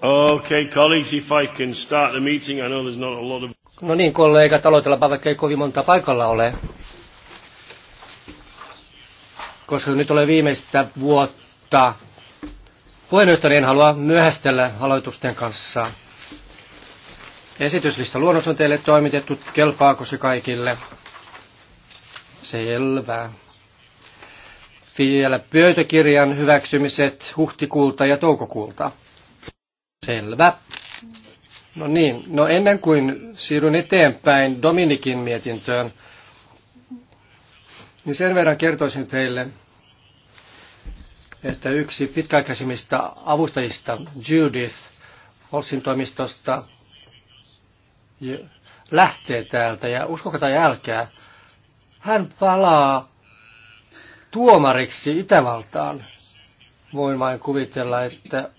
Okay, colleagues, if I can start the meeting, I know there's not a lot of... No niin, kollegat, aloitellaanpa vaikka ei kovin monta paikalla ole. Koska nyt olen viimeistä vuotta puheenjohtajien halua myöhästellä aloitusten kanssa. Esityslista luonnos on teille toimitettu. Kelpaako se kaikille? Selvä. Vielä pöytäkirjan hyväksymiset huhtikuulta ja toukokuulta. Selvä. No niin, no ennen kuin siirryn eteenpäin Dominikin mietintöön, niin sen verran kertoisin teille, että yksi pitkäaikaisimmista avustajista, Judith, Olsin toimistosta, lähtee täältä ja uskokaa tai älkää, hän palaa tuomariksi Itävaltaan. Voin vain kuvitella, että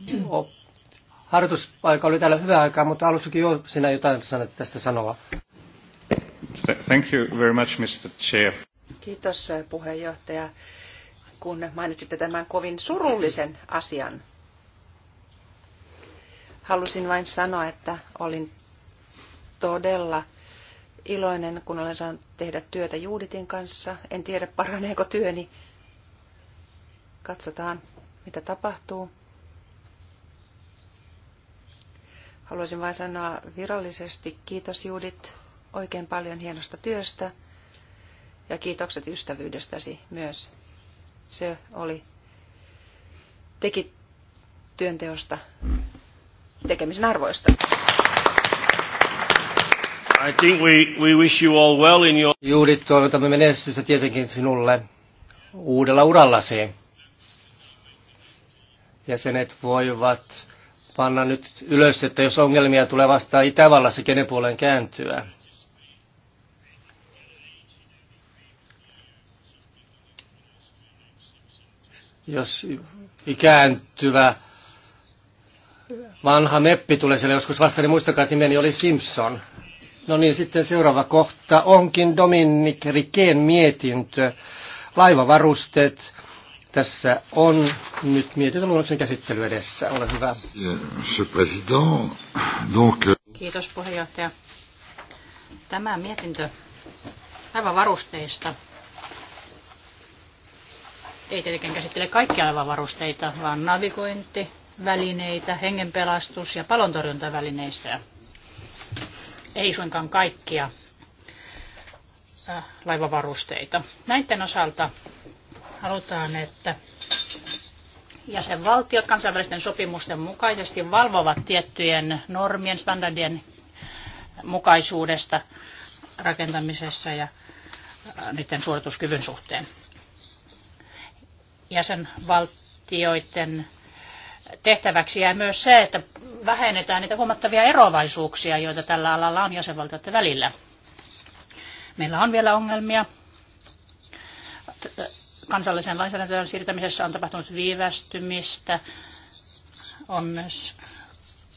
harjoituspaika oli täällä hyvä aikaa, mutta alussakin jo sinä jotain sanat tästä sanoa. Thank you very much, Mr. Chair. Kiitos eh, puheenjohtaja, kun mainitsitte tämän kovin surullisen asian. Halusin vain sanoa, että olin todella iloinen, kun olen saanut tehdä työtä Juuditin kanssa. En tiedä, paraneeko työni. Katsotaan, mitä tapahtuu. Haluaisin vain sanoa virallisesti kiitos Juudit oikein paljon hienosta työstä ja kiitokset ystävyydestäsi myös. Se oli, teki työnteosta tekemisen arvoista. I think we, we wish you all well in your... Juuri toivotamme menestystä tietenkin sinulle uudella urallasi. Jäsenet voivat panna nyt ylös, että jos ongelmia tulee vastaan Itävallassa, kenen puoleen kääntyä. Jos ikääntyvä vanha meppi tulee siellä joskus vastaan, niin muistakaa, että nimeni oli Simpson. No niin, sitten seuraava kohta onkin Dominik Rikeen mietintö. Laivavarusteet. Tässä on nyt mietintöluonnoksen käsittely edessä. Ole hyvä. Euh, Kiitos puheenjohtaja. Tämä mietintö laivavarusteista ei tietenkään käsittele kaikkia laivavarusteita, vaan navigointi, välineitä, hengenpelastus- ja palontorjuntavälineistä ei suinkaan kaikkia laivavarusteita. Näiden osalta halutaan, että jäsenvaltiot kansainvälisten sopimusten mukaisesti valvovat tiettyjen normien, standardien mukaisuudesta rakentamisessa ja niiden suorituskyvyn suhteen. Jäsenvaltioiden tehtäväksi jää myös se, että vähennetään niitä huomattavia eroavaisuuksia, joita tällä alalla on jäsenvaltioiden välillä. Meillä on vielä ongelmia. Kansallisen lainsäädäntöön siirtämisessä on tapahtunut viivästymistä. On myös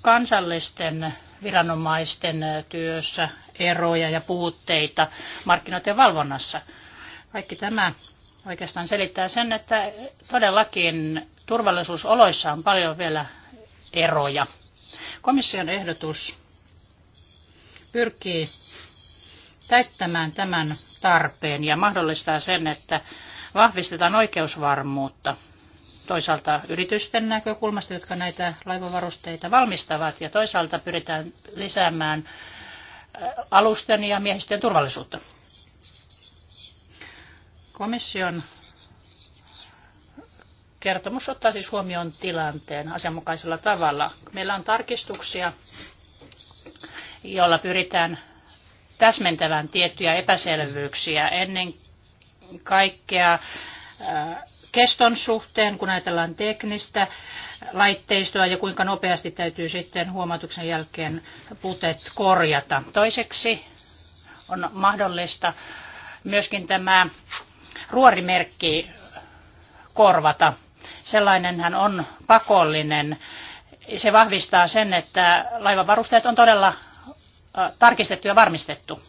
kansallisten viranomaisten työssä eroja ja puutteita markkinoiden valvonnassa. Kaikki tämä oikeastaan selittää sen, että todellakin turvallisuusoloissa on paljon vielä eroja. Komission ehdotus pyrkii täyttämään tämän tarpeen ja mahdollistaa sen, että vahvistetaan oikeusvarmuutta toisaalta yritysten näkökulmasta, jotka näitä laivavarusteita valmistavat, ja toisaalta pyritään lisäämään äh, alusten ja miehistön turvallisuutta. Komission Kertomus ottaa siis huomioon tilanteen asianmukaisella tavalla. Meillä on tarkistuksia, joilla pyritään täsmentävään tiettyjä epäselvyyksiä ennen kaikkea äh, keston suhteen, kun ajatellaan teknistä laitteistoa ja kuinka nopeasti täytyy sitten huomautuksen jälkeen putet korjata. Toiseksi on mahdollista myöskin tämä ruorimerkki korvata sellainenhan on pakollinen. Se vahvistaa sen, että laivanvarusteet on todella tarkistettu ja varmistettu.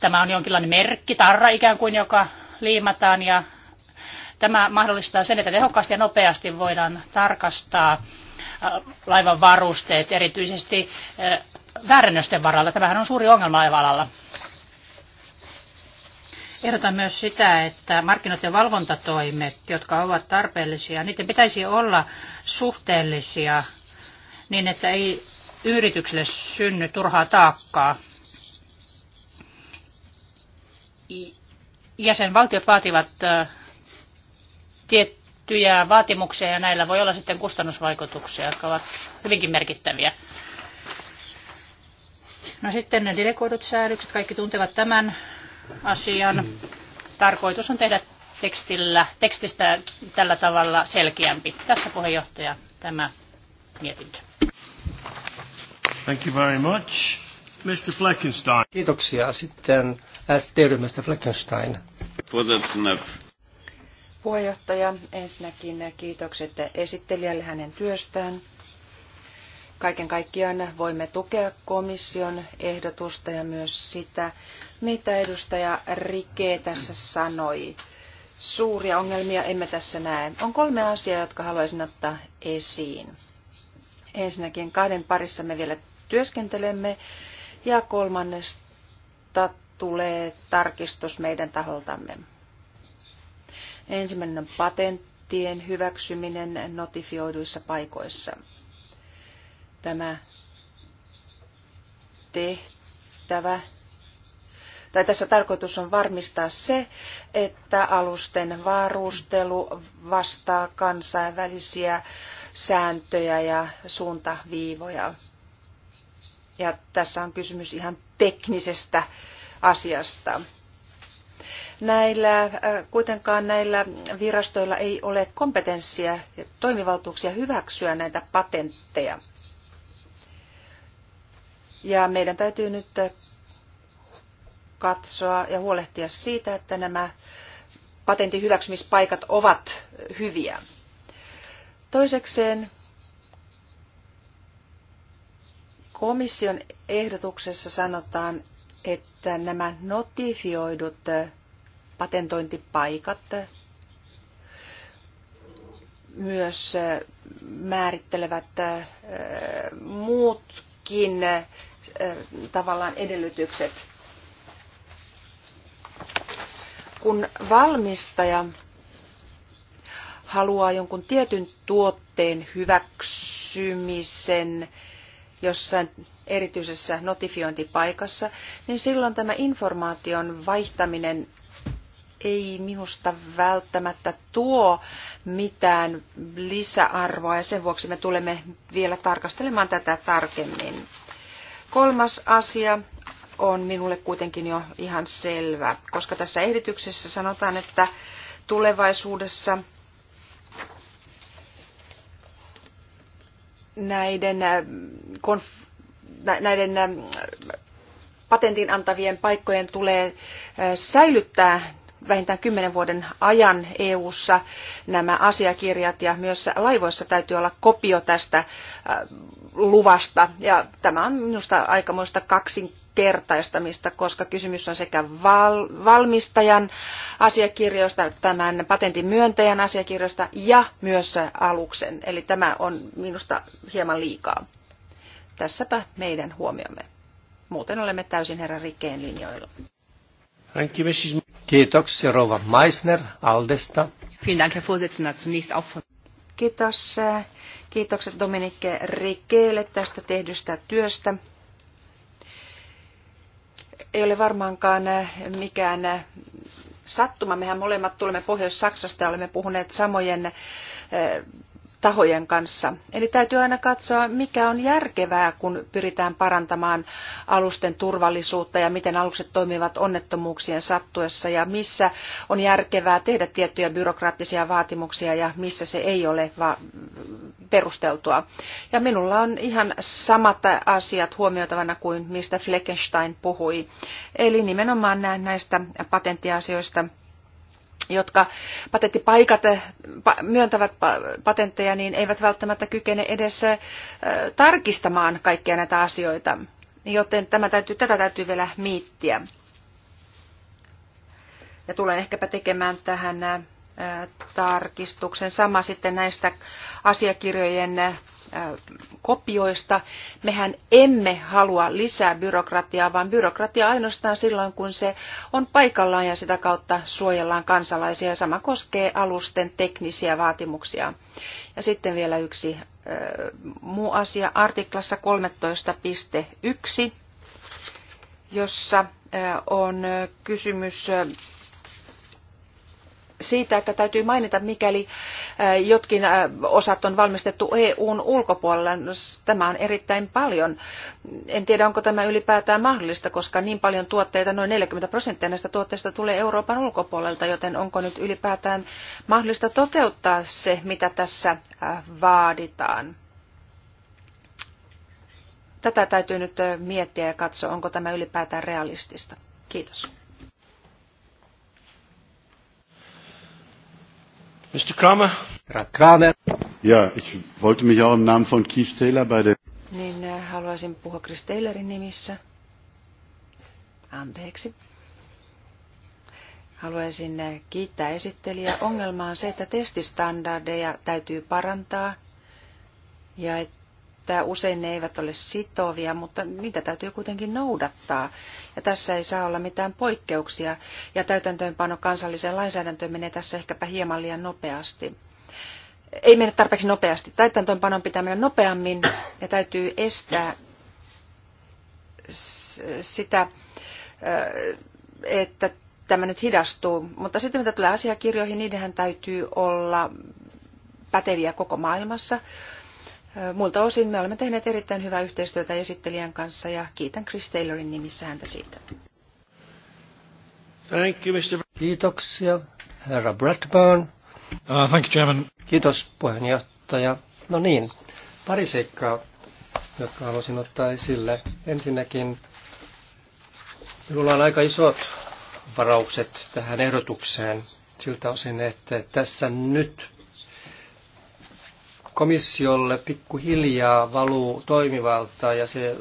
Tämä on jonkinlainen merkki, tarra ikään kuin, joka liimataan ja tämä mahdollistaa sen, että tehokkaasti ja nopeasti voidaan tarkastaa laivan varusteet, erityisesti väärennösten varalta. Tämähän on suuri ongelma laiva-alalla. Ehdotan myös sitä, että markkinoiden valvontatoimet, jotka ovat tarpeellisia, niiden pitäisi olla suhteellisia niin, että ei yritykselle synny turhaa taakkaa. Jäsenvaltiot vaativat tiettyjä vaatimuksia ja näillä voi olla sitten kustannusvaikutuksia, jotka ovat hyvinkin merkittäviä. No sitten ne delegoidut säädökset, kaikki tuntevat tämän asian. Tarkoitus on tehdä tekstillä, tekstistä tällä tavalla selkeämpi. Tässä puheenjohtaja tämä mietintö. Thank you very much. Mr. Fleckenstein. Kiitoksia. Sitten st ryhmästä Fleckenstein. Puheenjohtaja, ensinnäkin kiitokset esittelijälle hänen työstään. Kaiken kaikkiaan voimme tukea komission ehdotusta ja myös sitä, mitä edustaja Rike tässä sanoi. Suuria ongelmia emme tässä näe. On kolme asiaa, jotka haluaisin ottaa esiin. Ensinnäkin kahden parissa me vielä työskentelemme ja kolmannesta tulee tarkistus meidän taholtamme. Ensimmäinen on patenttien hyväksyminen notifioiduissa paikoissa – tämä tehtävä tai tässä tarkoitus on varmistaa se, että alusten varustelu vastaa kansainvälisiä sääntöjä ja suuntaviivoja. Ja tässä on kysymys ihan teknisestä asiasta. Näillä, äh, kuitenkaan näillä virastoilla ei ole kompetenssia ja toimivaltuuksia hyväksyä näitä patentteja. Ja meidän täytyy nyt katsoa ja huolehtia siitä, että nämä patentin hyväksymispaikat ovat hyviä. Toisekseen komission ehdotuksessa sanotaan, että nämä notifioidut patentointipaikat myös määrittelevät äh, muutkin tavallaan edellytykset. Kun valmistaja haluaa jonkun tietyn tuotteen hyväksymisen jossain erityisessä notifiointipaikassa, niin silloin tämä informaation vaihtaminen ei minusta välttämättä tuo mitään lisäarvoa ja sen vuoksi me tulemme vielä tarkastelemaan tätä tarkemmin. Kolmas asia on minulle kuitenkin jo ihan selvä, koska tässä ehdityksessä sanotaan, että tulevaisuudessa näiden, äh, konf- näiden äh, patentin antavien paikkojen tulee äh, säilyttää vähintään kymmenen vuoden ajan EU:ssa nämä asiakirjat ja myös laivoissa täytyy olla kopio tästä äh, luvasta. Ja tämä on minusta aikamoista kaksinkertaistamista, koska kysymys on sekä val- valmistajan asiakirjoista, tämän patentin myöntäjän asiakirjoista ja myös aluksen. Eli tämä on minusta hieman liikaa. Tässäpä meidän huomiomme. Muuten olemme täysin herran Rikkeen linjoilla. Kiitoksia Rova Meissner Aldesta. Kiitos. Kiitokset Dominikke Rikeelle tästä tehdystä työstä. Ei ole varmaankaan mikään sattuma. Mehän molemmat tulemme Pohjois-Saksasta ja olemme puhuneet samojen tahojen kanssa. Eli täytyy aina katsoa, mikä on järkevää, kun pyritään parantamaan alusten turvallisuutta ja miten alukset toimivat onnettomuuksien sattuessa ja missä on järkevää tehdä tiettyjä byrokraattisia vaatimuksia ja missä se ei ole perusteltua. Ja minulla on ihan samat asiat huomioitavana kuin mistä Fleckenstein puhui. Eli nimenomaan näistä patenttiasioista jotka patenttipaikat eh, myöntävät patentteja, niin eivät välttämättä kykene edes eh, tarkistamaan kaikkia näitä asioita. Joten tämä täytyy, tätä täytyy vielä miettiä. Ja tulen ehkäpä tekemään tähän eh, tarkistuksen. Sama sitten näistä asiakirjojen Äh, kopioista. Mehän emme halua lisää byrokratiaa, vaan byrokratia ainoastaan silloin, kun se on paikallaan ja sitä kautta suojellaan kansalaisia. Sama koskee alusten teknisiä vaatimuksia. Ja sitten vielä yksi äh, muu asia artiklassa 13.1, jossa äh, on kysymys siitä, että täytyy mainita, mikäli jotkin osat on valmistettu EUn ulkopuolella. Tämä on erittäin paljon. En tiedä, onko tämä ylipäätään mahdollista, koska niin paljon tuotteita, noin 40 prosenttia näistä tuotteista tulee Euroopan ulkopuolelta, joten onko nyt ylipäätään mahdollista toteuttaa se, mitä tässä vaaditaan? Tätä täytyy nyt miettiä ja katsoa, onko tämä ylipäätään realistista. Kiitos. Mr. Kramer. Herra Kramer. Ja, ich wollte mich auch im Namen von Keith Taylor bei der... Niin äh, haluaisin puhua Chris Taylorin nimissä. Anteeksi. Haluaisin äh, kiittää esittelijä. Ongelma on se, että testistandardeja täytyy parantaa ja että että usein ne eivät ole sitovia, mutta niitä täytyy kuitenkin noudattaa. Ja tässä ei saa olla mitään poikkeuksia, ja täytäntöönpano kansalliseen lainsäädäntöön menee tässä ehkäpä hieman liian nopeasti. Ei mene tarpeeksi nopeasti. Täytäntöönpanon pitää mennä nopeammin, ja täytyy estää sitä, että tämä nyt hidastuu. Mutta sitten mitä tulee asiakirjoihin, niidenhän täytyy olla päteviä koko maailmassa Muilta osin me olemme tehneet erittäin hyvää yhteistyötä esittelijän kanssa ja kiitän Chris Taylorin nimissä häntä siitä. Thank you, Mr. Kiitoksia, herra Bradburn. Uh, thank you, Chairman. Kiitos, puheenjohtaja. No niin, pari seikkaa, jotka halusin ottaa esille. Ensinnäkin minulla on aika isot varaukset tähän ehdotukseen siltä osin, että tässä nyt komissiolle pikkuhiljaa valuu toimivaltaa ja se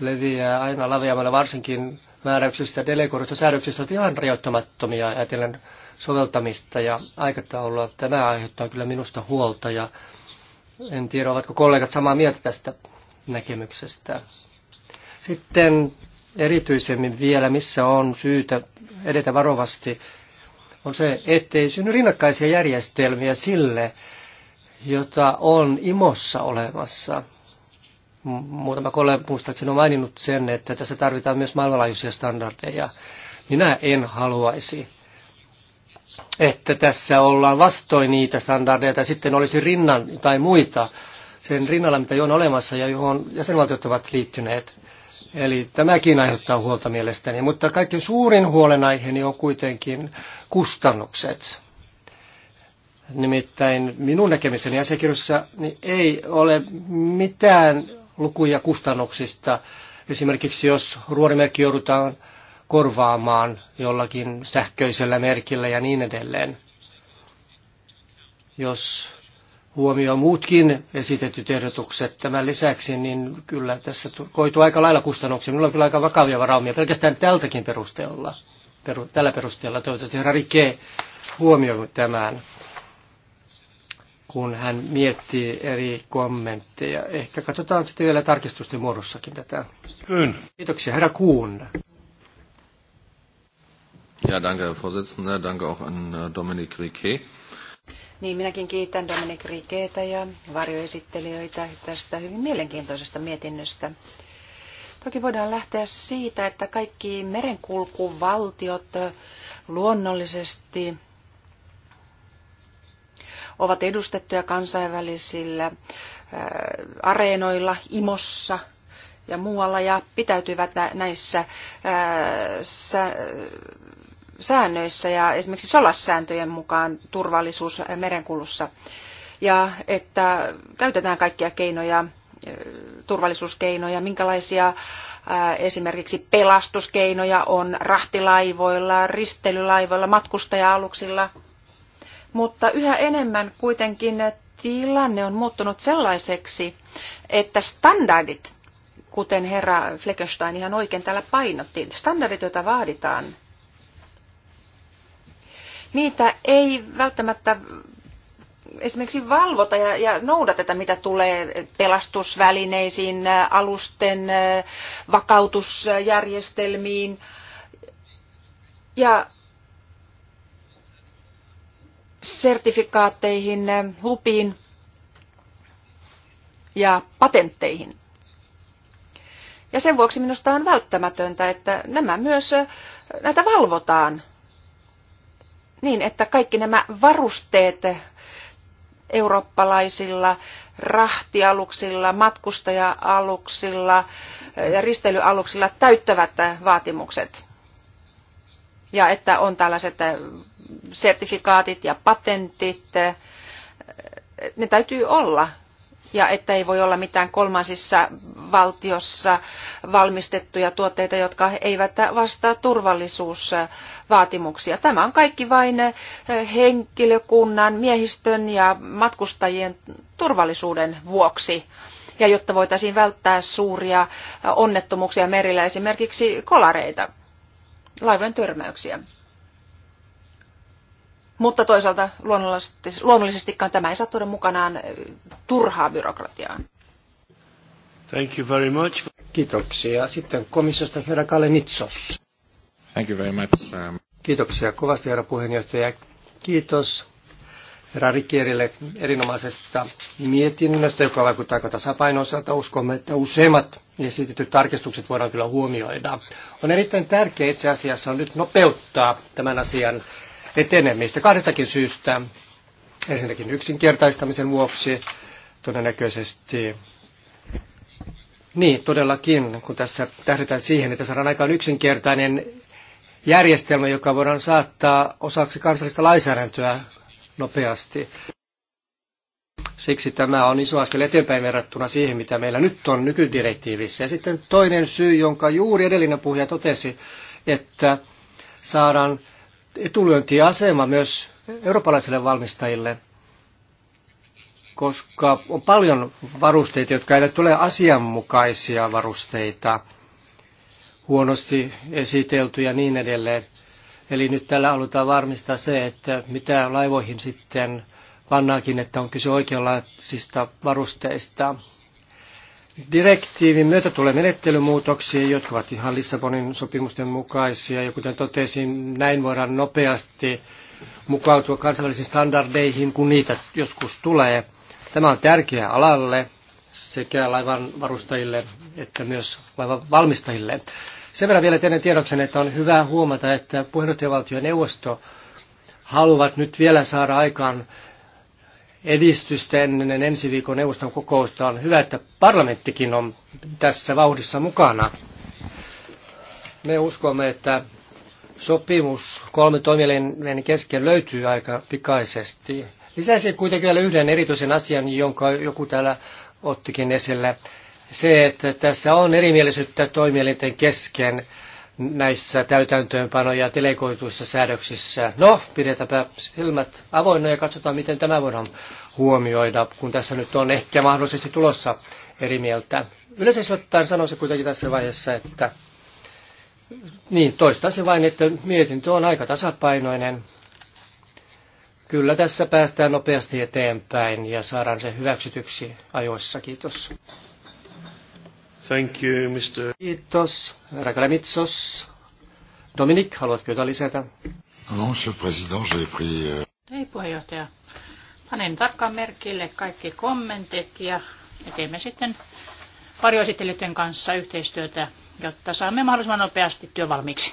leviää aina laveammalle varsinkin määräyksistä, delegoidusta säädöksistä ovat ihan rajoittamattomia ajatellen soveltamista ja aikataulua. Tämä aiheuttaa kyllä minusta huolta ja en tiedä, ovatko kollegat samaa mieltä tästä näkemyksestä. Sitten erityisemmin vielä, missä on syytä edetä varovasti, on se, ettei synny rinnakkaisia järjestelmiä sille, jota on imossa olemassa. Muutama kollega muistaakseni on maininnut sen, että tässä tarvitaan myös maailmanlaajuisia standardeja. Minä en haluaisi, että tässä ollaan vastoin niitä standardeja, tai sitten olisi rinnan tai muita sen rinnalla, mitä jo on olemassa ja johon jäsenvaltiot ovat liittyneet. Eli tämäkin aiheuttaa huolta mielestäni, mutta kaikkein suurin huolenaiheeni on kuitenkin kustannukset. Nimittäin minun näkemiseni asiakirjoissa niin ei ole mitään lukuja kustannuksista. Esimerkiksi jos ruorimerkki joudutaan korvaamaan jollakin sähköisellä merkillä ja niin edelleen. Jos huomioon muutkin esitetyt ehdotukset tämän lisäksi, niin kyllä tässä koituu aika lailla kustannuksia. Minulla on kyllä aika vakavia varaumia pelkästään tältäkin perusteella. Peru, tällä perusteella toivottavasti herra Rike huomioi tämän kun hän miettii eri kommentteja. Ehkä katsotaan sitten vielä tarkistusten muodossakin tätä. Kyllä. Kiitoksia, herra Kuun. Ja, danke, Herr Vorsitzender. Danke auch an äh, Dominik Riquet. Niin, minäkin kiitän Dominik Rikeetä ja varjoesittelijöitä tästä hyvin mielenkiintoisesta mietinnöstä. Toki voidaan lähteä siitä, että kaikki merenkulkuvaltiot luonnollisesti ovat edustettuja kansainvälisillä areenoilla, imossa ja muualla ja pitäytyvät näissä säännöissä ja esimerkiksi solassääntöjen mukaan turvallisuus merenkulussa ja että käytetään kaikkia keinoja turvallisuuskeinoja, minkälaisia esimerkiksi pelastuskeinoja on rahtilaivoilla, ristelylaivoilla, matkustaja-aluksilla mutta yhä enemmän kuitenkin tilanne on muuttunut sellaiseksi, että standardit, kuten herra Fleckenstein ihan oikein täällä painotti, standardit, joita vaaditaan, niitä ei välttämättä esimerkiksi valvota ja, ja noudateta, mitä tulee pelastusvälineisiin, alusten vakautusjärjestelmiin. Ja sertifikaatteihin, lupiin ja patentteihin. Ja sen vuoksi minusta on välttämätöntä, että nämä myös, näitä valvotaan niin, että kaikki nämä varusteet eurooppalaisilla rahtialuksilla, matkustaja-aluksilla ja risteilyaluksilla täyttävät vaatimukset. Ja että on tällaiset sertifikaatit ja patentit, eh, ne täytyy olla. Ja että ei voi olla mitään kolmansissa valtiossa valmistettuja tuotteita, jotka eivät vastaa turvallisuusvaatimuksia. Tämä on kaikki vain eh, henkilökunnan, miehistön ja matkustajien turvallisuuden vuoksi ja jotta voitaisiin välttää suuria eh, onnettomuuksia merillä, esimerkiksi kolareita, laivojen törmäyksiä. Mutta toisaalta luonnollisesti, luonnollisestikaan tämä ei saa tuoda mukanaan turhaa byrokratiaa. Thank you very much. Kiitoksia. Sitten komissiosta herra Kalle Nitsos. Thank you very much. Um... Kiitoksia kovasti herra puheenjohtaja. Kiitos herra Rikierille erinomaisesta mietinnöstä, joka vaikuttaa aika tasapainoiselta. Uskomme, että useimmat esitetyt tarkistukset voidaan kyllä huomioida. On erittäin tärkeää itse asiassa on nyt nopeuttaa tämän asian etenemistä kahdestakin syystä. Ensinnäkin yksinkertaistamisen vuoksi todennäköisesti. Niin, todellakin, kun tässä tähdetään siihen, että saadaan aikaan yksinkertainen järjestelmä, joka voidaan saattaa osaksi kansallista lainsäädäntöä nopeasti. Siksi tämä on iso askel eteenpäin verrattuna siihen, mitä meillä nyt on nykydirektiivissä. Ja sitten toinen syy, jonka juuri edellinen puhuja totesi, että saadaan etulyöntiasema myös eurooppalaisille valmistajille, koska on paljon varusteita, jotka eivät ole asianmukaisia varusteita, huonosti esiteltyjä ja niin edelleen. Eli nyt tällä halutaan varmistaa se, että mitä laivoihin sitten pannaakin, että on kyse oikeanlaisista varusteista. Direktiivin myötä tulee menettelymuutoksia, jotka ovat ihan Lissabonin sopimusten mukaisia. Ja kuten totesin, näin voidaan nopeasti mukautua kansainvälisiin standardeihin, kun niitä joskus tulee. Tämä on tärkeä alalle sekä laivan varustajille että myös laivan valmistajille. Sen verran vielä teidän tiedoksen, että on hyvä huomata, että ja neuvosto haluavat nyt vielä saada aikaan edistystä ennen ensi viikon neuvoston kokousta. On hyvä, että parlamenttikin on tässä vauhdissa mukana. Me uskomme, että sopimus kolme toimielinen kesken löytyy aika pikaisesti. Lisäisin kuitenkin vielä yhden erityisen asian, jonka joku täällä ottikin esille. Se, että tässä on erimielisyyttä toimielinten kesken näissä täytäntöönpano- ja delegoituissa säädöksissä. No, pidetäänpä silmät avoinna ja katsotaan, miten tämä voidaan huomioida, kun tässä nyt on ehkä mahdollisesti tulossa eri mieltä. Yleisesti ottaen sanoisin kuitenkin tässä vaiheessa, että niin, toistaisin vain, että mietintö on aika tasapainoinen. Kyllä tässä päästään nopeasti eteenpäin ja saadaan se hyväksytyksi ajoissa. Kiitos. Thank you, Mr. Kiitos, herra Dominik, haluatko jotain lisätä? Non, monsieur le j'ai pris... Euh, Ei, puheenjohtaja. Panen tarkkaan merkille kaikki kommentit ja me teemme sitten varjoesittelijöiden kanssa yhteistyötä, jotta saamme mahdollisimman nopeasti työvalmiiksi.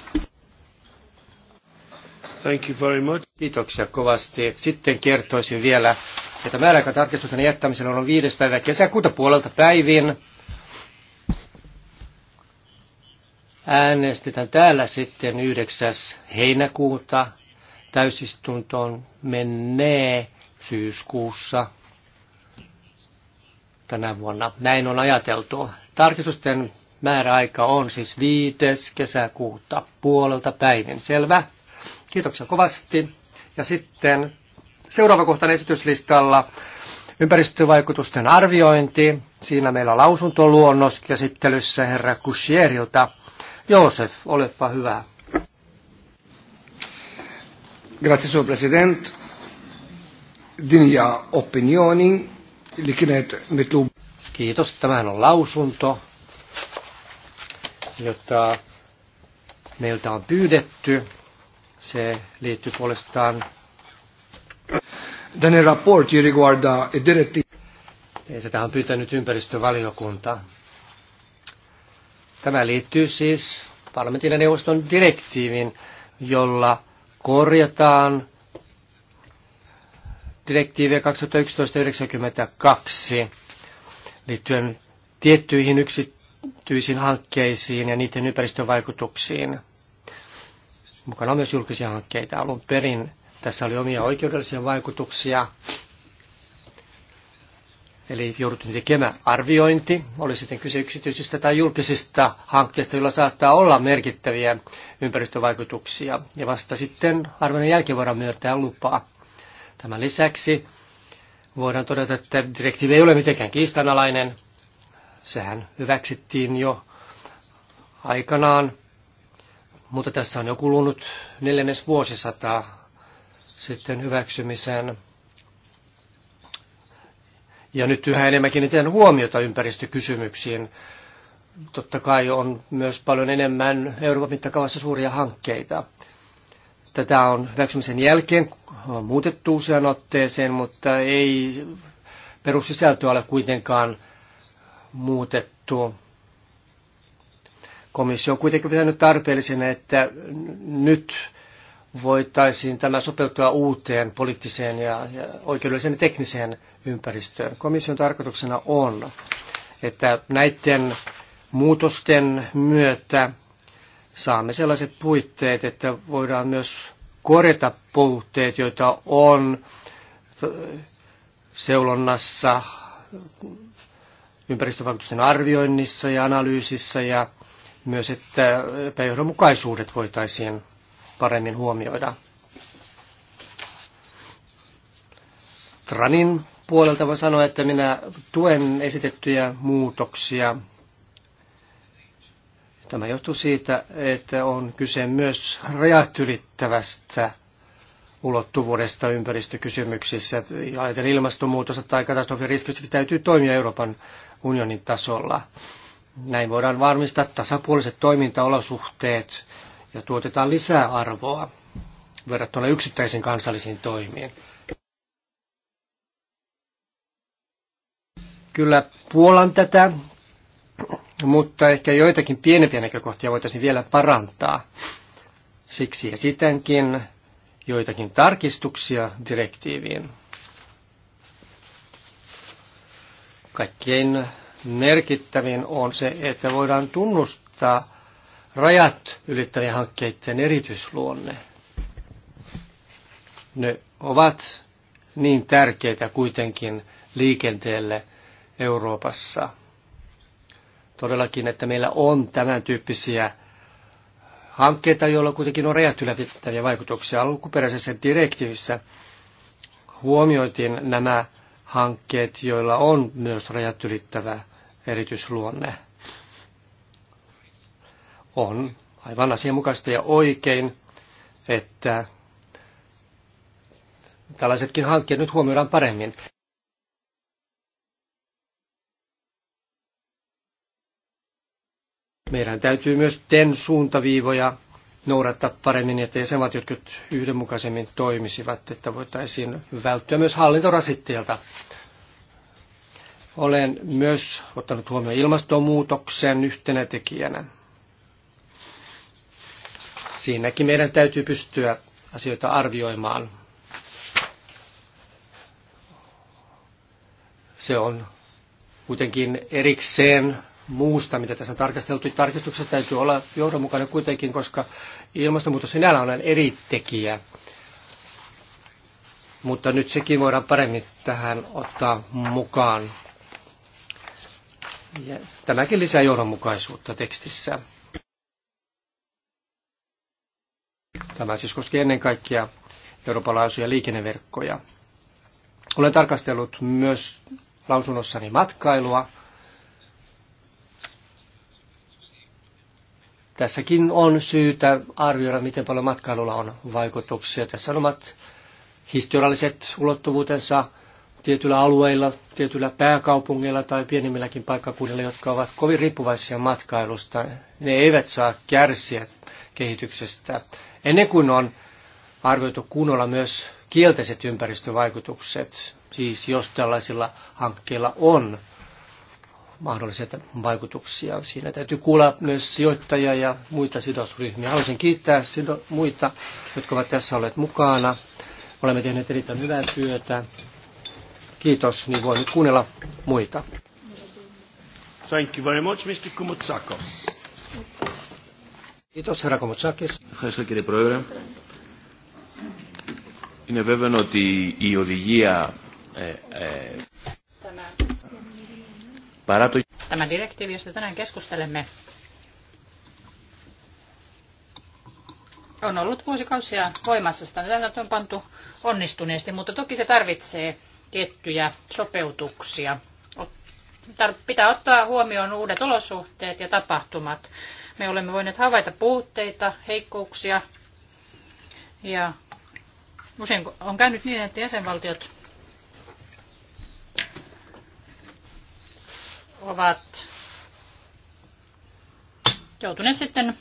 Thank you very much. Kiitoksia kovasti. Sitten kertoisin vielä, että määräaikatarkistuksen jättämisen on viides päivä kesäkuuta puolelta päivin. äänestetään täällä sitten 9. heinäkuuta täysistuntoon menee syyskuussa tänä vuonna. Näin on ajateltu. Tarkistusten määräaika on siis 5. kesäkuuta puolelta päivin. Selvä. Kiitoksia kovasti. Ja sitten seuraava kohta esityslistalla ympäristövaikutusten arviointi. Siinä meillä on lausuntoluonnos käsittelyssä herra Kusierilta Josef, olepa hyvä. Grazie, signor Presidente. Dinja opinioni, likineet mit lu... Kiitos. Tämähän on lausunto, jota meiltä on pyydetty. Se liittyy puolestaan Tänne raportti riguarda e diretti. Tätä on pyytänyt ympäristövaliokunta. Tämä liittyy siis parlamentin ja neuvoston direktiivin, jolla korjataan direktiiviä 2011-92 liittyen tiettyihin yksityisiin hankkeisiin ja niiden ympäristövaikutuksiin. Mukana on myös julkisia hankkeita. Alun perin tässä oli omia oikeudellisia vaikutuksia Eli jouduttiin tekemään arviointi, oli sitten kyse yksityisistä tai julkisista hankkeista, joilla saattaa olla merkittäviä ympäristövaikutuksia. Ja vasta sitten arvioinnin jälkeen voidaan myöntää lupaa. Tämän lisäksi voidaan todeta, että direktiivi ei ole mitenkään kiistanalainen. Sehän hyväksyttiin jo aikanaan, mutta tässä on jo kulunut neljännes vuosisataa sitten hyväksymisen ja nyt yhä enemmänkin kiinnitetään huomiota ympäristökysymyksiin. Totta kai on myös paljon enemmän Euroopan mittakaavassa suuria hankkeita. Tätä on hyväksymisen jälkeen muutettu usean otteeseen, mutta ei perussisältöä ole kuitenkaan muutettu. Komissio on kuitenkin pitänyt tarpeellisena, että nyt voitaisiin tämä sopeuttaa uuteen poliittiseen ja, ja oikeudelliseen ja tekniseen ympäristöön. Komission tarkoituksena on, että näiden muutosten myötä saamme sellaiset puitteet, että voidaan myös korjata puutteet, joita on seulonnassa, ympäristövaikutusten arvioinnissa ja analyysissä ja myös, että epäjohdonmukaisuudet voitaisiin paremmin huomioida. Tranin puolelta voi sanoa, että minä tuen esitettyjä muutoksia. Tämä johtuu siitä, että on kyse myös rajat ylittävästä ulottuvuudesta ympäristökysymyksissä. Ajatellen ilmastonmuutosta tai katastrofiriskistä täytyy toimia Euroopan unionin tasolla. Näin voidaan varmistaa tasapuoliset toimintaolosuhteet ja tuotetaan lisää arvoa verrattuna yksittäisiin kansallisiin toimiin. Kyllä puolan tätä, mutta ehkä joitakin pienempiä näkökohtia voitaisiin vielä parantaa. Siksi esitänkin joitakin tarkistuksia direktiiviin. Kaikkein merkittävin on se, että voidaan tunnustaa rajat ylittävien hankkeiden erityisluonne. Ne ovat niin tärkeitä kuitenkin liikenteelle Euroopassa. Todellakin, että meillä on tämän tyyppisiä hankkeita, joilla kuitenkin on rajat ylittäviä vaikutuksia. Alkuperäisessä direktiivissä huomioitiin nämä hankkeet, joilla on myös rajat ylittävä erityisluonne on aivan asianmukaista ja oikein, että tällaisetkin hankkeet nyt huomioidaan paremmin. Meidän täytyy myös TEN suuntaviivoja noudattaa paremmin, että jäsenvaltiot jotkut yhdenmukaisemmin toimisivat, että voitaisiin välttyä myös hallintorasitteelta. Olen myös ottanut huomioon ilmastonmuutoksen yhtenä tekijänä. Siinäkin meidän täytyy pystyä asioita arvioimaan. Se on kuitenkin erikseen muusta, mitä tässä on tarkasteltu. Tarkistuksessa täytyy olla johdonmukainen kuitenkin, koska ilmastonmuutos sinällä on eri tekijä. Mutta nyt sekin voidaan paremmin tähän ottaa mukaan. Ja tämäkin lisää johdonmukaisuutta tekstissä. Tämä siis koskee ennen kaikkea Euroopan laajuisia liikenneverkkoja. Olen tarkastellut myös lausunnossani matkailua. Tässäkin on syytä arvioida, miten paljon matkailulla on vaikutuksia. Tässä on omat historialliset ulottuvuutensa tietyillä alueilla, tietyillä pääkaupungeilla tai pienimmilläkin paikkakunnilla, jotka ovat kovin riippuvaisia matkailusta. Ne eivät saa kärsiä kehityksestä ennen kuin on arvioitu kunnolla myös kielteiset ympäristövaikutukset, siis jos tällaisilla hankkeilla on mahdollisia vaikutuksia. Siinä täytyy kuulla myös sijoittajia ja muita sidosryhmiä. Haluaisin kiittää muita, jotka ovat tässä olleet mukana. Olemme tehneet erittäin hyvää työtä. Kiitos, niin voin nyt kuunnella muita. Thank you very much, Mr. Kumutsako. Kiitos, herra Komotsakis. Ευχαριστώ, κύριε Πρόεδρε. Είναι βέβαιο ότι η οδηγία ε, ε, παρά το... Tämä direktiivi, josta tänään keskustelemme, on ollut vuosikausia voimassa. Sitä on pantu onnistuneesti, mutta toki se tarvitsee tiettyjä sopeutuksia. Pitää ottaa huomioon uudet olosuhteet ja tapahtumat. Me olemme voineet havaita puutteita, heikkouksia ja usein on käynyt niin, että jäsenvaltiot ovat joutuneet sitten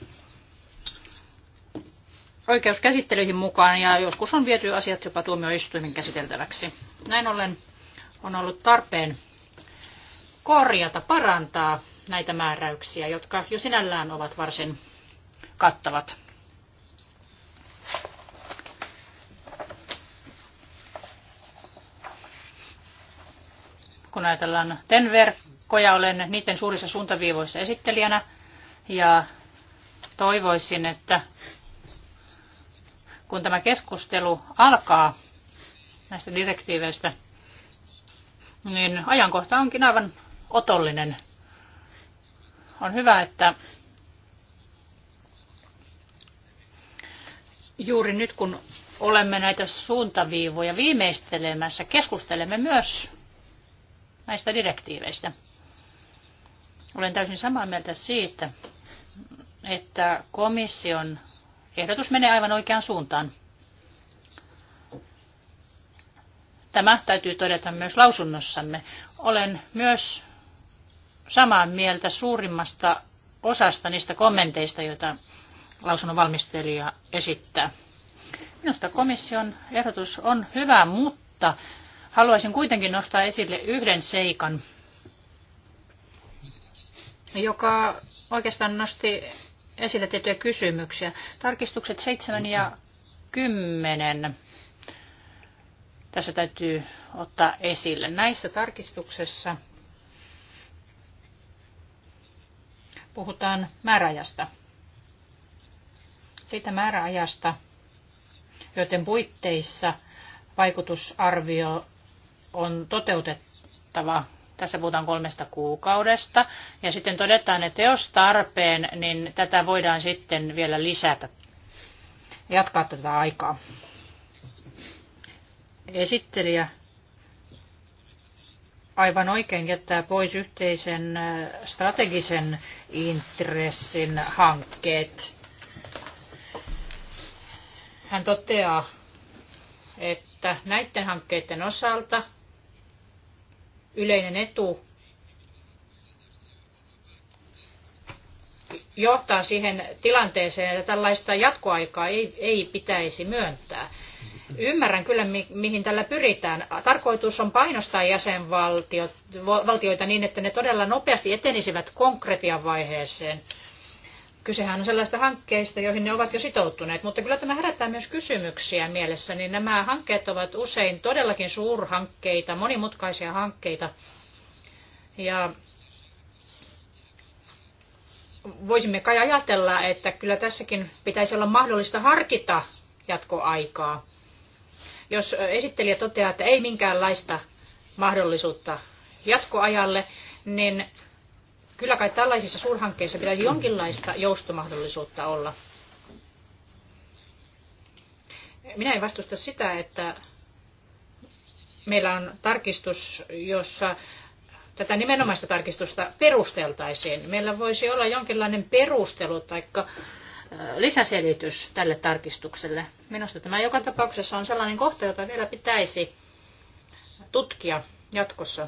oikeuskäsittelyihin mukaan ja joskus on viety asiat jopa tuomioistuimen käsiteltäväksi. Näin ollen on ollut tarpeen korjata, parantaa näitä määräyksiä, jotka jo sinällään ovat varsin kattavat. Kun ajatellaan TEN-verkkoja, olen niiden suurissa suuntaviivoissa esittelijänä ja toivoisin, että kun tämä keskustelu alkaa näistä direktiiveistä, niin ajankohta onkin aivan otollinen on hyvä, että juuri nyt kun olemme näitä suuntaviivoja viimeistelemässä, keskustelemme myös näistä direktiiveistä. Olen täysin samaa mieltä siitä, että komission ehdotus menee aivan oikeaan suuntaan. Tämä täytyy todeta myös lausunnossamme. Olen myös samaa mieltä suurimmasta osasta niistä kommenteista, joita lausunnon valmistelija esittää. Minusta komission ehdotus on hyvä, mutta haluaisin kuitenkin nostaa esille yhden seikan, joka oikeastaan nosti esille tiettyjä kysymyksiä. Tarkistukset 7 ja 10 tässä täytyy ottaa esille. Näissä tarkistuksessa puhutaan määräajasta. Siitä määräajasta, joten puitteissa vaikutusarvio on toteutettava. Tässä puhutaan kolmesta kuukaudesta. Ja sitten todetaan, että jos tarpeen, niin tätä voidaan sitten vielä lisätä, jatkaa tätä aikaa. Esittelijä aivan oikein jättää pois yhteisen strategisen intressin hankkeet. Hän toteaa, että näiden hankkeiden osalta yleinen etu johtaa siihen tilanteeseen, että tällaista jatkoaikaa ei, ei pitäisi myöntää. Ymmärrän kyllä, mi- mihin tällä pyritään. Tarkoitus on painostaa jäsenvaltioita niin, että ne todella nopeasti etenisivät konkretian vaiheeseen. Kysehän on sellaista hankkeista, joihin ne ovat jo sitoutuneet, mutta kyllä tämä herättää myös kysymyksiä mielessä. Niin nämä hankkeet ovat usein todellakin suurhankkeita, monimutkaisia hankkeita. Ja voisimme kai ajatella, että kyllä tässäkin pitäisi olla mahdollista harkita jatkoaikaa. Jos esittelijä toteaa, että ei minkäänlaista mahdollisuutta jatkoajalle, niin kyllä kai tällaisissa suurhankkeissa pitäisi jonkinlaista joustomahdollisuutta olla. Minä en vastusta sitä, että meillä on tarkistus, jossa tätä nimenomaista tarkistusta perusteltaisiin. Meillä voisi olla jonkinlainen perustelu tai lisäselitys tälle tarkistukselle. Minusta tämä joka tapauksessa on sellainen kohta, jota vielä pitäisi tutkia jatkossa.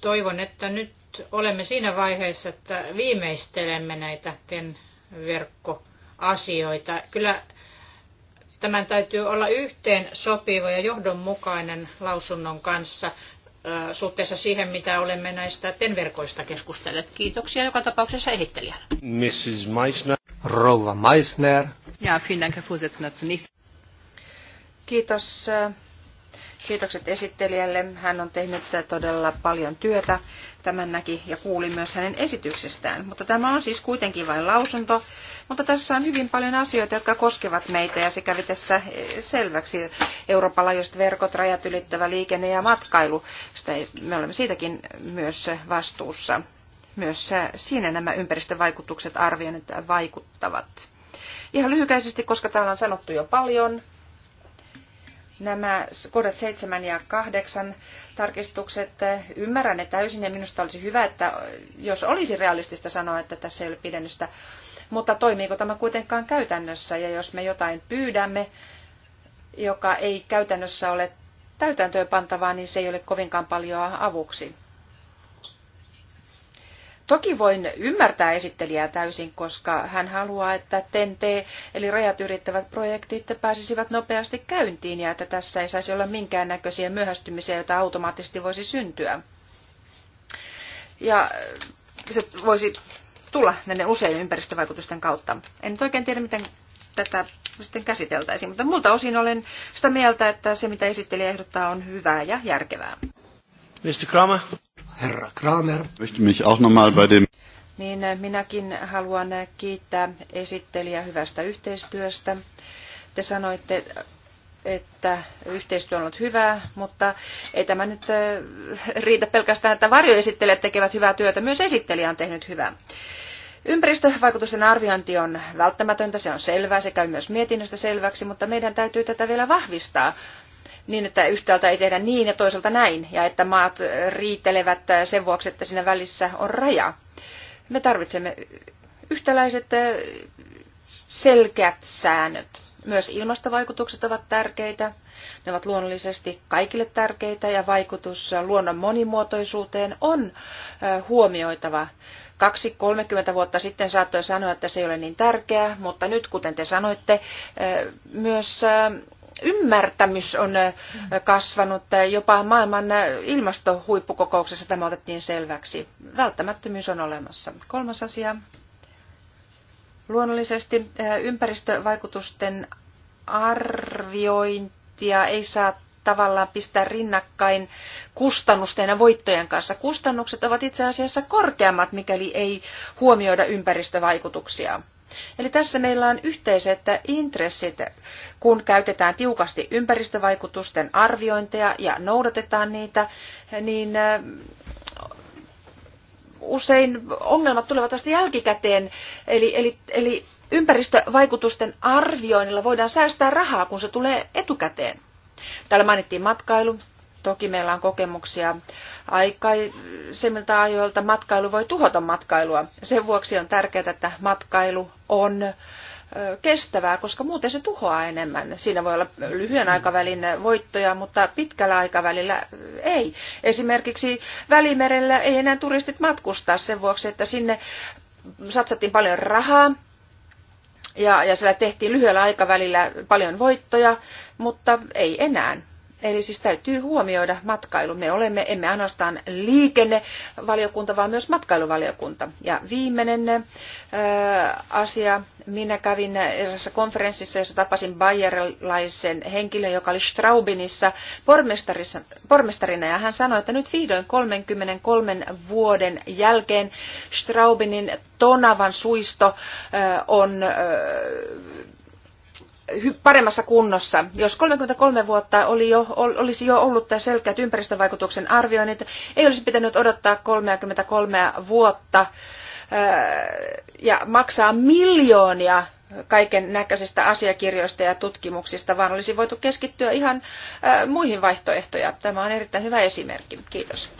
Toivon, että nyt olemme siinä vaiheessa, että viimeistelemme näitä verkkoasioita. Kyllä tämän täytyy olla yhteen sopiva ja johdonmukainen lausunnon kanssa suhteessa siihen, mitä olemme näistä TEN-verkoista keskustelleet. Kiitoksia joka tapauksessa esittelijänä. Mrs. Meissner. Rouva Meissner. Ja, vielen Dank, Herr Vorsitzender. Zunächst. Kiitos Kiitokset esittelijälle. Hän on tehnyt sitä todella paljon työtä. Tämän näki ja kuuli myös hänen esityksestään. Mutta tämä on siis kuitenkin vain lausunto. Mutta tässä on hyvin paljon asioita, jotka koskevat meitä ja se kävi tässä eh, selväksi. Euroopan laajuiset verkot, rajat ylittävä liikenne ja matkailu. Sitä ei, me olemme siitäkin myös vastuussa. Myös eh, siinä nämä ympäristövaikutukset arvioinnit vaikuttavat. Ihan lyhykäisesti, koska täällä on sanottu jo paljon, nämä kohdat 7 ja 8 tarkistukset, ymmärrän ne täysin ja minusta olisi hyvä, että jos olisi realistista sanoa, että tässä ei ole pidennystä, mutta toimiiko tämä kuitenkaan käytännössä ja jos me jotain pyydämme, joka ei käytännössä ole täytäntöön pantavaa, niin se ei ole kovinkaan paljon avuksi. Toki voin ymmärtää esittelijää täysin, koska hän haluaa, että TNT eli rajat ylittävät projektit pääsisivät nopeasti käyntiin ja että tässä ei saisi olla minkäännäköisiä myöhästymisiä, joita automaattisesti voisi syntyä. Ja se voisi tulla näiden usein ympäristövaikutusten kautta. En nyt oikein tiedä, miten tätä sitten käsiteltäisiin, mutta multa osin olen sitä mieltä, että se mitä esittelijä ehdottaa on hyvää ja järkevää. Mr. Kramer herra Kramer. Niin äh, minäkin haluan äh, kiittää esittelijä hyvästä yhteistyöstä. Te sanoitte, äh, että yhteistyö on ollut hyvää, mutta ei tämä nyt riitä pelkästään, että varjoesittelijät tekevät hyvää työtä, myös esittelijä on tehnyt hyvää. Ympäristövaikutusten arviointi on välttämätöntä, se on selvää, se käy myös mietinnöstä selväksi, mutta meidän täytyy tätä vielä vahvistaa niin, että yhtäältä ei tehdä niin ja toisaalta näin, ja että maat riitelevät sen vuoksi, että siinä välissä on raja. Me tarvitsemme yhtäläiset selkeät säännöt. Myös ilmastovaikutukset ovat tärkeitä. Ne ovat luonnollisesti kaikille tärkeitä ja vaikutus luonnon monimuotoisuuteen on huomioitava. 2-30 vuotta sitten saattoi sanoa, että se ei ole niin tärkeää, mutta nyt, kuten te sanoitte, myös ymmärtämys on kasvanut. Jopa maailman ilmastohuippukokouksessa tämä otettiin selväksi. Välttämättömyys on olemassa. Kolmas asia. Luonnollisesti ympäristövaikutusten arviointia ei saa tavallaan pistää rinnakkain kustannusten ja voittojen kanssa. Kustannukset ovat itse asiassa korkeammat, mikäli ei huomioida ympäristövaikutuksia Eli tässä meillä on yhteiset intressit, kun käytetään tiukasti ympäristövaikutusten arviointeja ja noudatetaan niitä, niin usein ongelmat tulevat vasta jälkikäteen. Eli, eli, eli ympäristövaikutusten arvioinnilla voidaan säästää rahaa, kun se tulee etukäteen. Täällä mainittiin matkailu, Toki meillä on kokemuksia aikaisemmilta ajoilta. Matkailu voi tuhota matkailua. Sen vuoksi on tärkeää, että matkailu on kestävää, koska muuten se tuhoaa enemmän. Siinä voi olla lyhyen aikavälin voittoja, mutta pitkällä aikavälillä ei. Esimerkiksi Välimerellä ei enää turistit matkustaa sen vuoksi, että sinne satsattiin paljon rahaa ja, ja siellä tehtiin lyhyellä aikavälillä paljon voittoja, mutta ei enää. Eli siis täytyy huomioida matkailu. Me olemme, emme ainoastaan liikennevaliokunta, vaan myös matkailuvaliokunta. Ja viimeinen ää, asia, minä kävin erässä konferenssissa, jossa tapasin bayerilaisen henkilön, joka oli Straubinissa pormestarina, ja hän sanoi, että nyt vihdoin 33 vuoden jälkeen Straubinin Tonavan suisto ää, on Ää, paremmassa kunnossa. Jos 33 vuotta oli jo, olisi jo ollut tämä selkeät ympäristövaikutuksen arvioinnit, ei olisi pitänyt odottaa 33 vuotta äh, ja maksaa miljoonia kaiken näköisistä asiakirjoista ja tutkimuksista, vaan olisi voitu keskittyä ihan äh, muihin vaihtoehtoja. Tämä on erittäin hyvä esimerkki. Kiitos.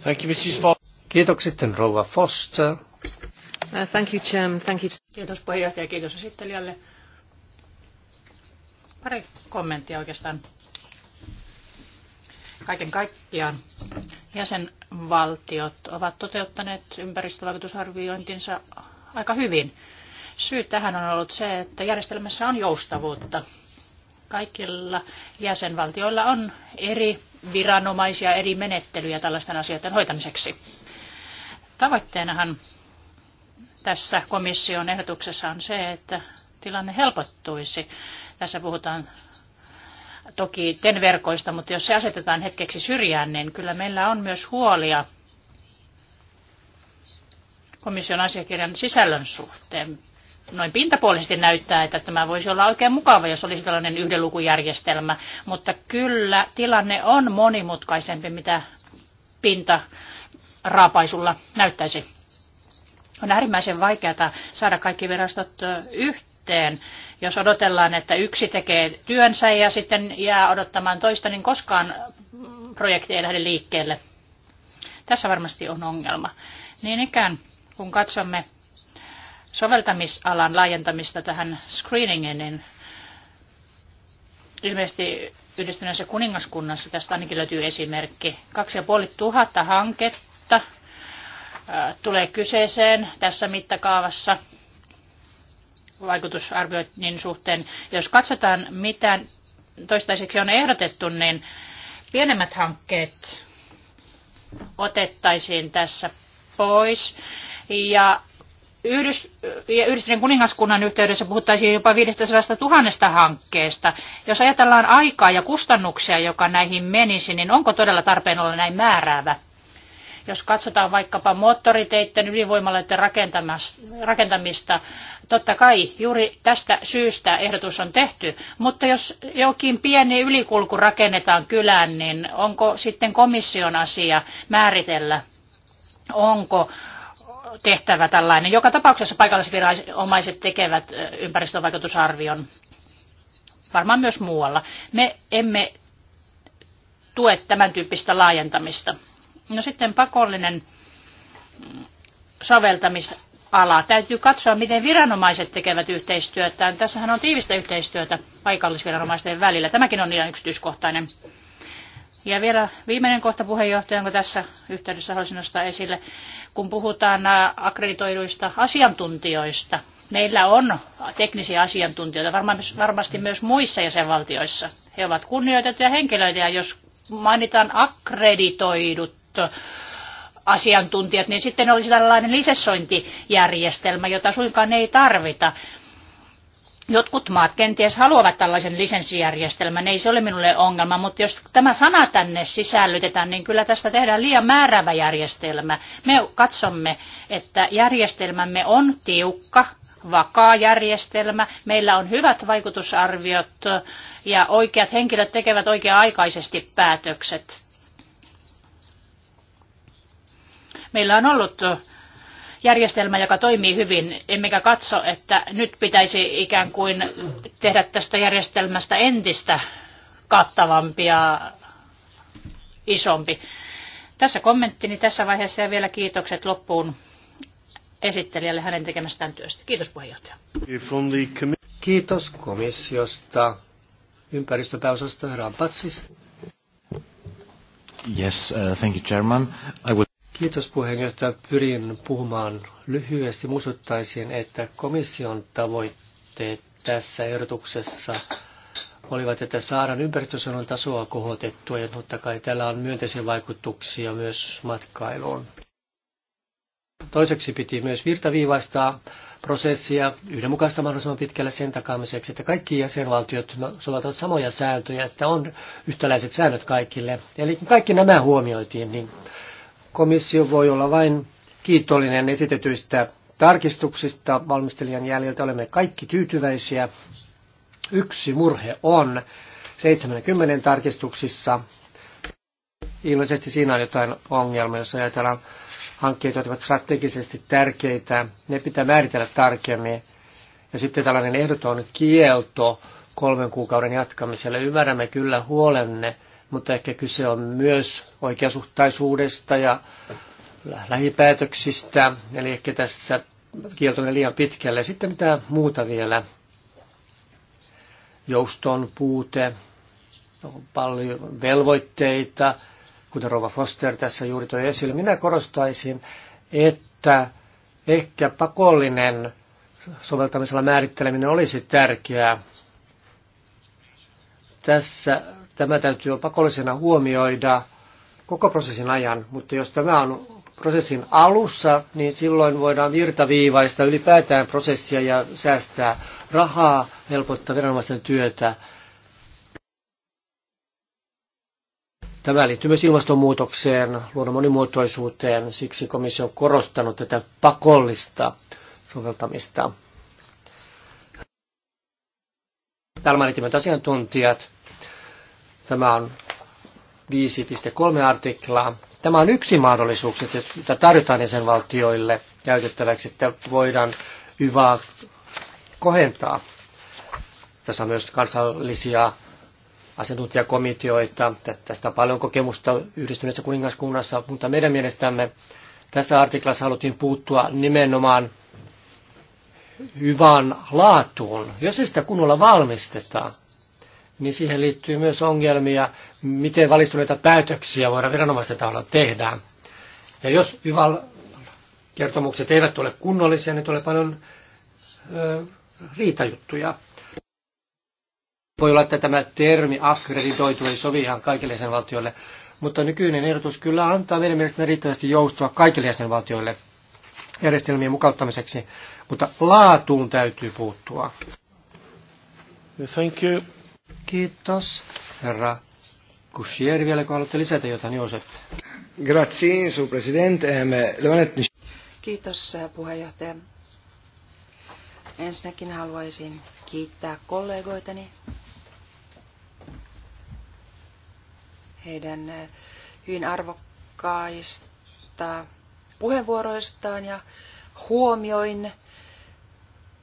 Thank you, Mrs. Kiitokset, rouva Foster. Uh, thank you, Chairman. Thank you. Kiitos puheenjohtaja, kiitos esittelijälle. Pari kommenttia oikeastaan. Kaiken kaikkiaan jäsenvaltiot ovat toteuttaneet ympäristövaikutusarviointinsa aika hyvin. Syy tähän on ollut se, että järjestelmässä on joustavuutta. Kaikilla jäsenvaltioilla on eri viranomaisia, eri menettelyjä tällaisten asioiden hoitamiseksi. Tavoitteenahan tässä komission ehdotuksessa on se, että tilanne helpottuisi tässä puhutaan toki TEN-verkoista, mutta jos se asetetaan hetkeksi syrjään, niin kyllä meillä on myös huolia komission asiakirjan sisällön suhteen. Noin pintapuolisesti näyttää, että tämä voisi olla oikein mukava, jos olisi tällainen yhden lukujärjestelmä, mutta kyllä tilanne on monimutkaisempi, mitä pintaraapaisulla näyttäisi. On äärimmäisen vaikeaa saada kaikki virastot yhteen jos odotellaan, että yksi tekee työnsä ja sitten jää odottamaan toista, niin koskaan projekti ei lähde liikkeelle. Tässä varmasti on ongelma. Niin ikään, kun katsomme soveltamisalan laajentamista tähän screeningiin, niin ilmeisesti yhdistyneessä kuningaskunnassa tästä ainakin löytyy esimerkki. 2500 hanketta tulee kyseeseen tässä mittakaavassa – vaikutusarvioinnin suhteen. Jos katsotaan, mitä toistaiseksi on ehdotettu, niin pienemmät hankkeet otettaisiin tässä pois. Ja Yhdys, ja Yhdistyneen kuningaskunnan yhteydessä puhuttaisiin jopa 500 000 hankkeesta. Jos ajatellaan aikaa ja kustannuksia, joka näihin menisi, niin onko todella tarpeen olla näin määräävä? Jos katsotaan vaikkapa moottoriteiden ydinvoimaloiden rakentamista, totta kai juuri tästä syystä ehdotus on tehty. Mutta jos jokin pieni ylikulku rakennetaan kylään, niin onko sitten komission asia määritellä, onko tehtävä tällainen. Joka tapauksessa paikallisviranomaiset tekevät ympäristövaikutusarvion varmaan myös muualla. Me emme tue tämän tyyppistä laajentamista. No sitten pakollinen soveltamisala. Täytyy katsoa, miten viranomaiset tekevät yhteistyötä. Tässähän on tiivistä yhteistyötä paikallisviranomaisten välillä. Tämäkin on ihan yksityiskohtainen. Ja vielä viimeinen kohta puheenjohtaja, jonka tässä yhteydessä haluaisin nostaa esille, kun puhutaan akkreditoiduista asiantuntijoista. Meillä on teknisiä asiantuntijoita varmasti myös muissa jäsenvaltioissa. He ovat kunnioitettuja henkilöitä ja jos mainitaan akkreditoidut asiantuntijat, niin sitten olisi tällainen lisessointijärjestelmä, jota suinkaan ei tarvita. Jotkut maat kenties haluavat tällaisen lisenssijärjestelmän, ei se ole minulle ongelma, mutta jos tämä sana tänne sisällytetään, niin kyllä tästä tehdään liian määrävä järjestelmä. Me katsomme, että järjestelmämme on tiukka, vakaa järjestelmä, meillä on hyvät vaikutusarviot ja oikeat henkilöt tekevät oikea-aikaisesti päätökset. Meillä on ollut järjestelmä, joka toimii hyvin, emmekä katso, että nyt pitäisi ikään kuin tehdä tästä järjestelmästä entistä kattavampi ja isompi. Tässä kommenttini tässä vaiheessa ja vielä kiitokset loppuun esittelijälle hänen tekemästään työstä. Kiitos puheenjohtaja. Kiitos komissiosta. Ympäristöpääosasta Rampatsis. Yes, uh, thank you, Chairman. I would Kiitos puheenjohtaja. Pyrin puhumaan lyhyesti. Muistuttaisin, että komission tavoitteet tässä ehdotuksessa olivat, että saadaan ympäristösuojelun tasoa kohotettua ja totta kai tällä on myönteisiä vaikutuksia myös matkailuun. Toiseksi piti myös virtaviivaistaa prosessia yhdenmukaista mahdollisimman pitkälle sen takaamiseksi, että kaikki jäsenvaltiot soveltavat samoja sääntöjä, että on yhtäläiset säännöt kaikille. Eli kun kaikki nämä huomioitiin, niin Komissio voi olla vain kiitollinen esitetyistä tarkistuksista valmistelijan jäljiltä. Olemme kaikki tyytyväisiä. Yksi murhe on 70 tarkistuksissa. Ilmeisesti siinä on jotain ongelmaa, jos ajatellaan hankkeita, jotka ovat strategisesti tärkeitä. Ne pitää määritellä tarkemmin. Ja sitten tällainen ehdoton kielto kolmen kuukauden jatkamiselle. Ymmärrämme kyllä huolenne mutta ehkä kyse on myös oikeasuhtaisuudesta ja lähipäätöksistä, eli ehkä tässä kielto liian pitkälle. Sitten mitä muuta vielä? Jouston puute, on paljon velvoitteita, kuten Rova Foster tässä juuri toi esille. Minä korostaisin, että ehkä pakollinen soveltamisella määritteleminen olisi tärkeää. Tässä Tämä täytyy pakollisena huomioida koko prosessin ajan, mutta jos tämä on prosessin alussa, niin silloin voidaan virtaviivaista ylipäätään prosessia ja säästää rahaa, helpottaa viranomaisten työtä. Tämä liittyy myös ilmastonmuutokseen, luonnon monimuotoisuuteen, siksi komissio on korostanut tätä pakollista soveltamista. Täällä mainittiin asiantuntijat. Tämä on 5.3 artiklaa. Tämä on yksi mahdollisuus, jota tarjotaan jäsenvaltioille käytettäväksi, että voidaan hyvää kohentaa. Tässä on myös kansallisia asiantuntijakomiteoita. Tästä on paljon kokemusta yhdistyneessä kuningaskunnassa, mutta meidän mielestämme tässä artiklassa haluttiin puuttua nimenomaan hyvään laatuun. Jos ei sitä kunnolla valmistetaan, niin siihen liittyy myös ongelmia, miten valistuneita päätöksiä voidaan viranomaisten taholla tehdä. Ja jos YVAL-kertomukset eivät ole kunnollisia, niin tulee paljon ö, riitajuttuja. Voi olla, että tämä termi akkreditoitu ei sovi ihan kaikille jäsenvaltioille, mutta nykyinen ehdotus kyllä antaa meidän mielestämme riittävästi joustoa kaikille jäsenvaltioille järjestelmien mukauttamiseksi, mutta laatuun täytyy puuttua. Thank you. Kiitos, herra Kushier. Vielä kun haluatte lisätä jotain, niin Josef. Grazie, su presidente. Eh, Kiitos, eh, puheenjohtaja. Ensinnäkin haluaisin kiittää kollegoitani heidän eh, hyvin arvokkaista puheenvuoroistaan ja huomioin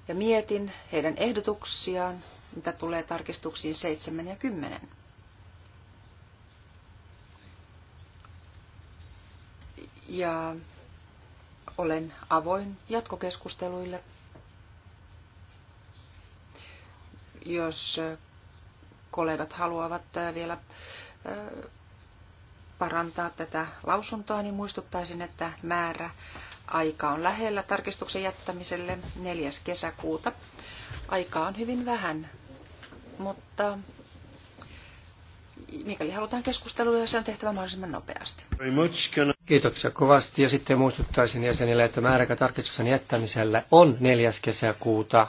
ja mietin heidän ehdotuksiaan mitä tulee tarkistuksiin 7 ja 10. Ja olen avoin jatkokeskusteluille. Jos kollegat haluavat äh, vielä äh, parantaa tätä lausuntoa, niin muistuttaisin, että määrä aika on lähellä tarkistuksen jättämiselle 4. kesäkuuta. Aika on hyvin vähän mutta mikäli halutaan keskustelua, se on tehtävä mahdollisimman nopeasti. Kiitoksia kovasti ja sitten muistuttaisin jäsenille, että määräkä tarkistuksen jättämisellä on 4. kesäkuuta.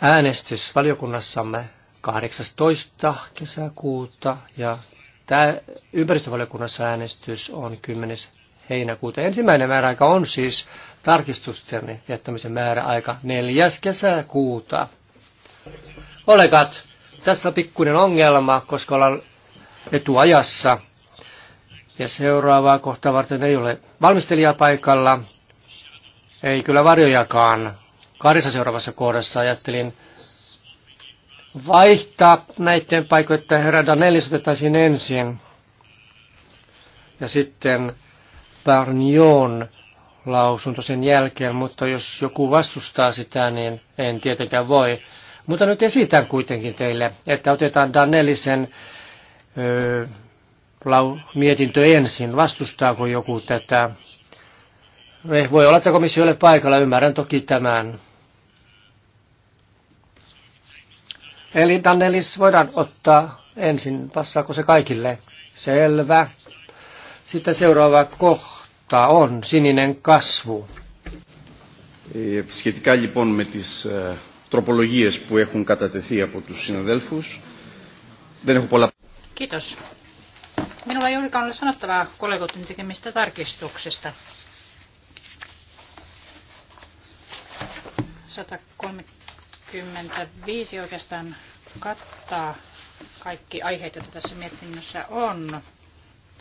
Äänestys valiokunnassamme 18. kesäkuuta ja tämä ympäristövaliokunnassa äänestys on 10 heinäkuuta. Ensimmäinen määräaika on siis tarkistusten jättämisen määräaika 4. kesäkuuta. Olekat, tässä on pikkuinen ongelma, koska ollaan etuajassa. Ja seuraavaa kohtaa varten ei ole valmistelijaa paikalla, ei kyllä varjojakaan. Karissa seuraavassa kohdassa ajattelin vaihtaa näiden paikoittain herra Danellis otettaisiin ensin. Ja sitten Barnion lausunto sen jälkeen, mutta jos joku vastustaa sitä, niin en tietenkään voi. Mutta nyt esitän kuitenkin teille, että otetaan Danielisen lau, mietintö ensin. Vastustaako joku tätä? Eh, voi olla, että komissio ole paikalla, ymmärrän toki tämän. Eli Danielis voidaan ottaa ensin, passaako se kaikille? Selvä. Sitten seuraava kohta on sininen kasvu. Σχετικά λοιπόν με τις τροπολογίες που έχουν κατατεθεί από τους συναδέλφους, δεν έχω πολλά... Kiitos. Minulla ei juurikaan ole sanottavaa kollegoiden tekemistä tarkistuksesta. 135 oikeastaan kattaa kaikki aiheet, joita tässä mietinnössä on.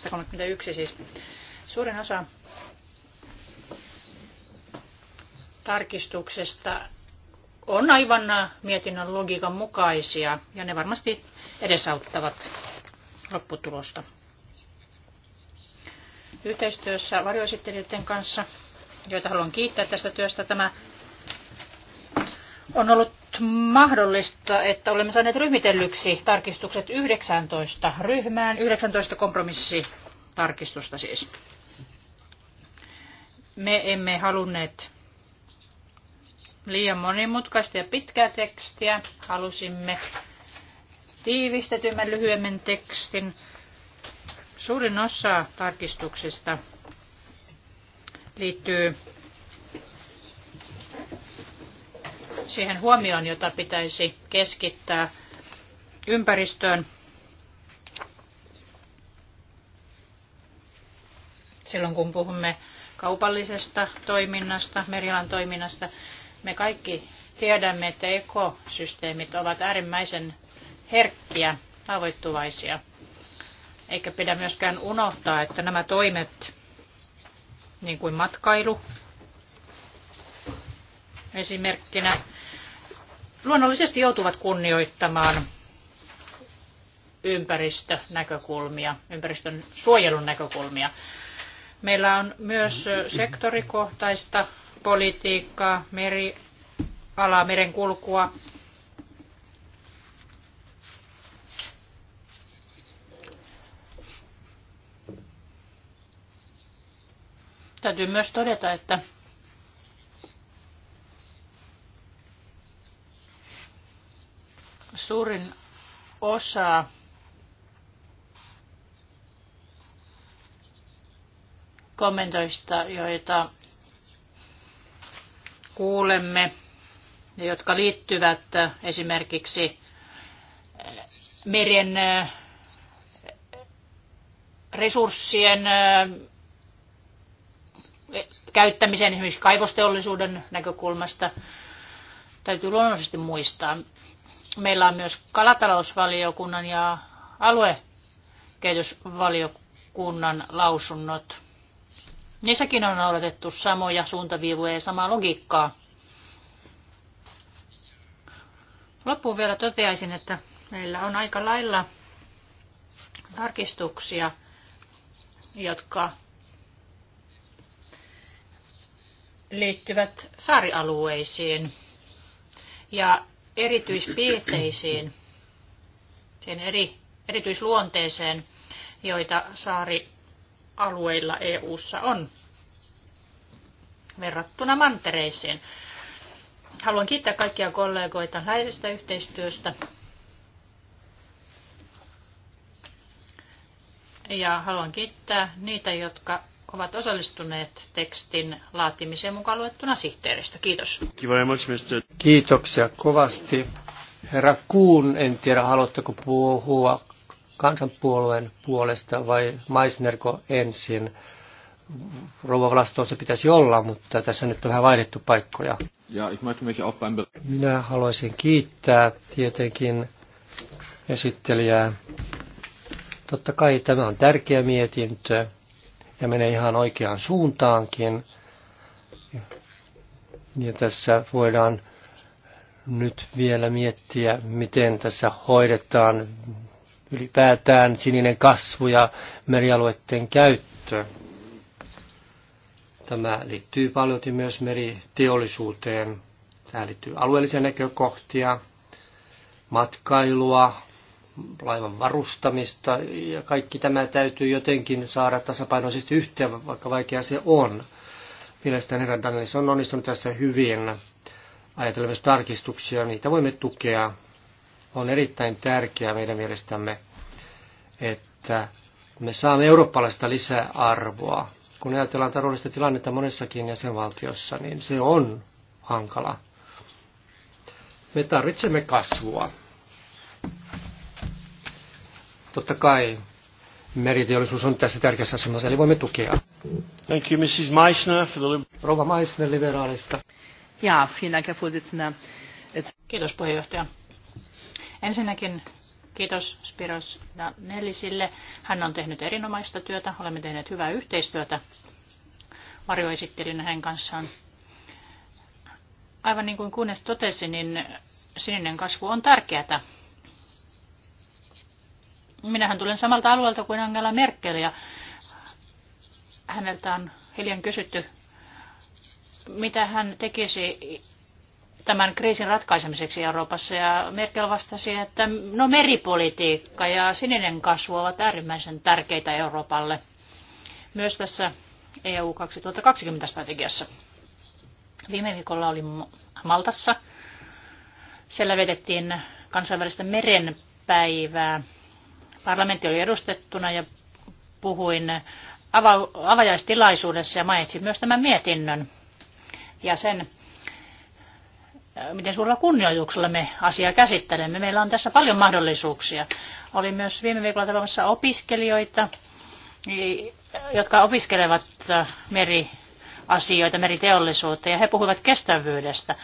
131 siis. Suurin osa tarkistuksesta on aivan mietinnön logiikan mukaisia ja ne varmasti edesauttavat lopputulosta. Yhteistyössä varjoesittelijöiden kanssa, joita haluan kiittää tästä työstä, tämä on ollut mahdollista, että olemme saaneet ryhmitellyksi tarkistukset 19 ryhmään, 19 kompromissitarkistusta siis. Me emme halunneet liian monimutkaista ja pitkää tekstiä. Halusimme tiivistetymän lyhyemmän tekstin. Suurin osa tarkistuksista liittyy siihen huomioon, jota pitäisi keskittää ympäristöön. Silloin kun puhumme kaupallisesta toiminnasta, merialan toiminnasta, me kaikki tiedämme, että ekosysteemit ovat äärimmäisen herkkiä, haavoittuvaisia. Eikä pidä myöskään unohtaa, että nämä toimet, niin kuin matkailu esimerkkinä, luonnollisesti joutuvat kunnioittamaan ympäristönäkökulmia, ympäristön suojelun näkökulmia. Meillä on myös sektorikohtaista politiikkaa, merialaa, merenkulkua. Täytyy myös todeta, että Suurin osa kommentoista, joita kuulemme, jotka liittyvät esimerkiksi meren resurssien käyttämiseen esimerkiksi kaivosteollisuuden näkökulmasta, täytyy luonnollisesti muistaa, Meillä on myös kalatalousvaliokunnan ja aluekehitysvaliokunnan lausunnot. Niissäkin on noudatettu samoja suuntaviivoja ja samaa logiikkaa. Loppuun vielä toteaisin, että meillä on aika lailla tarkistuksia, jotka liittyvät saarialueisiin. Ja erityispiirteisiin, sen eri, erityisluonteeseen, joita saarialueilla EU:ssa on verrattuna mantereisiin. Haluan kiittää kaikkia kollegoita läheisestä yhteistyöstä. Ja haluan kiittää niitä, jotka ovat osallistuneet tekstin laatimiseen mukaan luettuna sihteeristö. Kiitos. Kiitoksia kovasti. Herra Kuun, en tiedä haluatteko puhua kansanpuolueen puolesta vai Maisnerko ensin. Rouva Vlaston se pitäisi olla, mutta tässä nyt on vähän vaihdettu paikkoja. Minä haluaisin kiittää tietenkin esittelijää. Totta kai tämä on tärkeä mietintö ja menee ihan oikeaan suuntaankin. Ja tässä voidaan nyt vielä miettiä, miten tässä hoidetaan ylipäätään sininen kasvu ja merialueiden käyttö. Tämä liittyy paljon myös meriteollisuuteen. Tämä liittyy alueellisia näkökohtia, matkailua, laivan varustamista ja kaikki tämä täytyy jotenkin saada tasapainoisesti yhteen, vaikka vaikea se on. Mielestäni herra Danielis on onnistunut tässä hyvin. ajatella myös tarkistuksia, niitä voimme tukea. On erittäin tärkeää meidän mielestämme, että me saamme eurooppalaista lisäarvoa. Kun ajatellaan taloudellista tilannetta monessakin jäsenvaltiossa, niin se on hankala. Me tarvitsemme kasvua Totta kai meriteollisuus on tässä tärkeässä asemassa, eli voimme tukea. Thank you, Mrs. Meissner. For the... Rouva Meissner liberaalista. Ja, Kiitos puheenjohtaja. Ensinnäkin kiitos Spiros Nellisille. Hän on tehnyt erinomaista työtä. Olemme tehneet hyvää yhteistyötä varjoesittelijänä hänen kanssaan. Aivan niin kuin kunnes totesi, niin sininen kasvu on tärkeää Minähän tulen samalta alueelta kuin Angela Merkel ja häneltä on hiljan kysytty, mitä hän tekisi tämän kriisin ratkaisemiseksi Euroopassa. Ja Merkel vastasi, että no meripolitiikka ja sininen kasvu ovat äärimmäisen tärkeitä Euroopalle. Myös tässä EU 2020-strategiassa. Viime viikolla oli Maltassa. Siellä vetettiin kansainvälistä merenpäivää. Parlamentti oli edustettuna ja puhuin avajaistilaisuudessa ja mainitsin myös tämän mietinnön ja sen, miten suurella kunnioituksella me asiaa käsittelemme. Meillä on tässä paljon mahdollisuuksia. Olin myös viime viikolla tapaamassa opiskelijoita, jotka opiskelevat meri meriteollisuutta, ja he puhuivat kestävyydestä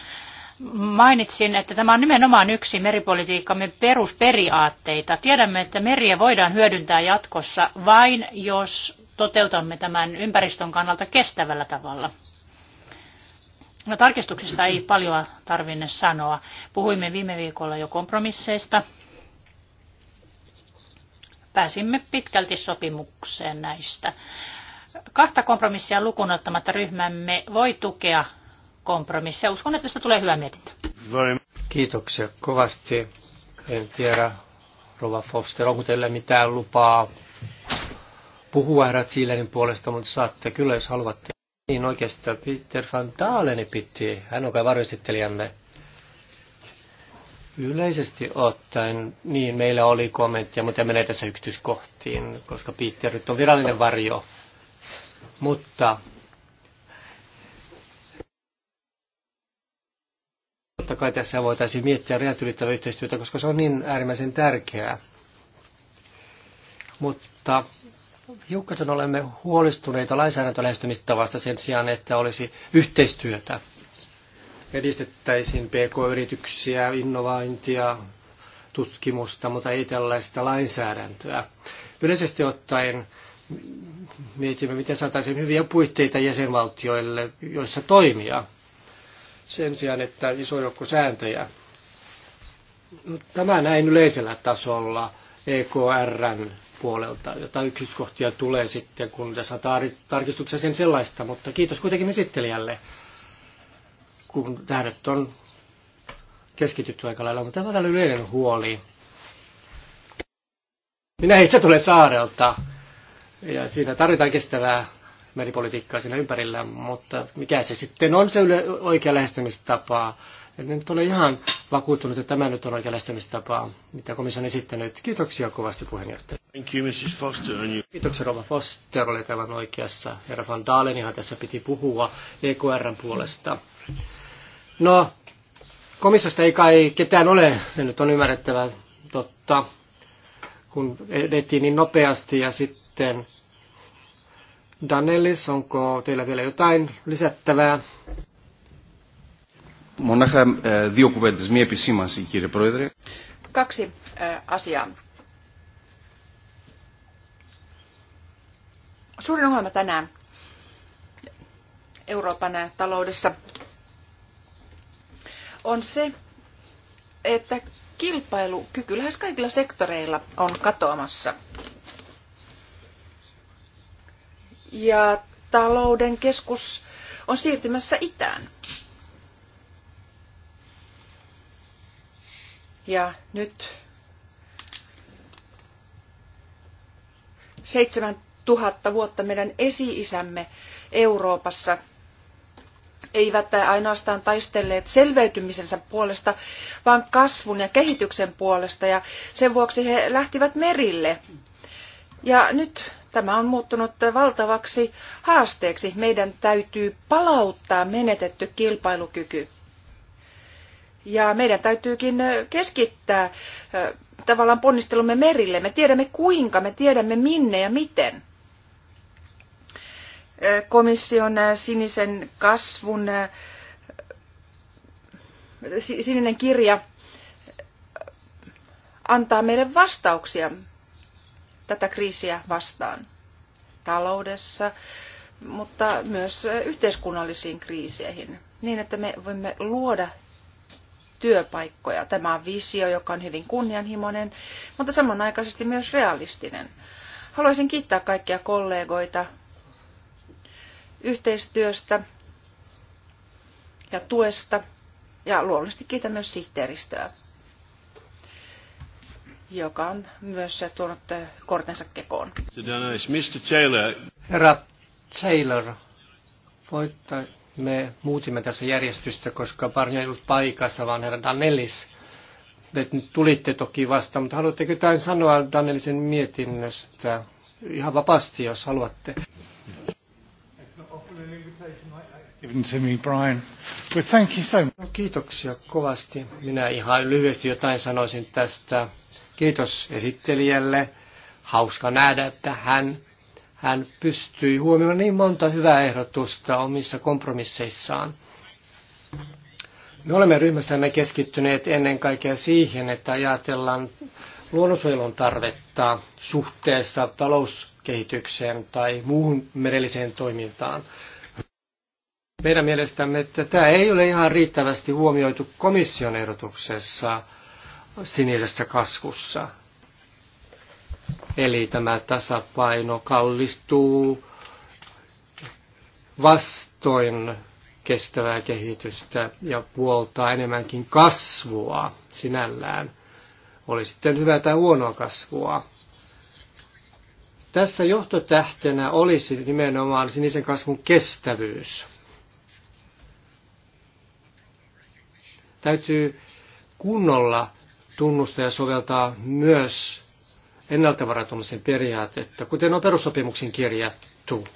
mainitsin, että tämä on nimenomaan yksi meripolitiikkamme perusperiaatteita. Tiedämme, että meriä voidaan hyödyntää jatkossa vain, jos toteutamme tämän ympäristön kannalta kestävällä tavalla. No, tarkistuksista ei paljon tarvinne sanoa. Puhuimme viime viikolla jo kompromisseista. Pääsimme pitkälti sopimukseen näistä. Kahta kompromissia lukunottamatta ryhmämme voi tukea kompromissi. Ja uskon, että tästä tulee hyvä mietintö. Kiitoksia kovasti. En tiedä, Rova Foster, onko teillä mitään lupaa puhua Ratsiilenin puolesta, mutta saatte kyllä, jos haluatte. Niin oikeastaan Peter van Daaleni piti, hän on kai varjoesittelijämme. Yleisesti ottaen, niin meillä oli kommenttia, mutta menee tässä yksityiskohtiin, koska Peter nyt on virallinen varjo. Mutta Totta kai tässä voitaisiin miettiä rajat ylittävää yhteistyötä, koska se on niin äärimmäisen tärkeää. Mutta hiukkasen olemme huolestuneita lainsäädäntölähestymistavasta sen sijaan, että olisi yhteistyötä. Edistettäisiin pk-yrityksiä, innovointia, tutkimusta, mutta ei tällaista lainsäädäntöä. Yleisesti ottaen mietimme, miten saataisiin hyviä puitteita jäsenvaltioille, joissa toimia – sen sijaan, että iso joukko sääntöjä. Tämä näin yleisellä tasolla EKRn puolelta. jota yksityiskohtia tulee sitten, kun tässä tarkistuksessa sen sellaista, mutta kiitos kuitenkin esittelijälle, kun tähdet on keskitytty aika lailla, mutta tämä on tällainen yleinen huoli. Minä itse tulen saarelta ja siinä tarvitaan kestävää meripolitiikkaa siinä ympärillä, mutta mikä se sitten on se oikea lähestymistapa? En nyt ole ihan vakuuttunut, että tämä nyt on oikea lähestymistapa, mitä komissio on esittänyt. Kiitoksia kovasti puheenjohtaja. Thank you, Mrs. Foster. And you... Kiitoksia Rova Foster, oli aivan oikeassa. Herra Van ihan tässä piti puhua EKRn puolesta. No, komissiosta ei kai ketään ole, se nyt on ymmärrettävä totta, kun edettiin niin nopeasti ja sitten Danelis, onko teillä vielä jotain lisättävää? Monaha dio κουβέντες, μία επισήμανση κύριε Πρόεδρε. Kaksi asiaa. Suurin ongelma tänään Euroopan taloudessa on se, että kilpailukyky lähes kaikilla sektoreilla on katoamassa – ja talouden keskus on siirtymässä itään. Ja nyt 7000 vuotta meidän esi-isämme Euroopassa eivät ainoastaan taistelleet selveytymisensä puolesta, vaan kasvun ja kehityksen puolesta, ja sen vuoksi he lähtivät merille. Ja nyt Tämä on muuttunut valtavaksi haasteeksi. Meidän täytyy palauttaa menetetty kilpailukyky. Ja meidän täytyykin keskittää tavallaan ponnistelumme merille. Me tiedämme kuinka, me tiedämme minne ja miten. Komission sinisen kasvun sininen kirja antaa meille vastauksia tätä kriisiä vastaan taloudessa, mutta myös yhteiskunnallisiin kriiseihin, niin että me voimme luoda työpaikkoja. Tämä on visio, joka on hyvin kunnianhimoinen, mutta samanaikaisesti myös realistinen. Haluaisin kiittää kaikkia kollegoita yhteistyöstä ja tuesta ja luonnollisesti kiitän myös sihteeristöä joka on myös tuonut kortensa kekoon. Mr. Taylor. Herra Taylor, voitte, me muutimme tässä järjestystä, koska Barney ei ollut paikassa, vaan herra Danelis. Te tulitte toki vasta, mutta haluatteko jotain sanoa Danellisen mietinnöstä? Ihan vapaasti, jos haluatte. No, kiitoksia kovasti. Minä ihan lyhyesti jotain sanoisin tästä Kiitos esittelijälle. Hauska nähdä, että hän, hän pystyi huomioimaan niin monta hyvää ehdotusta omissa kompromisseissaan. Me olemme ryhmässämme keskittyneet ennen kaikkea siihen, että ajatellaan luonnonsuojelun tarvetta suhteessa talouskehitykseen tai muuhun merelliseen toimintaan. Meidän mielestämme että tämä ei ole ihan riittävästi huomioitu komission ehdotuksessa – sinisessä kaskussa. Eli tämä tasapaino kallistuu vastoin kestävää kehitystä ja puoltaa enemmänkin kasvua sinällään. Oli sitten hyvää tai huonoa kasvua. Tässä johtotähtenä olisi nimenomaan sinisen kasvun kestävyys. Täytyy kunnolla ja soveltaa myös ennaltavaratumisen periaatetta, kuten on perussopimuksen kirjattu,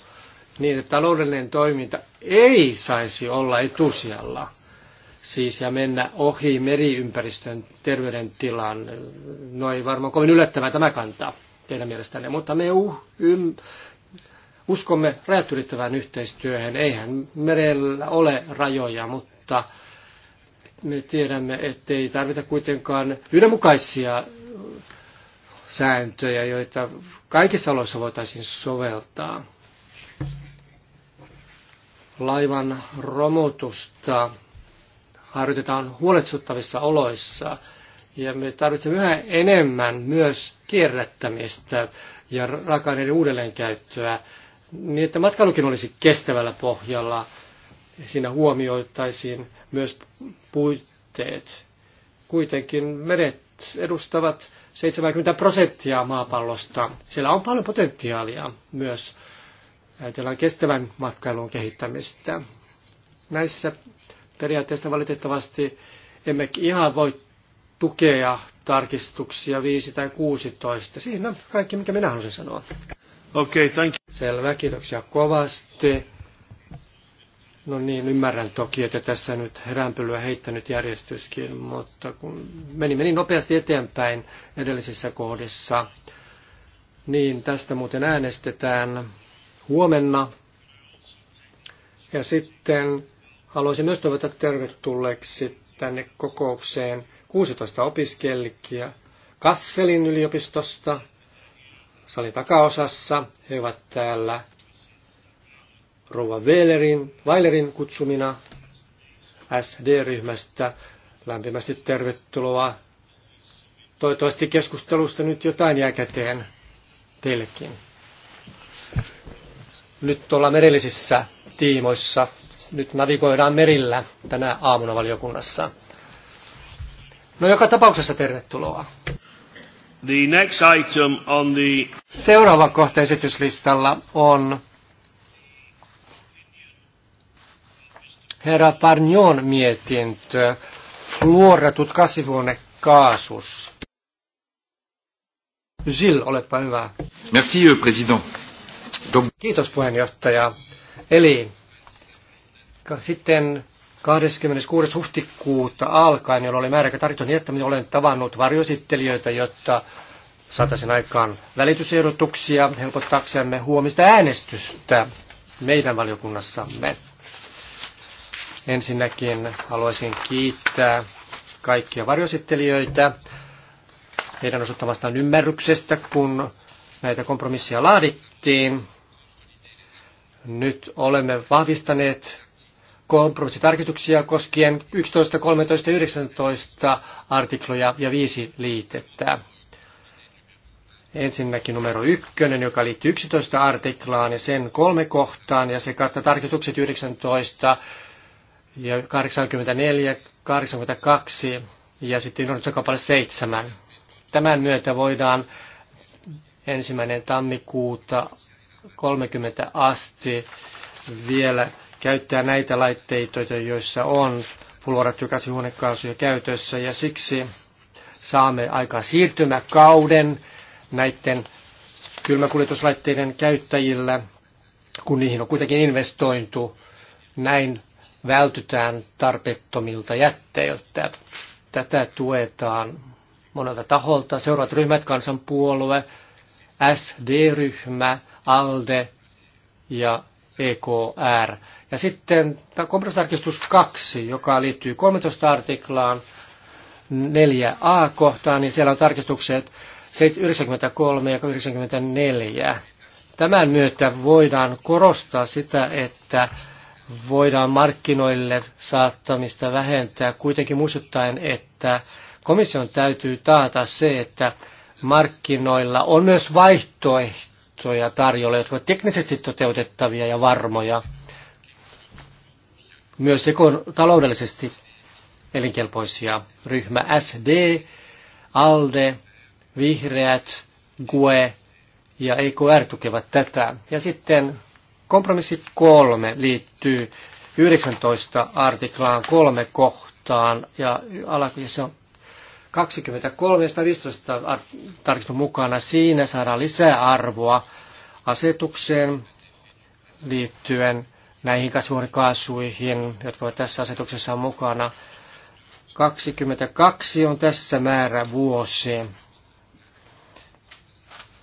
niin että taloudellinen toiminta ei saisi olla etusijalla, siis ja mennä ohi meriympäristön terveydentilan. No ei varmaan kovin yllättävää tämä kanta teidän mielestänne, mutta me uh, ym, uskomme rajat ylittävään yhteistyöhön. Eihän merellä ole rajoja, mutta me tiedämme, ettei tarvita kuitenkaan yhdenmukaisia sääntöjä, joita kaikissa oloissa voitaisiin soveltaa. Laivan romutusta harjoitetaan huolestuttavissa oloissa ja me tarvitsemme yhä enemmän myös kierrättämistä ja raaka-aineiden uudelleenkäyttöä, niin että matkailukin olisi kestävällä pohjalla – siinä huomioitaisiin myös puitteet. Kuitenkin meret edustavat 70 prosenttia maapallosta. Siellä on paljon potentiaalia myös ajatellaan kestävän matkailun kehittämistä. Näissä periaatteessa valitettavasti emme ihan voi tukea tarkistuksia 5 tai 16. Siinä on kaikki, mikä minä haluaisin sanoa. Okei, okay, thank you. Selvä, kiitoksia kovasti. No niin, ymmärrän toki, että tässä nyt rämpölyä heittänyt järjestyskin, mutta kun meni, meni nopeasti eteenpäin edellisissä kohdissa, niin tästä muuten äänestetään huomenna. Ja sitten haluaisin myös toivottaa tervetulleeksi tänne kokoukseen 16 opiskelijaa Kasselin yliopistosta, salin takaosassa. He ovat täällä Rova Weilerin, Weilerin kutsumina SD-ryhmästä. Lämpimästi tervetuloa. Toivottavasti keskustelusta nyt jotain jää käteen teillekin. Nyt ollaan merellisissä tiimoissa. Nyt navigoidaan merillä tänä aamuna valiokunnassa. No joka tapauksessa tervetuloa. The next item on the... Seuraava kohta esityslistalla on herra Parnion mietintö, fluoratut kasvihuonekaasus. Gilles, olepa hyvä. Merci, euh, Donc... Kiitos puheenjohtaja. Eli sitten 26. huhtikuuta alkaen, jolloin oli määräkä tarjottu niin, että minä olen tavannut varjoesittelijöitä, jotta saataisiin aikaan välitysehdotuksia helpottaaksemme huomista äänestystä meidän valiokunnassamme. Ensinnäkin haluaisin kiittää kaikkia varjosittelijöitä heidän osoittamastaan ymmärryksestä, kun näitä kompromisseja laadittiin. Nyt olemme vahvistaneet kompromissitarkistuksia koskien 11, 13 ja 19 artikloja ja viisi liitettä. Ensinnäkin numero ykkönen, joka liittyy 11 artiklaan ja sen kolme kohtaan, ja se kattaa tarkistukset 19, ja 84, 82 ja sitten Ilonitsa kappale 7. Tämän myötä voidaan ensimmäinen tammikuuta 30 asti vielä käyttää näitä laitteita, joissa on fluorattuja jo käytössä ja siksi saamme aika siirtymäkauden näiden kylmäkuljetuslaitteiden käyttäjillä, kun niihin on kuitenkin investointu. Näin vältytään tarpeettomilta jätteiltä. Tätä tuetaan monelta taholta. Seuraavat ryhmät, kansanpuolue, SD-ryhmä, ALDE ja EKR. Ja sitten kompromissitarkistus 2, joka liittyy 13 artiklaan 4a-kohtaan, niin siellä on tarkistukset 93 ja 94. Tämän myötä voidaan korostaa sitä, että voidaan markkinoille saattamista vähentää, kuitenkin muistuttaen, että komission täytyy taata se, että markkinoilla on myös vaihtoehtoja tarjolla, jotka ovat teknisesti toteutettavia ja varmoja, myös taloudellisesti elinkelpoisia. Ryhmä SD, ALDE, Vihreät, GUE ja EKR tukevat tätä. Ja sitten Kompromissi kolme liittyy 19 artiklaan kolme kohtaan ja se on 23 ja 15 tarkistun mukana. Siinä saadaan lisää arvoa asetukseen liittyen näihin kasvuhuonekaasuihin, jotka ovat tässä asetuksessa mukana. 22 on tässä määrä vuosi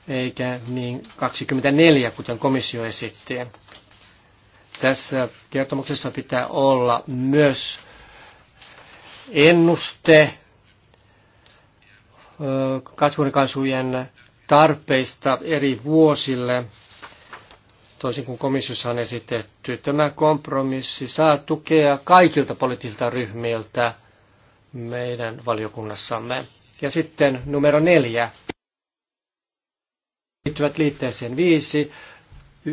eikä niin 24, kuten komissio esitti. Tässä kertomuksessa pitää olla myös ennuste kasvuhuonekaasujen tarpeista eri vuosille, toisin kuin komissiossa on esitetty. Tämä kompromissi saa tukea kaikilta poliittisilta ryhmiltä meidän valiokunnassamme. Ja sitten numero neljä liittyvät liitteeseen 5.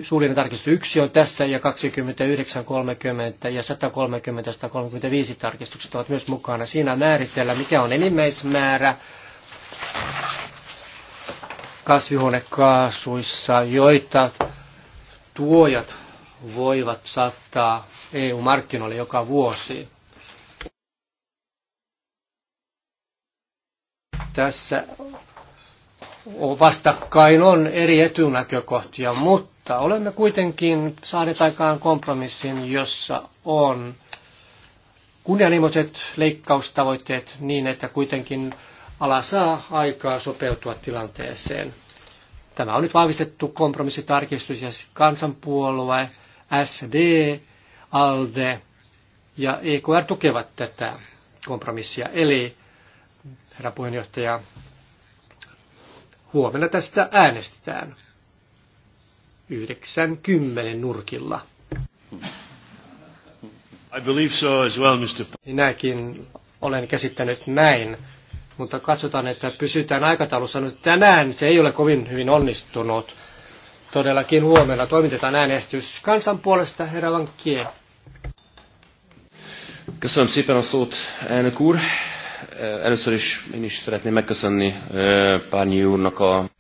Suullinen tarkistus 1 on tässä ja 29, 30 ja 130 135 tarkistukset ovat myös mukana. Siinä määritellään, mikä on enimmäismäärä kasvihuonekaasuissa, joita tuojat voivat saattaa EU-markkinoille joka vuosi. Tässä vastakkain on eri etunäkökohtia, mutta olemme kuitenkin saaneet aikaan kompromissin, jossa on kunnianhimoiset leikkaustavoitteet niin, että kuitenkin ala saa aikaa sopeutua tilanteeseen. Tämä on nyt vahvistettu kompromissitarkistus ja kansanpuolue, SD, ALDE ja EKR tukevat tätä kompromissia. Eli herra puheenjohtaja, Huomenna tästä äänestetään. 90 nurkilla. I believe so as well, Mr. Minäkin olen käsittänyt näin, mutta katsotaan, että pysytään aikataulussa. Nyt no, tänään se ei ole kovin hyvin onnistunut. Todellakin huomenna toimitetaan äänestys kansan puolesta, herra Vankie. Köszönöm szépen a szót, elnök úr. Először is én is szeretném megköszönni Pányi úrnak a...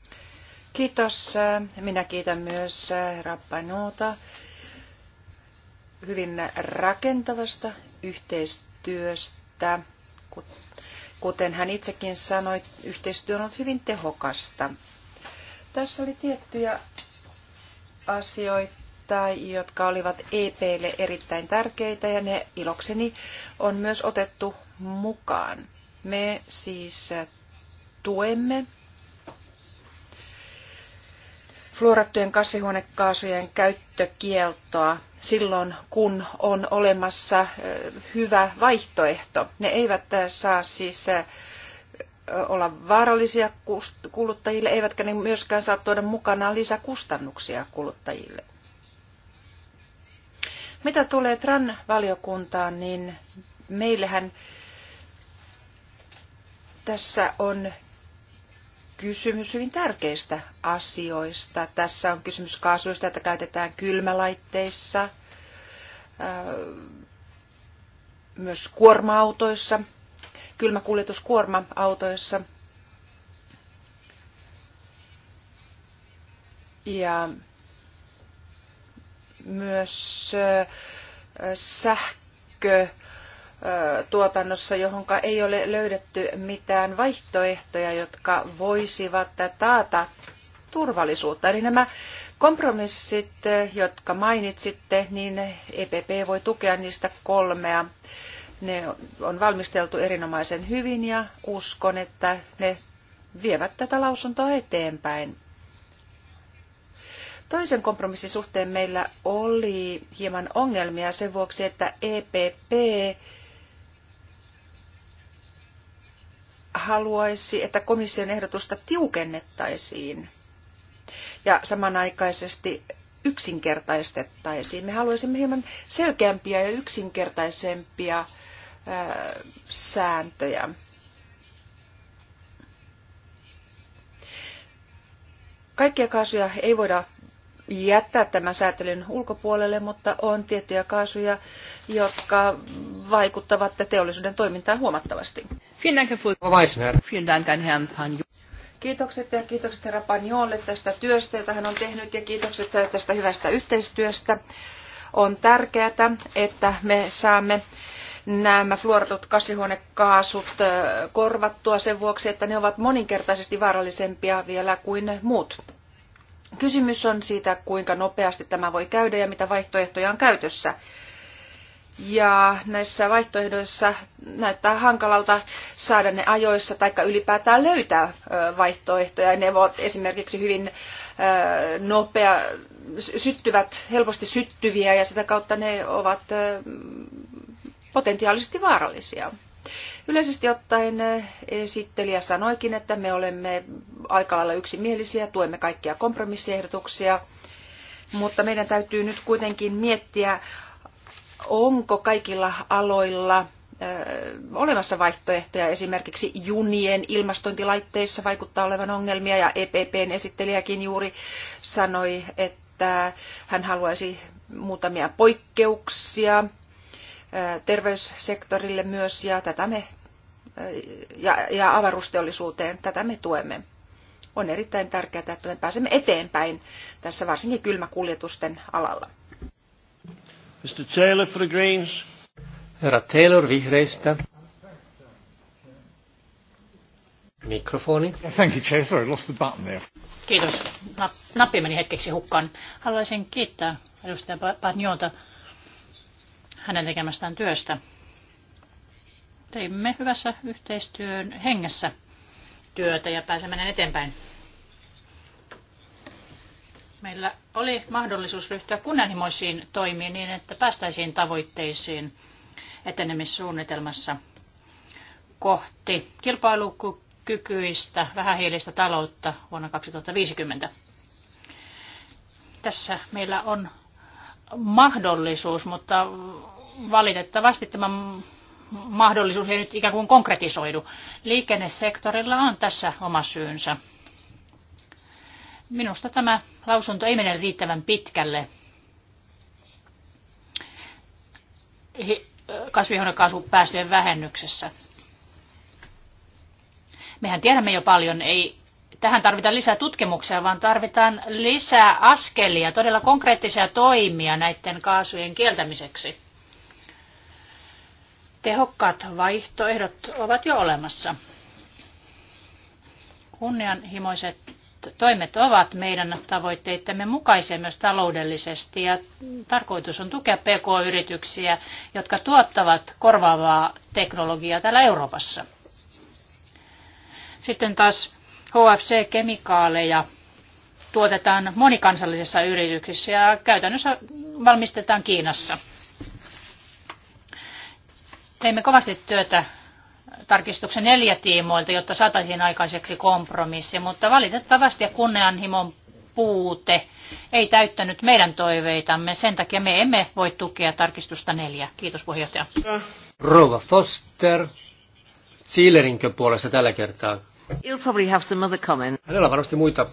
Kiitos. Minä kiitän myös Rappanuuta hyvin rakentavasta yhteistyöstä. Kuten hän itsekin sanoi, yhteistyö on ollut hyvin tehokasta. Tässä oli tiettyjä asioita, jotka olivat EPlle erittäin tärkeitä ja ne ilokseni on myös otettu mukaan. Me siis tuemme fluorattujen kasvihuonekaasujen käyttökieltoa silloin, kun on olemassa hyvä vaihtoehto. Ne eivät saa siis olla vaarallisia kuluttajille, eivätkä ne myöskään saa tuoda mukanaan lisäkustannuksia kuluttajille. Mitä tulee TRAN-valiokuntaan, niin meillähän tässä on kysymys hyvin tärkeistä asioista. Tässä on kysymys kaasuista, että käytetään kylmälaitteissa, äh, myös kuorma-autoissa, kylmäkuljetuskuorma autoissa Ja myös äh, sähkö tuotannossa, johon ei ole löydetty mitään vaihtoehtoja, jotka voisivat taata turvallisuutta. Eli nämä kompromissit, jotka mainitsitte, niin EPP voi tukea niistä kolmea. Ne on valmisteltu erinomaisen hyvin ja uskon, että ne vievät tätä lausuntoa eteenpäin. Toisen kompromissin suhteen meillä oli hieman ongelmia sen vuoksi, että EPP haluaisi, että komission ehdotusta tiukennettaisiin ja samanaikaisesti yksinkertaistettaisiin. Me haluaisimme hieman selkeämpiä ja yksinkertaisempia äh, sääntöjä. Kaikkia kaasuja ei voida jättää tämän säätelyn ulkopuolelle, mutta on tiettyjä kaasuja, jotka vaikuttavat teollisuuden toimintaan huomattavasti. Kiitokset ja kiitokset herra Panjolle tästä työstä, jota hän on tehnyt ja kiitokset tästä hyvästä yhteistyöstä. On tärkeää, että me saamme nämä fluoratut kasvihuonekaasut korvattua sen vuoksi, että ne ovat moninkertaisesti vaarallisempia vielä kuin muut Kysymys on siitä, kuinka nopeasti tämä voi käydä ja mitä vaihtoehtoja on käytössä. Ja näissä vaihtoehdoissa näyttää hankalalta saada ne ajoissa tai ylipäätään löytää vaihtoehtoja. Ne ovat esimerkiksi hyvin nopea, syttyvät, helposti syttyviä ja sitä kautta ne ovat potentiaalisesti vaarallisia. Yleisesti ottaen eh, esittelijä sanoikin, että me olemme aika lailla yksimielisiä, tuemme kaikkia kompromissiehdotuksia, mutta meidän täytyy nyt kuitenkin miettiä, onko kaikilla aloilla eh, olemassa vaihtoehtoja. Esimerkiksi junien ilmastointilaitteissa vaikuttaa olevan ongelmia ja EPPn esittelijäkin juuri sanoi, että hän haluaisi muutamia poikkeuksia terveyssektorille myös ja, tätä me, ja, ja avaruusteollisuuteen. Tätä me tuemme. On erittäin tärkeää, että me pääsemme eteenpäin tässä varsinkin kylmäkuljetusten alalla. Mr. Taylor for the Greens. Herra Taylor vihreistä. Mikrofoni. Thank you, Chair. Sorry, lost the button there. Kiitos. Nappi meni hetkeksi hukkaan. Haluaisin kiittää edustaja Barniota hänen tekemästään työstä. Teimme hyvässä yhteistyön hengessä työtä ja pääsemme eteenpäin. Meillä oli mahdollisuus ryhtyä kunnianhimoisiin toimiin niin, että päästäisiin tavoitteisiin etenemissuunnitelmassa kohti kilpailukykyistä vähähiilistä taloutta vuonna 2050. Tässä meillä on mahdollisuus, mutta valitettavasti tämä mahdollisuus ei nyt ikään kuin konkretisoidu. Liikennesektorilla on tässä oma syynsä. Minusta tämä lausunto ei mene riittävän pitkälle. kasvihuonekaasupäästöjen vähennyksessä. Mehän tiedämme jo paljon, ei tähän tarvita lisää tutkimuksia, vaan tarvitaan lisää askelia, todella konkreettisia toimia näiden kaasujen kieltämiseksi. Tehokkaat vaihtoehdot ovat jo olemassa. Kunnianhimoiset toimet ovat meidän tavoitteittemme mukaisia myös taloudellisesti ja tarkoitus on tukea PK-yrityksiä, jotka tuottavat korvaavaa teknologiaa täällä Euroopassa. Sitten taas HFC-kemikaaleja tuotetaan monikansallisissa yrityksissä ja käytännössä valmistetaan Kiinassa. Teimme kovasti työtä tarkistuksen neljä tiimoilta, jotta saataisiin aikaiseksi kompromissi, mutta valitettavasti ja kunnianhimon puute ei täyttänyt meidän toiveitamme. Sen takia me emme voi tukea tarkistusta neljä. Kiitos puheenjohtaja. Rova Foster, Siilerinkö puolesta tällä kertaa? You'll probably have some other comment. Hänellä on varmasti muita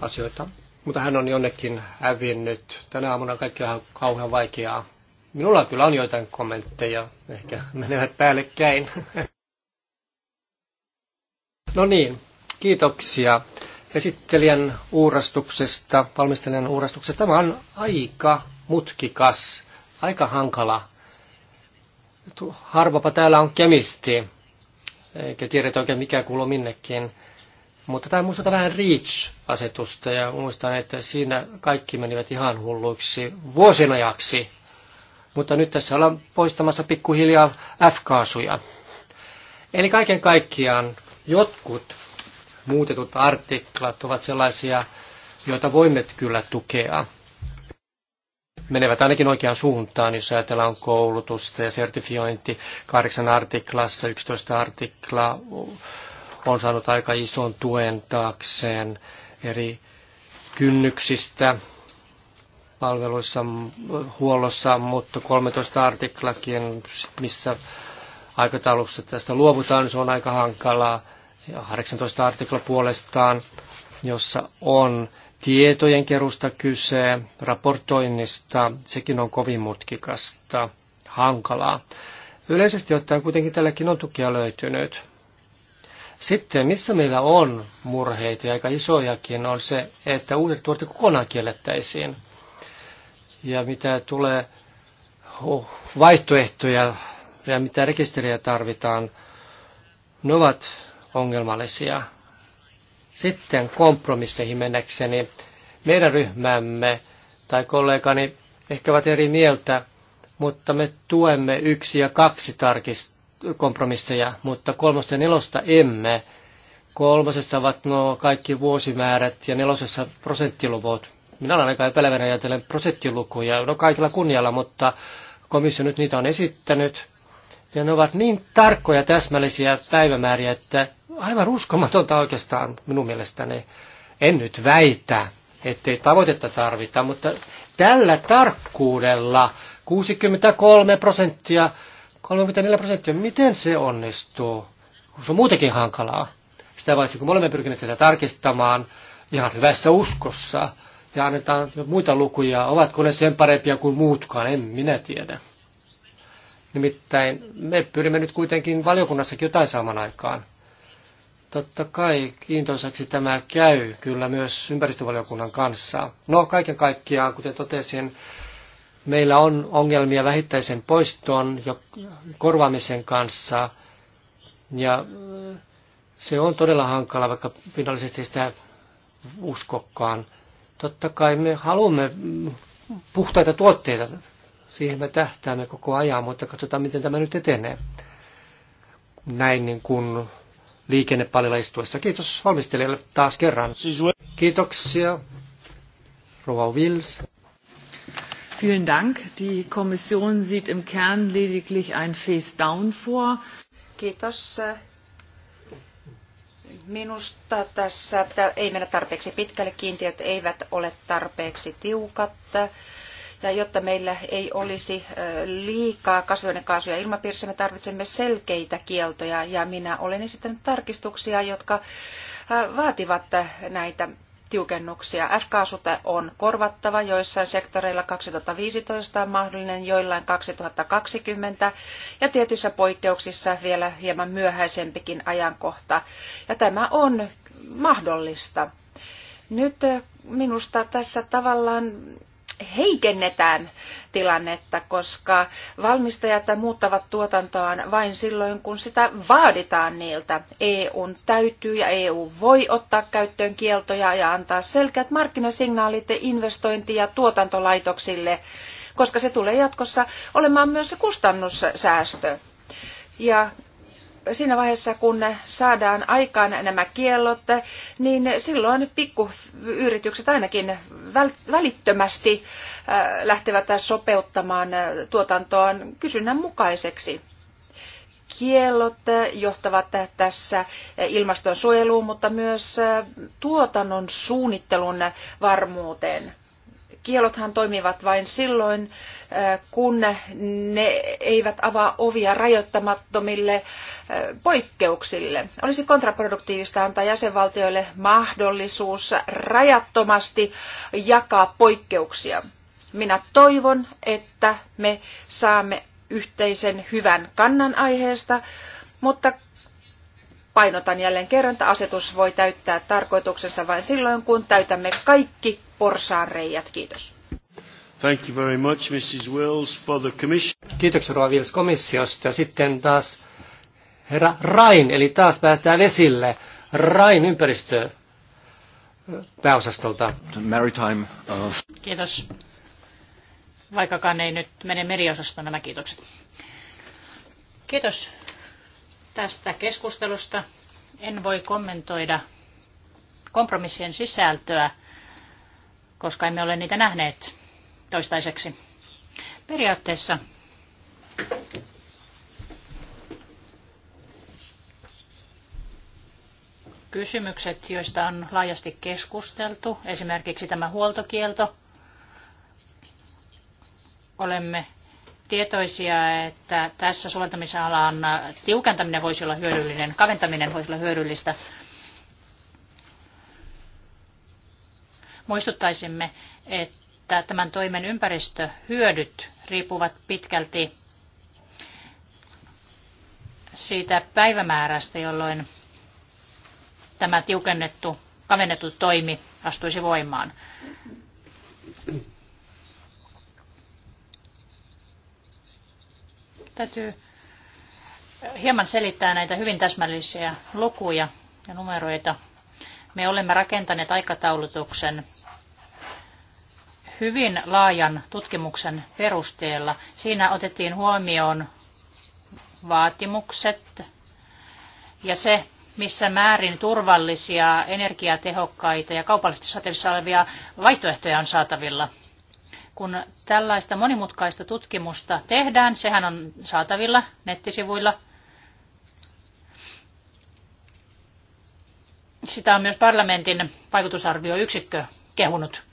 asioita, mutta hän on jonnekin hävinnyt. Tänä aamuna kaikki on kauhean vaikeaa. Minulla kyllä on joitain kommentteja, ehkä menevät päällekkäin. No niin, kiitoksia esittelijän uurastuksesta, valmistelijan uurastuksesta. Tämä on aika mutkikas, aika hankala. Harvapa täällä on kemisti, eikä tiedetä oikein mikä kuuluu minnekin. Mutta tämä muistuttaa vähän REACH-asetusta ja muistan, että siinä kaikki menivät ihan hulluiksi vuosinajaksi mutta nyt tässä ollaan poistamassa pikkuhiljaa F-kaasuja. Eli kaiken kaikkiaan jotkut muutetut artiklat ovat sellaisia, joita voimme kyllä tukea. Menevät ainakin oikeaan suuntaan, jos ajatellaan koulutusta ja sertifiointi. Kahdeksan artiklassa, 11 artikla on saanut aika ison tuen taakseen eri kynnyksistä palveluissa, huollossa, mutta 13 artiklakin, missä aikataulussa tästä luovutaan, se on aika hankalaa. 18 artikla puolestaan, jossa on tietojen kerusta kyse, raportoinnista, sekin on kovin mutkikasta, hankalaa. Yleisesti ottaen kuitenkin tälläkin on tukea löytynyt. Sitten, missä meillä on murheita ja aika isojakin, on se, että uudet tuotteet kokonaan kiellettäisiin ja mitä tulee vaihtoehtoja ja mitä rekisteriä tarvitaan, ne ovat ongelmallisia. Sitten kompromisseihin mennäkseni meidän ryhmämme tai kollegani ehkä ovat eri mieltä, mutta me tuemme yksi ja kaksi tarkist kompromisseja, mutta kolmosta ja nelosta emme. Kolmosessa ovat nuo kaikki vuosimäärät ja nelosessa prosenttiluvut. Minä olen aika epäilevänä ajatellen prosenttilukuja, no kaikilla kunnialla, mutta komissio nyt niitä on esittänyt. Ja ne ovat niin tarkkoja täsmällisiä päivämääriä, että aivan uskomatonta oikeastaan minun mielestäni. En nyt väitä, ettei tavoitetta tarvita, mutta tällä tarkkuudella 63 prosenttia, 34 prosenttia, miten se onnistuu? Se on muutenkin hankalaa. Sitä vaiheessa, kun me olemme pyrkineet sitä tarkistamaan ihan hyvässä uskossa, ja annetaan muita lukuja. Ovatko ne sen parempia kuin muutkaan? En minä tiedä. Nimittäin me pyrimme nyt kuitenkin valiokunnassakin jotain saamaan aikaan. Totta kai kiintoisaksi tämä käy kyllä myös ympäristövaliokunnan kanssa. No kaiken kaikkiaan, kuten totesin, meillä on ongelmia vähittäisen poiston ja korvaamisen kanssa. Ja äh, se on todella hankala, vaikka finaalisesti sitä uskokkaan. Totta kai me haluamme puhtaita tuotteita, siihen me tähtäämme koko ajan, mutta katsotaan miten tämä nyt etenee. Näin niin kuin liikennepalilla istuessa. Kiitos valmistelijalle taas kerran. Kiitoksia. Rova Wills. Vielen Dank. Die Kommission sieht im Kern lediglich ein Face Down vor. Kiitos. Minusta tässä ei mennä tarpeeksi pitkälle, kiintiöt eivät ole tarpeeksi tiukat. Ja jotta meillä ei olisi liikaa kasvihuonekaasuja ilmapiirissä, me tarvitsemme selkeitä kieltoja. Ja minä olen esittänyt tarkistuksia, jotka vaativat näitä tiukennuksia. F-kaasuta on korvattava joissain sektoreilla 2015 on mahdollinen, joillain 2020 ja tietyissä poikkeuksissa vielä hieman myöhäisempikin ajankohta. Ja tämä on mahdollista. Nyt minusta tässä tavallaan heikennetään tilannetta, koska valmistajat muuttavat tuotantoaan vain silloin, kun sitä vaaditaan niiltä. EUn täytyy ja EU voi ottaa käyttöön kieltoja ja antaa selkeät markkinasignaalit investointi- ja tuotantolaitoksille, koska se tulee jatkossa olemaan myös se kustannussäästö. Ja siinä vaiheessa, kun saadaan aikaan nämä kiellot, niin silloin pikkuyritykset ainakin välittömästi äh, lähtevät sopeuttamaan äh, tuotantoaan kysynnän mukaiseksi. Kiellot äh, johtavat tässä ilmastonsuojeluun, mutta myös tuotannon suunnittelun varmuuteen kielothan toimivat vain silloin, kun ne eivät avaa ovia rajoittamattomille poikkeuksille. Olisi kontraproduktiivista antaa jäsenvaltioille mahdollisuus rajattomasti jakaa poikkeuksia. Minä toivon, että me saamme yhteisen hyvän kannan aiheesta, mutta painotan jälleen kerran, että asetus voi täyttää tarkoituksensa vain silloin, kun täytämme kaikki porsaanreijät. Kiitos. Thank you very much, Mrs. Wills, for the commission. Kiitoksia Rova Wills komissiosta. Ja sitten taas herra Rain, eli taas päästään esille. Rain ympäristö pääosastolta. Maritime, uh... Kiitos. Vaikkakaan ei nyt mene meriosasto nämä kiitokset. Kiitos tästä keskustelusta. En voi kommentoida kompromissien sisältöä, koska emme ole niitä nähneet toistaiseksi. Periaatteessa kysymykset, joista on laajasti keskusteltu, esimerkiksi tämä huoltokielto. Olemme tietoisia, että tässä soveltamisalan tiukentaminen voisi olla hyödyllinen, kaventaminen voisi olla hyödyllistä. Muistuttaisimme, että tämän toimen ympäristöhyödyt riippuvat pitkälti siitä päivämäärästä, jolloin tämä tiukennettu, kavennettu toimi astuisi voimaan. Täytyy hieman selittää näitä hyvin täsmällisiä lukuja ja numeroita. Me olemme rakentaneet aikataulutuksen hyvin laajan tutkimuksen perusteella. Siinä otettiin huomioon vaatimukset ja se, missä määrin turvallisia, energiatehokkaita ja kaupallisesti saatavissa olevia vaihtoehtoja on saatavilla – kun tällaista monimutkaista tutkimusta tehdään, sehän on saatavilla nettisivuilla. Sitä on myös parlamentin vaikutusarvioyksikkö kehunut.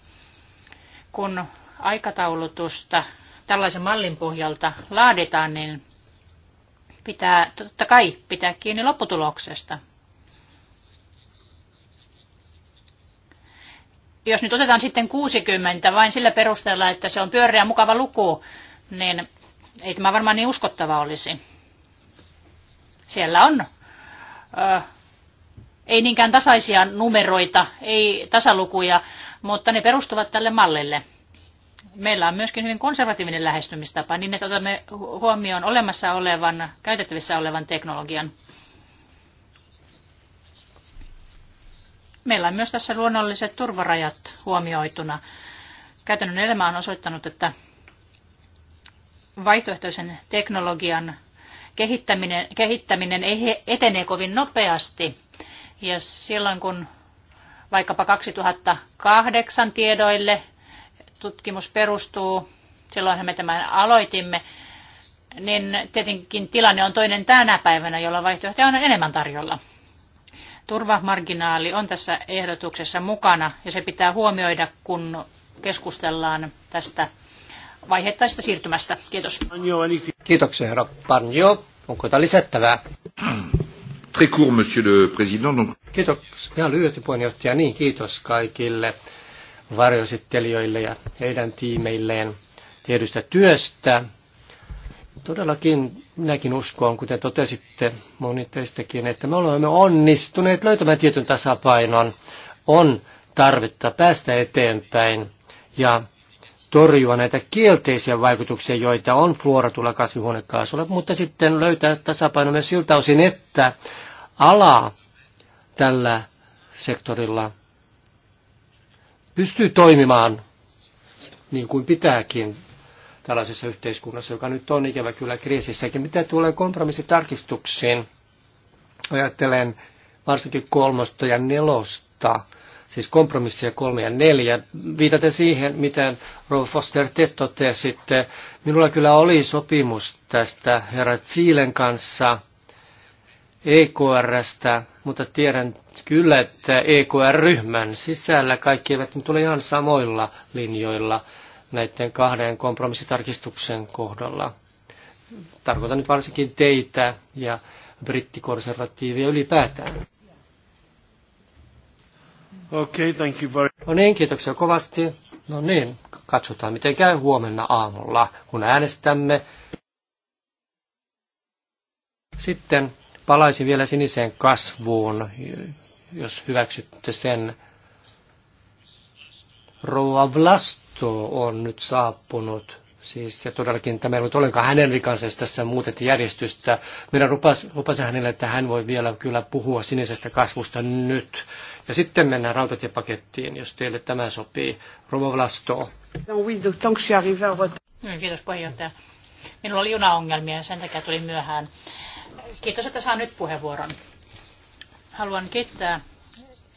Kun aikataulutusta tällaisen mallin pohjalta laaditaan, niin pitää totta kai pitää kiinni lopputuloksesta. jos nyt otetaan sitten 60 vain sillä perusteella, että se on pyöreä mukava luku, niin ei tämä varmaan niin uskottava olisi. Siellä on äh, ei niinkään tasaisia numeroita, ei tasalukuja, mutta ne perustuvat tälle mallille. Meillä on myöskin hyvin konservatiivinen lähestymistapa, niin että otamme huomioon olemassa olevan, käytettävissä olevan teknologian. Meillä on myös tässä luonnolliset turvarajat huomioituna. Käytännön elämä on osoittanut, että vaihtoehtoisen teknologian kehittäminen, kehittäminen ei etenee kovin nopeasti. Ja silloin kun vaikkapa 2008 tiedoille tutkimus perustuu, silloin me tämän aloitimme, niin tietenkin tilanne on toinen tänä päivänä, jolla vaihtoehtoja on enemmän tarjolla turvamarginaali on tässä ehdotuksessa mukana ja se pitää huomioida, kun keskustellaan tästä vaiheittaisesta siirtymästä. Kiitos. Kiitoksia, herra Panjo. Onko jotain lisättävää? Très court, monsieur le président. Kiitos. Ihan lyhyesti puheenjohtaja. Niin, kiitos kaikille varjosittelijoille ja heidän tiimeilleen tiedystä työstä. Todellakin minäkin uskon, kuten totesitte moni teistäkin, että me olemme onnistuneet löytämään tietyn tasapainon. On tarvetta päästä eteenpäin ja torjua näitä kielteisiä vaikutuksia, joita on fluoratulla kasvihuonekaasulla, mutta sitten löytää tasapaino myös siltä osin, että ala tällä sektorilla pystyy toimimaan niin kuin pitääkin tällaisessa yhteiskunnassa, joka nyt on ikävä kyllä kriisissäkin. Mitä tulee kompromissitarkistuksiin, ajattelen varsinkin kolmosta ja nelosta, siis kompromissia kolme ja neljä, viitaten siihen, miten Rob Foster te totesitte. Minulla kyllä oli sopimus tästä herra Zielen kanssa EKRstä, mutta tiedän kyllä, että EKR-ryhmän sisällä kaikki eivät nyt ole ihan samoilla linjoilla – näiden kahden kompromissitarkistuksen kohdalla. Tarkoitan nyt varsinkin teitä ja brittikonservatiivia ylipäätään. okay, thank you very No niin, kiitoksia kovasti. No niin, katsotaan miten käy huomenna aamulla, kun äänestämme. Sitten palaisin vielä siniseen kasvuun, jos hyväksytte sen. Rouva Vlast. Kristo on nyt saapunut. Siis, ja todellakin tämä ei ollut ollenkaan hänen vikansa, jos tässä muutettiin järjestystä. Minä lupasin, lupasin hänelle, että hän voi vielä kyllä puhua sinisestä kasvusta nyt. Ja sitten mennään rautatiepakettiin, jos teille tämä sopii. Rovo Vlasto. No niin, kiitos puheenjohtaja. Minulla oli junaongelmia ja sen takia tuli myöhään. Kiitos, että saan nyt puheenvuoron. Haluan kiittää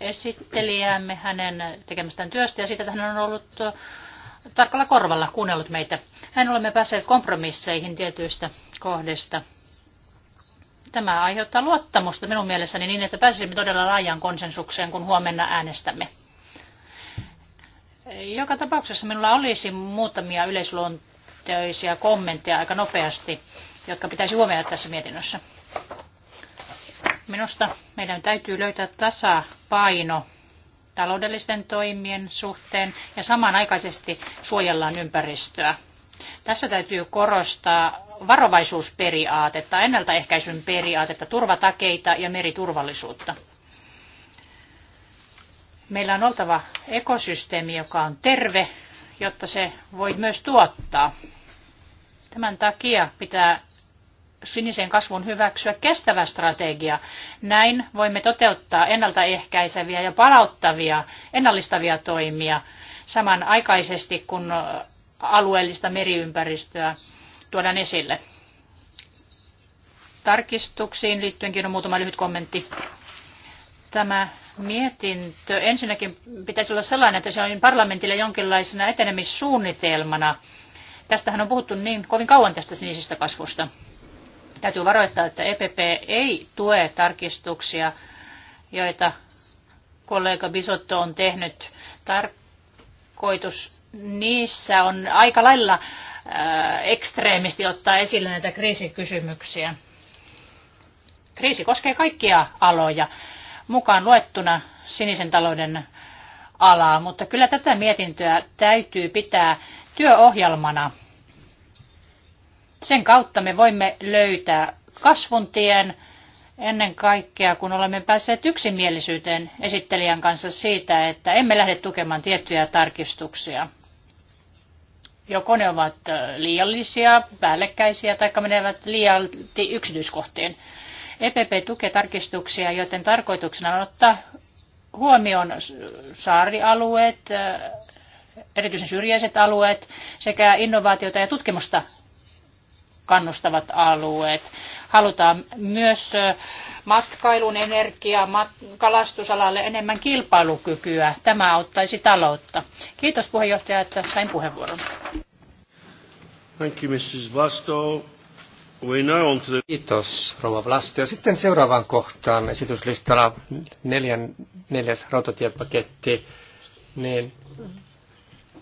esittelijäämme hänen tekemästään työstä ja siitä, että hän on ollut tarkalla korvalla kuunnellut meitä. Näin olemme päässeet kompromisseihin tietyistä kohdista. Tämä aiheuttaa luottamusta minun mielessäni niin, että pääsisimme todella laajaan konsensukseen, kun huomenna äänestämme. Joka tapauksessa minulla olisi muutamia yleisluonteisia kommentteja aika nopeasti, jotka pitäisi huomioida tässä mietinnössä. Minusta meidän täytyy löytää tasapaino taloudellisten toimien suhteen ja samanaikaisesti suojellaan ympäristöä. Tässä täytyy korostaa varovaisuusperiaatetta, ennaltaehkäisyn periaatetta, turvatakeita ja meriturvallisuutta. Meillä on oltava ekosysteemi, joka on terve, jotta se voi myös tuottaa. Tämän takia pitää sinisen kasvun hyväksyä kestävä strategia. Näin voimme toteuttaa ennaltaehkäiseviä ja palauttavia, ennallistavia toimia samanaikaisesti, kun alueellista meriympäristöä tuodaan esille. Tarkistuksiin liittyenkin on muutama lyhyt kommentti. Tämä mietintö ensinnäkin pitäisi olla sellainen, että se on parlamentille jonkinlaisena etenemissuunnitelmana. Tästähän on puhuttu niin kovin kauan tästä sinisestä kasvusta. Täytyy varoittaa, että EPP ei tue tarkistuksia, joita kollega Bisotto on tehnyt. Tarkoitus niissä on aika lailla äh, ekstreemisti ottaa esille näitä kriisikysymyksiä. Kriisi koskee kaikkia aloja, mukaan luettuna sinisen talouden alaa, mutta kyllä tätä mietintöä täytyy pitää työohjelmana sen kautta me voimme löytää kasvun tien ennen kaikkea, kun olemme päässeet yksimielisyyteen esittelijän kanssa siitä, että emme lähde tukemaan tiettyjä tarkistuksia. Joko ne ovat liiallisia, päällekkäisiä tai menevät liialti yksityiskohtiin. EPP tukee tarkistuksia, joiden tarkoituksena on ottaa huomioon saarialueet, erityisen syrjäiset alueet sekä innovaatiota ja tutkimusta kannustavat alueet. Halutaan myös matkailun, energia, mat- kalastusalalle enemmän kilpailukykyä. Tämä auttaisi taloutta. Kiitos puheenjohtaja, että sain puheenvuoron. Thank you, Mrs. Vasto. Kiitos, rouva Vlasto. Ja sitten seuraavaan kohtaan esityslistalla neljän, neljäs rautatiepaketti. Niin,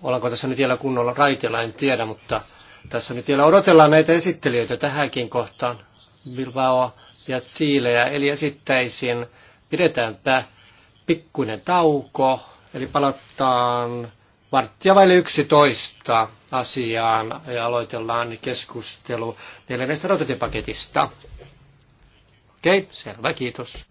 ollaanko tässä nyt vielä kunnolla raiteella, en tiedä, mutta tässä nyt vielä odotellaan näitä esittelijöitä tähänkin kohtaan. Bilbao ja Chileä. Eli esittäisin, pidetäänpä pikkuinen tauko, eli palataan varttia vaille yksitoista asiaan ja aloitellaan keskustelu neljännestä rautatiepaketista. Okei, selvä, kiitos.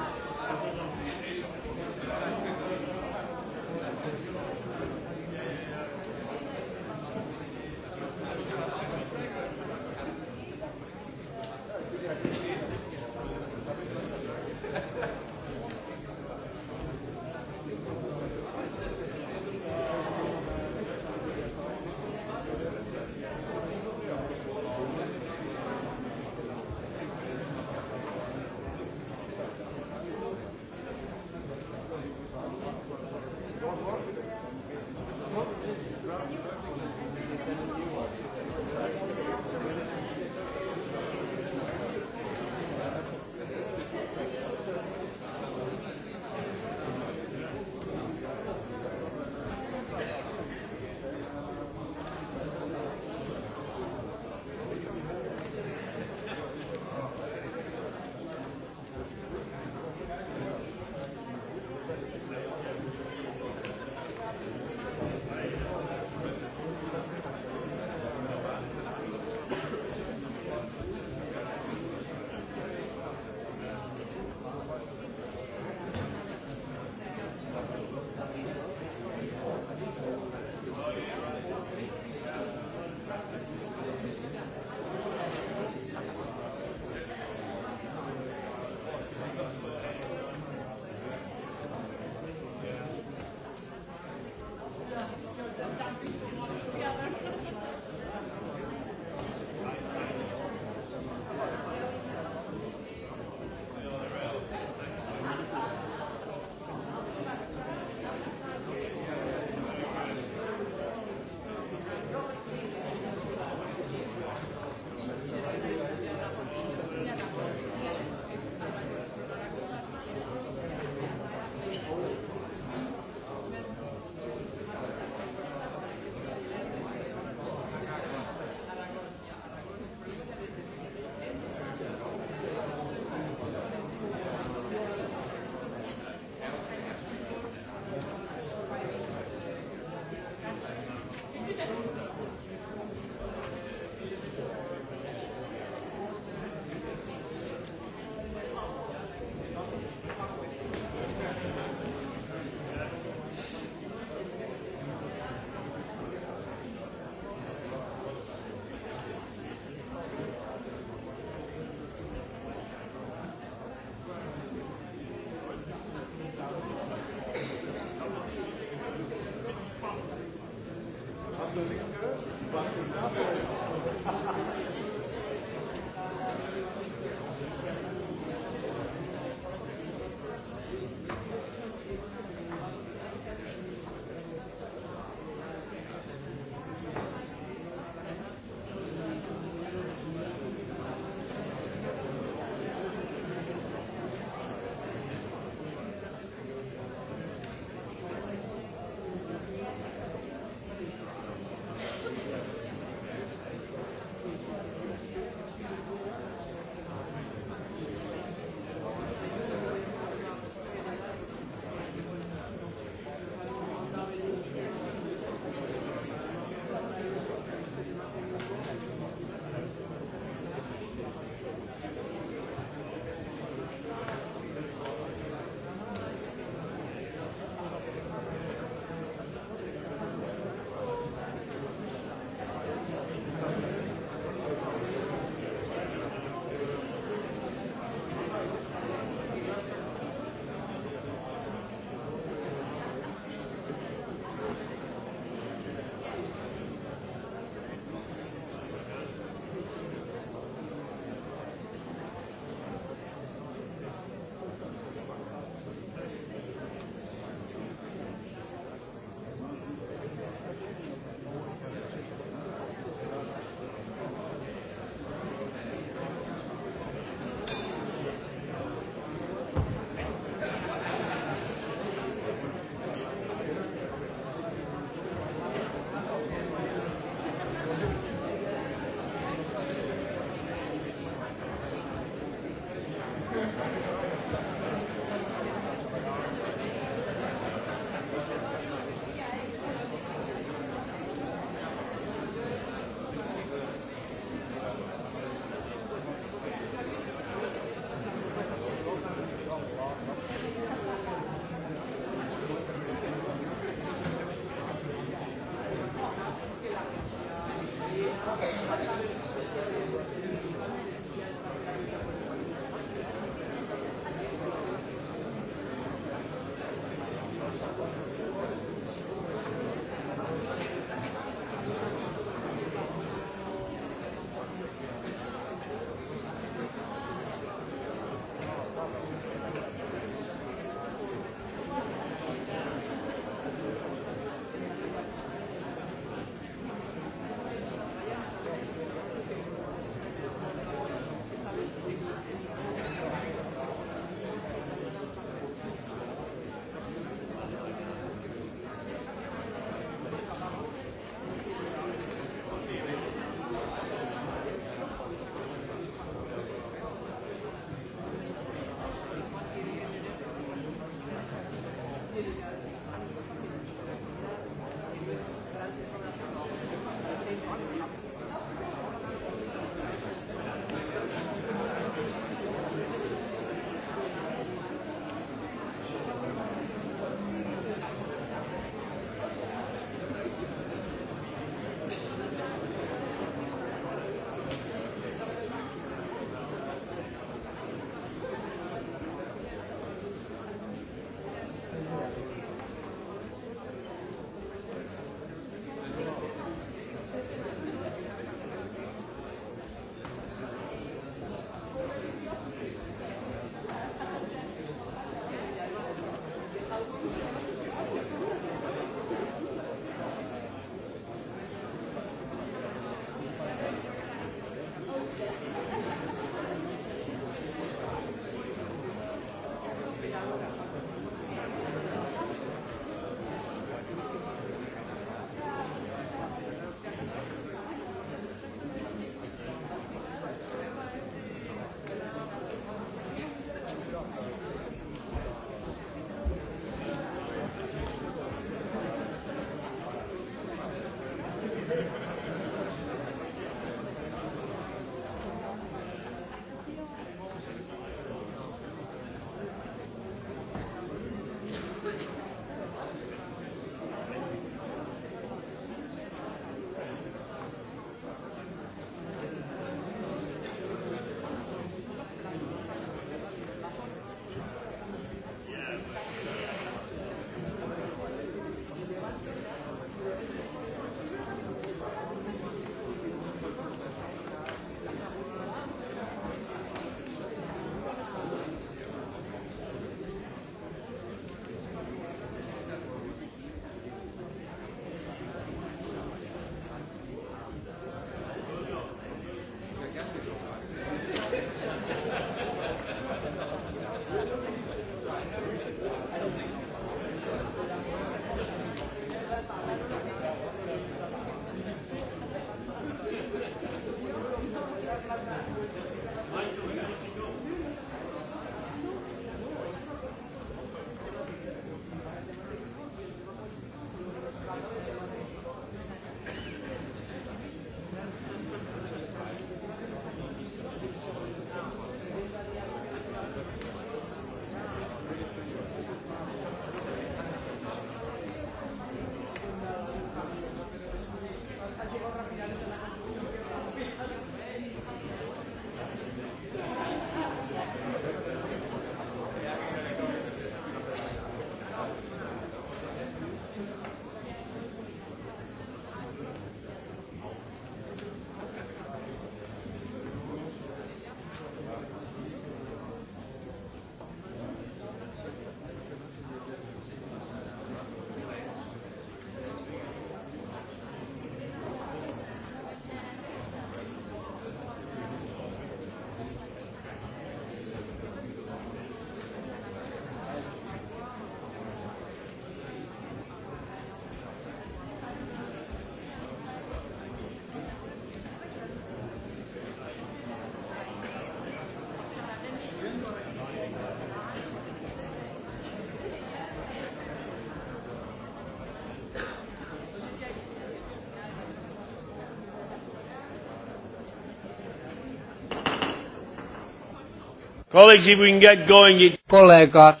Colleagues, if we can get going it... Kollegat,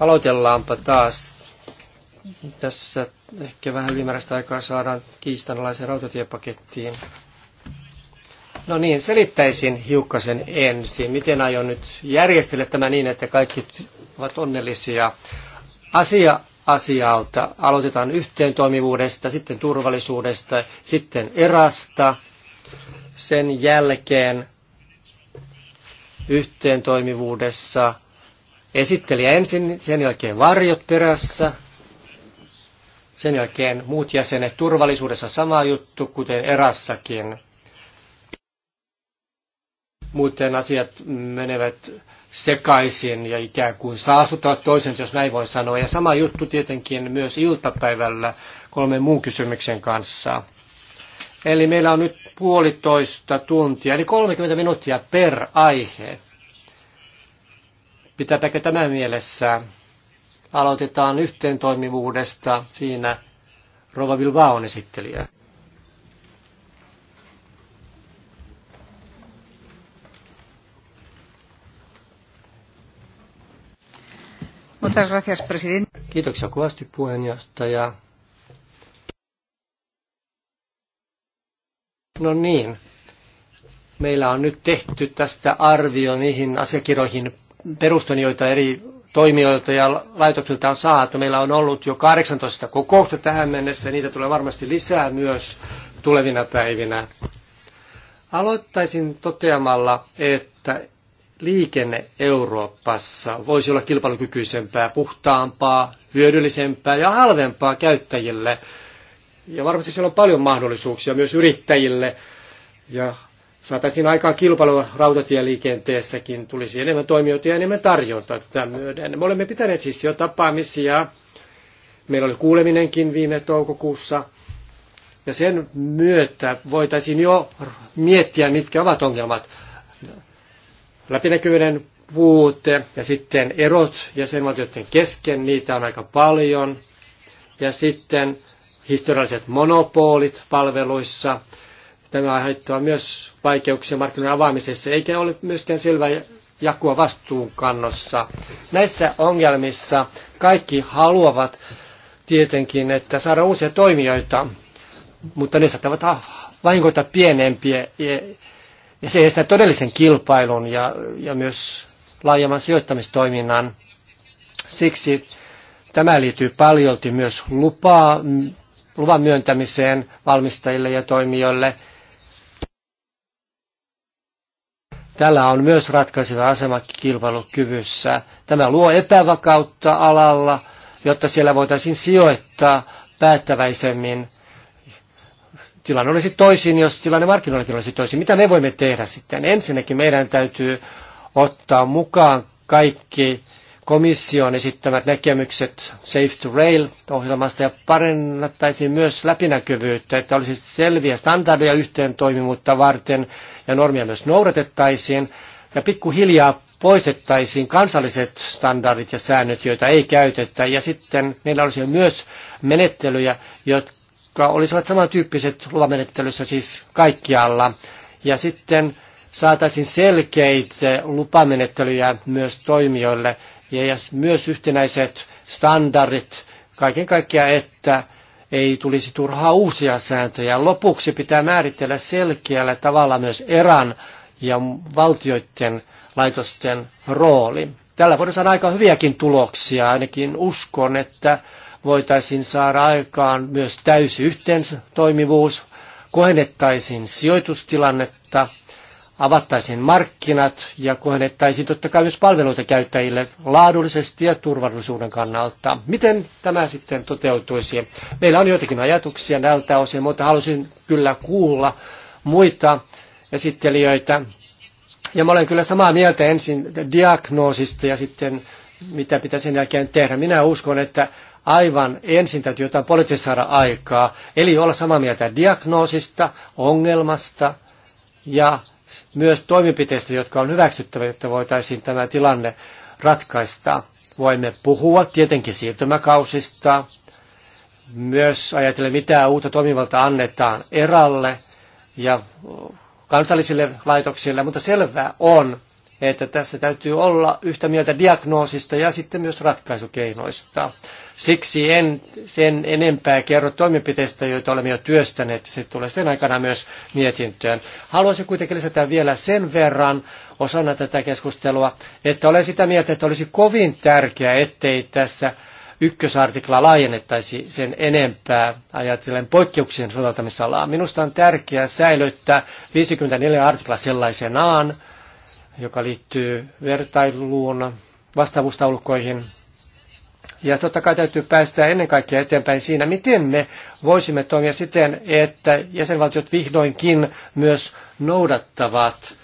aloitellaanpa taas. Tässä ehkä vähän ylimääräistä aikaa saadaan kiistanalaisen rautatiepakettiin. No niin, selittäisin hiukkasen ensin. Miten aion nyt järjestellä tämä niin, että kaikki ovat onnellisia? Asia asialta. Aloitetaan yhteen toimivuudesta, sitten turvallisuudesta, sitten erasta. Sen jälkeen yhteen toimivuudessa. Esittelijä ensin, sen jälkeen varjot perässä, sen jälkeen muut jäsenet turvallisuudessa sama juttu, kuten erässäkin. Muuten asiat menevät sekaisin ja ikään kuin saastuttavat toisensa, jos näin voi sanoa. Ja sama juttu tietenkin myös iltapäivällä kolmen muun kysymyksen kanssa. Eli meillä on nyt puolitoista tuntia, eli 30 minuuttia per aihe. Pitääpäkö tämä mielessä? Aloitetaan yhteen toimivuudesta siinä Rova Bilbaon esittelijä. Kiitoksia kovasti puheenjohtaja. No niin. Meillä on nyt tehty tästä arvio niihin asiakirjoihin perustuen, joita eri toimijoilta ja laitoksilta on saatu. Meillä on ollut jo 18 kokousta tähän mennessä, ja niitä tulee varmasti lisää myös tulevina päivinä. Aloittaisin toteamalla, että liikenne Euroopassa voisi olla kilpailukykyisempää, puhtaampaa, hyödyllisempää ja halvempaa käyttäjille – ja varmasti siellä on paljon mahdollisuuksia myös yrittäjille. Ja saataisiin aikaan kilpailua rautatieliikenteessäkin, tulisi enemmän toimijoita ja enemmän tarjontaa tätä myöden. Me olemme pitäneet siis jo tapaamisia. Meillä oli kuuleminenkin viime toukokuussa. Ja sen myötä voitaisiin jo miettiä, mitkä ovat ongelmat. Läpinäkyvyyden puute ja sitten erot jäsenvaltioiden kesken, niitä on aika paljon. Ja sitten historialliset monopolit palveluissa. Tämä aiheuttaa myös vaikeuksia markkinoiden avaamisessa, eikä ole myöskään selvä jakua vastuunkannossa. Näissä ongelmissa kaikki haluavat tietenkin, että saada uusia toimijoita, mutta ne saattavat vahingoita pienempiä ja se estää todellisen kilpailun ja, ja myös laajemman sijoittamistoiminnan. Siksi tämä liittyy paljolti myös lupaa luvan myöntämiseen valmistajille ja toimijoille. Tällä on myös ratkaiseva asema kilpailukyvyssä. Tämä luo epävakautta alalla, jotta siellä voitaisiin sijoittaa päättäväisemmin. Tilanne olisi toisin, jos tilanne markkinoillakin olisi toisin. Mitä me voimme tehdä sitten? Ensinnäkin meidän täytyy ottaa mukaan kaikki komission esittämät näkemykset Safe to Rail-ohjelmasta ja parannettaisiin myös läpinäkyvyyttä, että olisi selviä standardeja yhteen toimivuutta varten ja normia myös noudatettaisiin ja pikkuhiljaa poistettaisiin kansalliset standardit ja säännöt, joita ei käytetä ja sitten meillä olisi myös menettelyjä, jotka olisivat samantyyppiset luvamenettelyssä siis kaikkialla ja sitten saataisiin selkeitä lupamenettelyjä myös toimijoille, ja myös yhtenäiset standardit kaiken kaikkiaan, että ei tulisi turhaa uusia sääntöjä. Lopuksi pitää määritellä selkeällä tavalla myös eran ja valtioiden laitosten rooli. Tällä voidaan saada aika hyviäkin tuloksia, ainakin uskon, että voitaisiin saada aikaan myös täysi toimivuus, kohennettaisiin sijoitustilannetta, avattaisiin markkinat ja kohdennettaisiin totta kai myös palveluita käyttäjille laadullisesti ja turvallisuuden kannalta. Miten tämä sitten toteutuisi? Meillä on joitakin ajatuksia näiltä osin, mutta halusin kyllä kuulla muita esittelijöitä. Ja mä olen kyllä samaa mieltä ensin diagnoosista ja sitten mitä pitää sen jälkeen tehdä. Minä uskon, että aivan ensin täytyy jotain poliittisesti saada aikaa, eli olla samaa mieltä diagnoosista, ongelmasta ja myös toimenpiteistä, jotka on hyväksyttävä, jotta voitaisiin tämä tilanne ratkaista. Voimme puhua tietenkin siirtymäkausista, myös ajatellen mitä uutta toimivalta annetaan eralle ja kansallisille laitoksille, mutta selvää on, että tässä täytyy olla yhtä mieltä diagnoosista ja sitten myös ratkaisukeinoista. Siksi en sen enempää kerro toimenpiteistä, joita olemme jo työstäneet. Se tulee sen aikana myös mietintöön. Haluaisin kuitenkin lisätä vielä sen verran osana tätä keskustelua, että olen sitä mieltä, että olisi kovin tärkeää, ettei tässä ykkösartikla laajennettaisi sen enempää ajatellen poikkeuksien soveltamisalaa. Minusta on tärkeää säilyttää 54 artikla sellaisenaan, joka liittyy vertailuun, vastaavuustaulukkoihin. Ja totta kai täytyy päästä ennen kaikkea eteenpäin siinä, miten me voisimme toimia siten, että jäsenvaltiot vihdoinkin myös noudattavat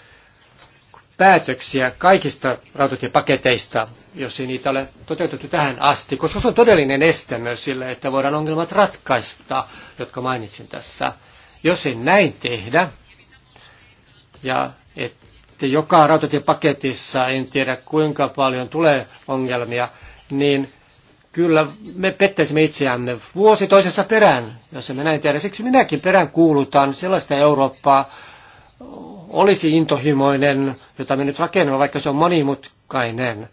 päätöksiä kaikista rautatiepaketeista, jos ei niitä ole toteutettu tähän asti, koska se on todellinen este myös sille, että voidaan ongelmat ratkaista, jotka mainitsin tässä. Jos ei näin tehdä, ja että ja joka rautatiepaketissa, en tiedä kuinka paljon tulee ongelmia, niin kyllä me pettäisimme itseämme vuosi toisessa perään, jos emme näin tiedä. Siksi minäkin perään kuulutan sellaista Eurooppaa, olisi intohimoinen, jota me nyt rakennamme, vaikka se on monimutkainen.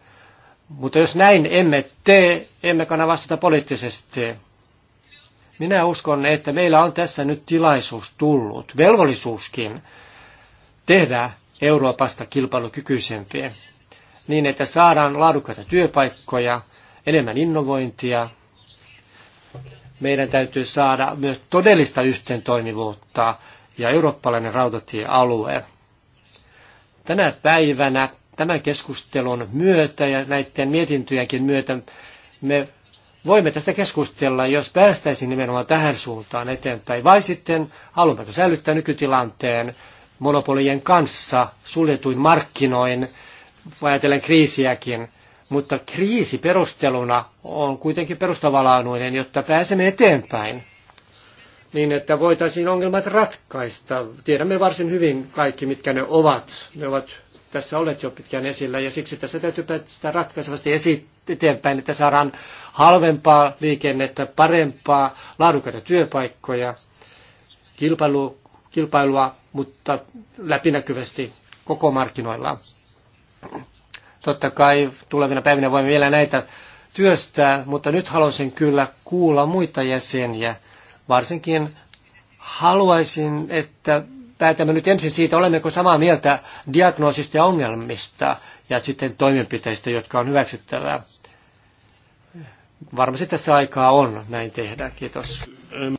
Mutta jos näin emme tee, emme kannata vastata poliittisesti. Minä uskon, että meillä on tässä nyt tilaisuus tullut, velvollisuuskin, tehdä Euroopasta kilpailukykyisempiä, niin että saadaan laadukkaita työpaikkoja, enemmän innovointia. Meidän täytyy saada myös todellista yhteentoimivuutta ja eurooppalainen rautatiealue. Tänä päivänä tämän keskustelun myötä ja näiden mietintöjenkin myötä me voimme tästä keskustella, jos päästäisiin nimenomaan tähän suuntaan eteenpäin, vai sitten haluammeko säilyttää nykytilanteen monopolien kanssa suljetuin markkinoin, ajatellen kriisiäkin. Mutta kriisi perusteluna on kuitenkin perustavalaanuinen, jotta pääsemme eteenpäin niin, että voitaisiin ongelmat ratkaista. Tiedämme varsin hyvin kaikki, mitkä ne ovat. Ne ovat tässä olet jo pitkään esillä ja siksi tässä täytyy päästä ratkaisevasti eteenpäin, että saadaan halvempaa liikennettä, parempaa, laadukkaita työpaikkoja, kilpailu kilpailua, mutta läpinäkyvästi koko markkinoilla. Totta kai tulevina päivinä voimme vielä näitä työstää, mutta nyt haluaisin kyllä kuulla muita jäseniä. Varsinkin haluaisin, että päätämme nyt ensin siitä, olemmeko samaa mieltä diagnoosista ja ongelmista ja sitten toimenpiteistä, jotka on hyväksyttävää. Varmasti tässä aikaa on näin tehdä. Kiitos.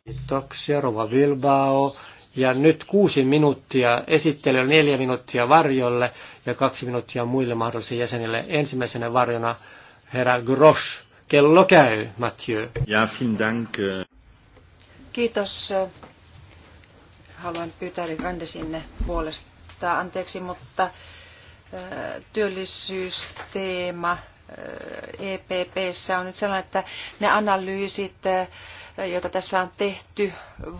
Kiitoksia, Rova Vilbao ja nyt kuusi minuuttia esittelyä, neljä minuuttia varjolle ja kaksi minuuttia muille mahdollisille jäsenille. Ensimmäisenä varjona herra Grosch. Kello käy, Mathieu. Ja, dank. Äh. Kiitos. Haluan pyytää Grande sinne puolesta anteeksi, mutta äh, työllisyysteema äh, EPPssä on nyt sellainen, että ne analyysit joita tässä on tehty,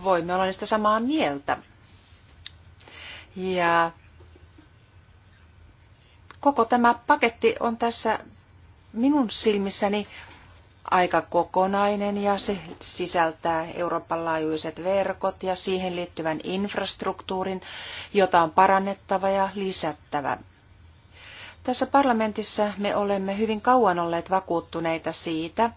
voimme olla niistä samaa mieltä. Ja koko tämä paketti on tässä minun silmissäni aika kokonainen ja se sisältää Euroopan laajuiset verkot ja siihen liittyvän infrastruktuurin, jota on parannettava ja lisättävä. Tässä parlamentissa me olemme hyvin kauan olleet vakuuttuneita siitä,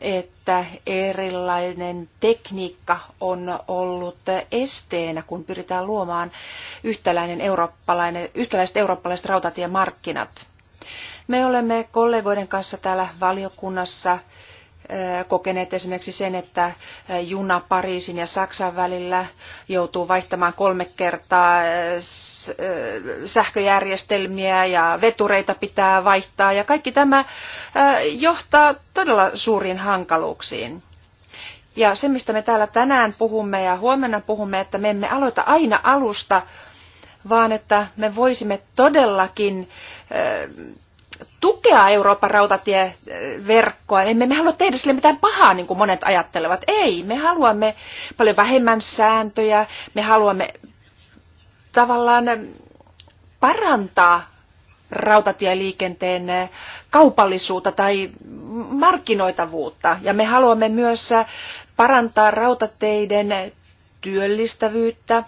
että erilainen tekniikka on ollut esteenä, kun pyritään luomaan yhtäläinen eurooppalainen, yhtäläiset eurooppalaiset rautatiemarkkinat. Me olemme kollegoiden kanssa täällä valiokunnassa kokeneet esimerkiksi sen, että juna Pariisin ja Saksan välillä joutuu vaihtamaan kolme kertaa äh, äh, sähköjärjestelmiä ja vetureita pitää vaihtaa ja kaikki tämä äh, johtaa todella suuriin hankaluuksiin. Ja se, mistä me täällä tänään puhumme ja huomenna puhumme, että me emme aloita aina alusta, vaan että me voisimme todellakin tukea Euroopan rautatieverkkoa. Emme me halua tehdä sille mitään pahaa, niin kuin monet ajattelevat. Ei, me haluamme paljon vähemmän sääntöjä, me haluamme tavallaan parantaa rautatieliikenteen kaupallisuutta tai markkinoitavuutta. Ja me haluamme myös parantaa rautateiden työllistävyyttä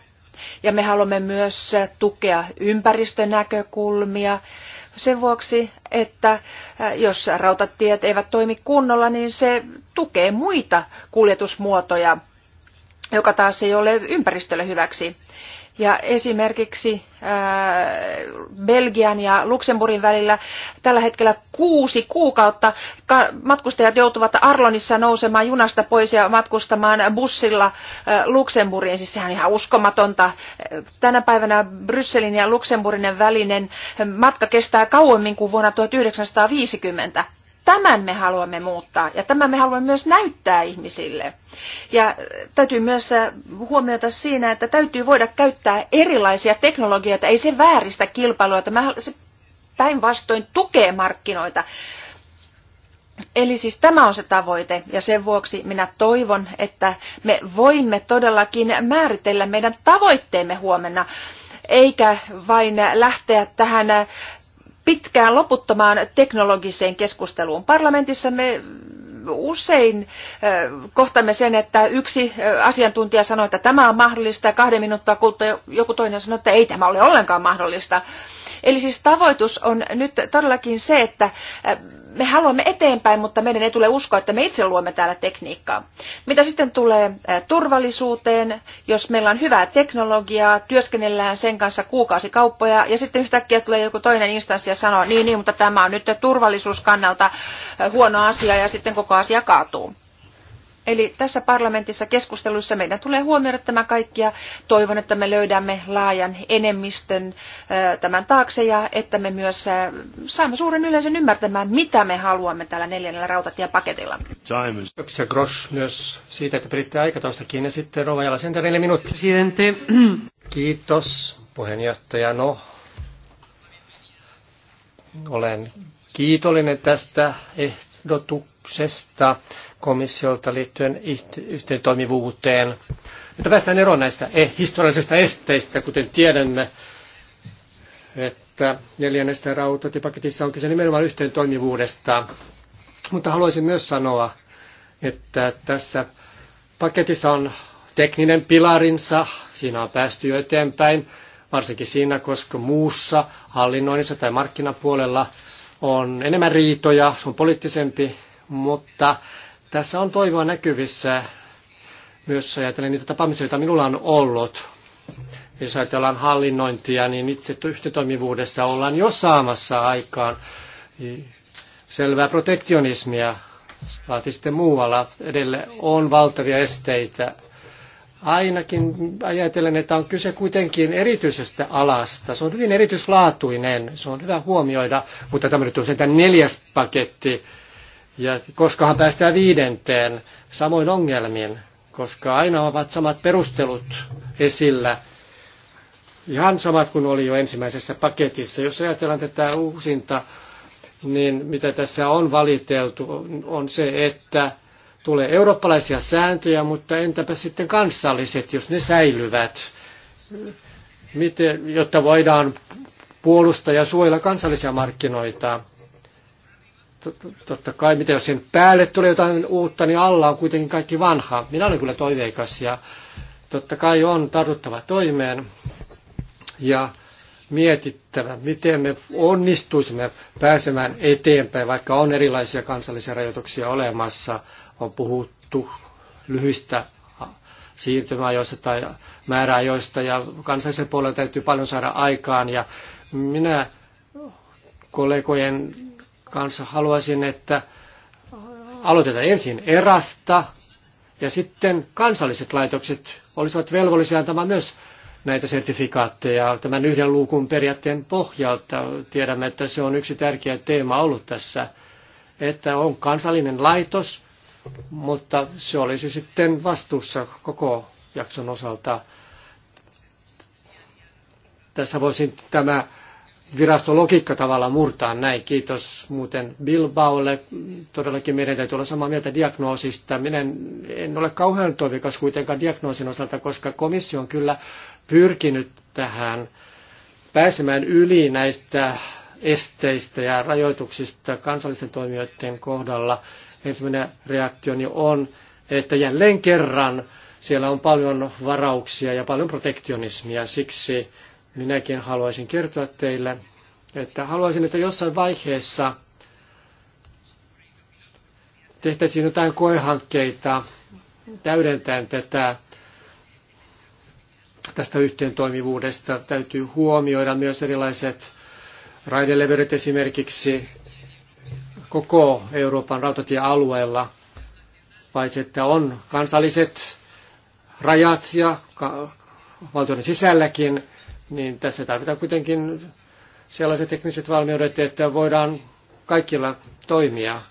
ja me haluamme myös tukea ympäristönäkökulmia sen vuoksi, että jos rautatiet eivät toimi kunnolla, niin se tukee muita kuljetusmuotoja, joka taas ei ole ympäristölle hyväksi. Ja esimerkiksi äh, Belgian ja Luxemburgin välillä tällä hetkellä kuusi kuukautta matkustajat joutuvat Arlonissa nousemaan junasta pois ja matkustamaan bussilla äh, Luxemburgiin. Siis sehän on ihan uskomatonta. Tänä päivänä Brysselin ja Luxemburgin välinen matka kestää kauemmin kuin vuonna 1950 tämän me haluamme muuttaa ja tämän me haluamme myös näyttää ihmisille. Ja täytyy myös äh, huomioida siinä, että täytyy voida käyttää erilaisia teknologioita. Ei se vääristä kilpailua, että se päinvastoin tukee markkinoita. Eli siis tämä on se tavoite ja sen vuoksi minä toivon, että me voimme todellakin määritellä meidän tavoitteemme huomenna, eikä vain lähteä tähän äh, pitkään loputtomaan teknologiseen keskusteluun. Parlamentissa me usein kohtamme sen, että yksi asiantuntija sanoo, että tämä on mahdollista ja kahden minuuttia kuluttua joku toinen sanoo, että ei tämä ole ollenkaan mahdollista. Eli siis tavoitus on nyt todellakin se, että äh, me haluamme eteenpäin, mutta meidän ei tule uskoa, että me itse luomme täällä tekniikkaa. Mitä sitten tulee äh, turvallisuuteen, jos meillä on hyvää teknologiaa, työskennellään sen kanssa kuukausikauppoja ja sitten yhtäkkiä tulee joku toinen instanssi ja sanoo, niin, niin, mutta tämä on nyt turvallisuuskannalta äh, huono asia ja sitten koko asia kaatuu. Eli tässä parlamentissa keskustelussa meidän tulee huomioida tämä kaikki ja toivon, että me löydämme laajan enemmistön tämän taakse ja että me myös saamme suuren yleisön ymmärtämään, mitä me haluamme tällä neljännellä rautatiepaketilla. Kiitoksia Grosh myös siitä, että piditte aikataulusta kiinni ja sitten Rova Jalasenta neljä minuuttia. Kiitos puheenjohtaja. No, olen kiitollinen tästä ehdotuksesta ehdotuksesta komissiolta liittyen yhteen toimivuuteen. Että päästään eroon näistä e-, historiallisista esteistä, kuten tiedämme, että neljännessä rautatipaketissa on kyse nimenomaan yhteen toimivuudesta. Mutta haluaisin myös sanoa, että tässä paketissa on tekninen pilarinsa, siinä on päästy jo eteenpäin, varsinkin siinä, koska muussa hallinnoinnissa tai markkinapuolella on enemmän riitoja, se on poliittisempi mutta tässä on toivoa näkyvissä myös ajatellen niitä tapaamisia, joita minulla on ollut. Jos ajatellaan hallinnointia, niin itse yhteentoimivuudessa ollaan jo saamassa aikaan selvää protektionismia, saati sitten muualla. Edelle on valtavia esteitä. Ainakin ajatellen, että on kyse kuitenkin erityisestä alasta. Se on hyvin erityislaatuinen, se on hyvä huomioida, mutta tämä nyt on sentään neljäs paketti ja koskahan päästään viidenteen samoin ongelmin, koska aina ovat samat perustelut esillä. Ihan samat kuin oli jo ensimmäisessä paketissa. Jos ajatellaan tätä uusinta, niin mitä tässä on valiteltu, on se, että tulee eurooppalaisia sääntöjä, mutta entäpä sitten kansalliset, jos ne säilyvät, miten, jotta voidaan puolustaa ja suojella kansallisia markkinoita totta kai, mitä jos sen päälle tulee jotain uutta, niin alla on kuitenkin kaikki vanha. Minä olen kyllä toiveikas ja totta kai on tartuttava toimeen ja mietittävä, miten me onnistuisimme pääsemään eteenpäin, vaikka on erilaisia kansallisia rajoituksia olemassa. On puhuttu lyhyistä siirtymäajoista tai määräajoista ja kansallisen puolella täytyy paljon saada aikaan ja minä kollegojen kanssa. Haluaisin, että aloitetaan ensin erasta ja sitten kansalliset laitokset olisivat velvollisia antamaan myös näitä sertifikaatteja tämän yhden luukun periaatteen pohjalta. Tiedämme, että se on yksi tärkeä teema ollut tässä, että on kansallinen laitos, mutta se olisi sitten vastuussa koko jakson osalta. Tässä voisin tämä virastologiikka tavallaan murtaa näin. Kiitos muuten Bilbaolle. Todellakin meidän täytyy olla samaa mieltä diagnoosista. Minä en, en ole kauhean toivikas kuitenkaan diagnoosin osalta, koska komissio on kyllä pyrkinyt tähän pääsemään yli näistä esteistä ja rajoituksista kansallisten toimijoiden kohdalla. Ensimmäinen reaktioni on, että jälleen kerran siellä on paljon varauksia ja paljon protektionismia. Siksi Minäkin haluaisin kertoa teille, että haluaisin, että jossain vaiheessa tehtäisiin jotain koehankkeita täydentäen tätä tästä yhteentoimivuudesta. Täytyy huomioida myös erilaiset raideleverit esimerkiksi koko Euroopan rautatiealueella, paitsi että on kansalliset rajat ja valtioiden sisälläkin niin tässä tarvitaan kuitenkin sellaiset tekniset valmiudet, että voidaan kaikilla toimia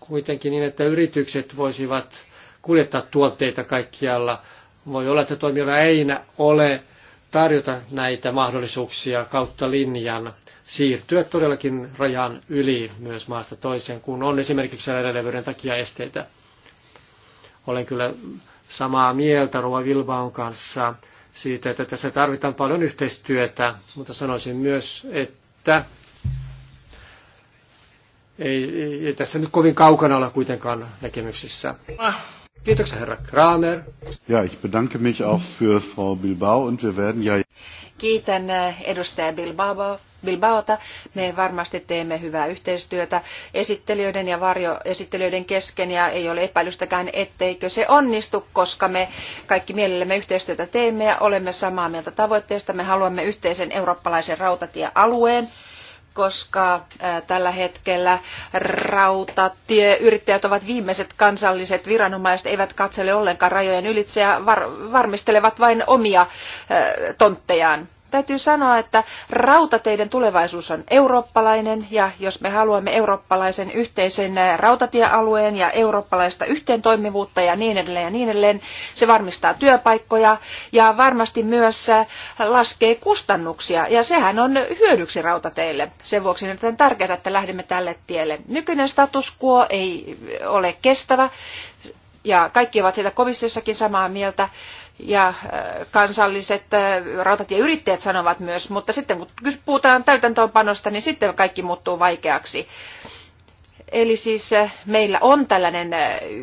kuitenkin niin, että yritykset voisivat kuljettaa tuotteita kaikkialla. Voi olla, että toimijoilla ei ole tarjota näitä mahdollisuuksia kautta linjan siirtyä todellakin rajan yli myös maasta toiseen, kun on esimerkiksi edelleen takia esteitä. Olen kyllä samaa mieltä Rova Vilbaon kanssa siitä, että tässä tarvitaan paljon yhteistyötä, mutta sanoisin myös, että ei, ei, ei tässä nyt kovin kaukana olla kuitenkaan näkemyksissä. Ah. Kiitoksia herra Kramer. Ja, ich bedanke mich auch für Frau Bilbao und wir werden ja... Kiitän eh, edustaja Bilbao, Bilbaota. Me varmasti teemme hyvää yhteistyötä esittelijöiden ja varjoesittelijöiden kesken ja ei ole epäilystäkään, etteikö se onnistu, koska me kaikki mielellämme yhteistyötä teemme ja olemme samaa mieltä tavoitteesta. Me haluamme yhteisen eurooppalaisen rautatiealueen koska tällä hetkellä rautatieyrittäjät ovat viimeiset kansalliset viranomaiset, eivät katsele ollenkaan rajojen ylitse ja varmistelevat vain omia tonttejaan. Täytyy sanoa, että rautateiden tulevaisuus on eurooppalainen ja jos me haluamme eurooppalaisen yhteisen rautatiealueen ja eurooppalaista yhteentoimivuutta ja niin edelleen ja niin edelleen, se varmistaa työpaikkoja ja varmasti myös laskee kustannuksia ja sehän on hyödyksi rautateille. Sen vuoksi on tärkeää, että lähdemme tälle tielle. Nykyinen status quo ei ole kestävä ja kaikki ovat siitä komissiossakin samaa mieltä ja äh, kansalliset äh, rautatieyrittäjät sanovat myös, mutta sitten kun puhutaan täytäntöönpanosta, niin sitten kaikki muuttuu vaikeaksi. Eli siis äh, meillä on tällainen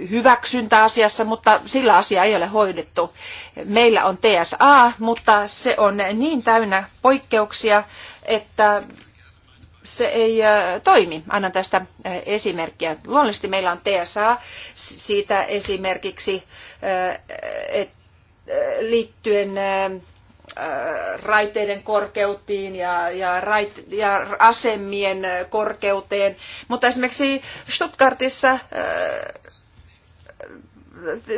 hyväksyntä asiassa, mutta sillä asia ei ole hoidettu. Meillä on TSA, mutta se on niin täynnä poikkeuksia, että se ei toimi. Annan tästä esimerkkiä. Luonnollisesti meillä on TSA siitä esimerkiksi, että liittyen raiteiden korkeutiin ja, ja, raite- ja asemien korkeuteen. Mutta esimerkiksi Stuttgartissa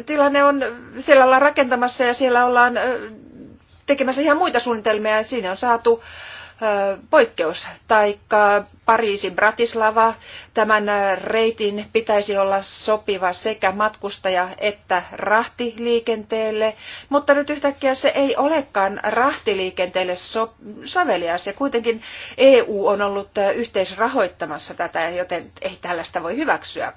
tilanne on, siellä ollaan rakentamassa ja siellä ollaan tekemässä ihan muita suunnitelmia ja siinä on saatu äh, poikkeus. tai Pariisi Bratislava, tämän reitin pitäisi olla sopiva sekä matkustaja että rahtiliikenteelle, mutta nyt yhtäkkiä se ei olekaan rahtiliikenteelle so- sovelias ja kuitenkin EU on ollut yhteisrahoittamassa tätä, joten ei tällaista voi hyväksyä.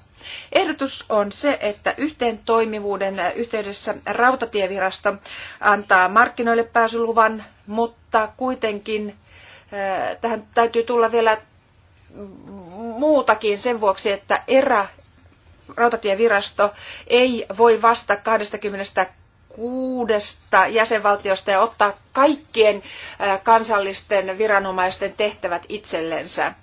Ehdotus on se, että yhteen toimivuuden yhteydessä rautatievirasto antaa markkinoille pääsyluvan, mutta kuitenkin tähän täytyy tulla vielä muutakin sen vuoksi, että erä rautatievirasto ei voi vastata 26 jäsenvaltiosta ja ottaa kaikkien kansallisten viranomaisten tehtävät itsellensä.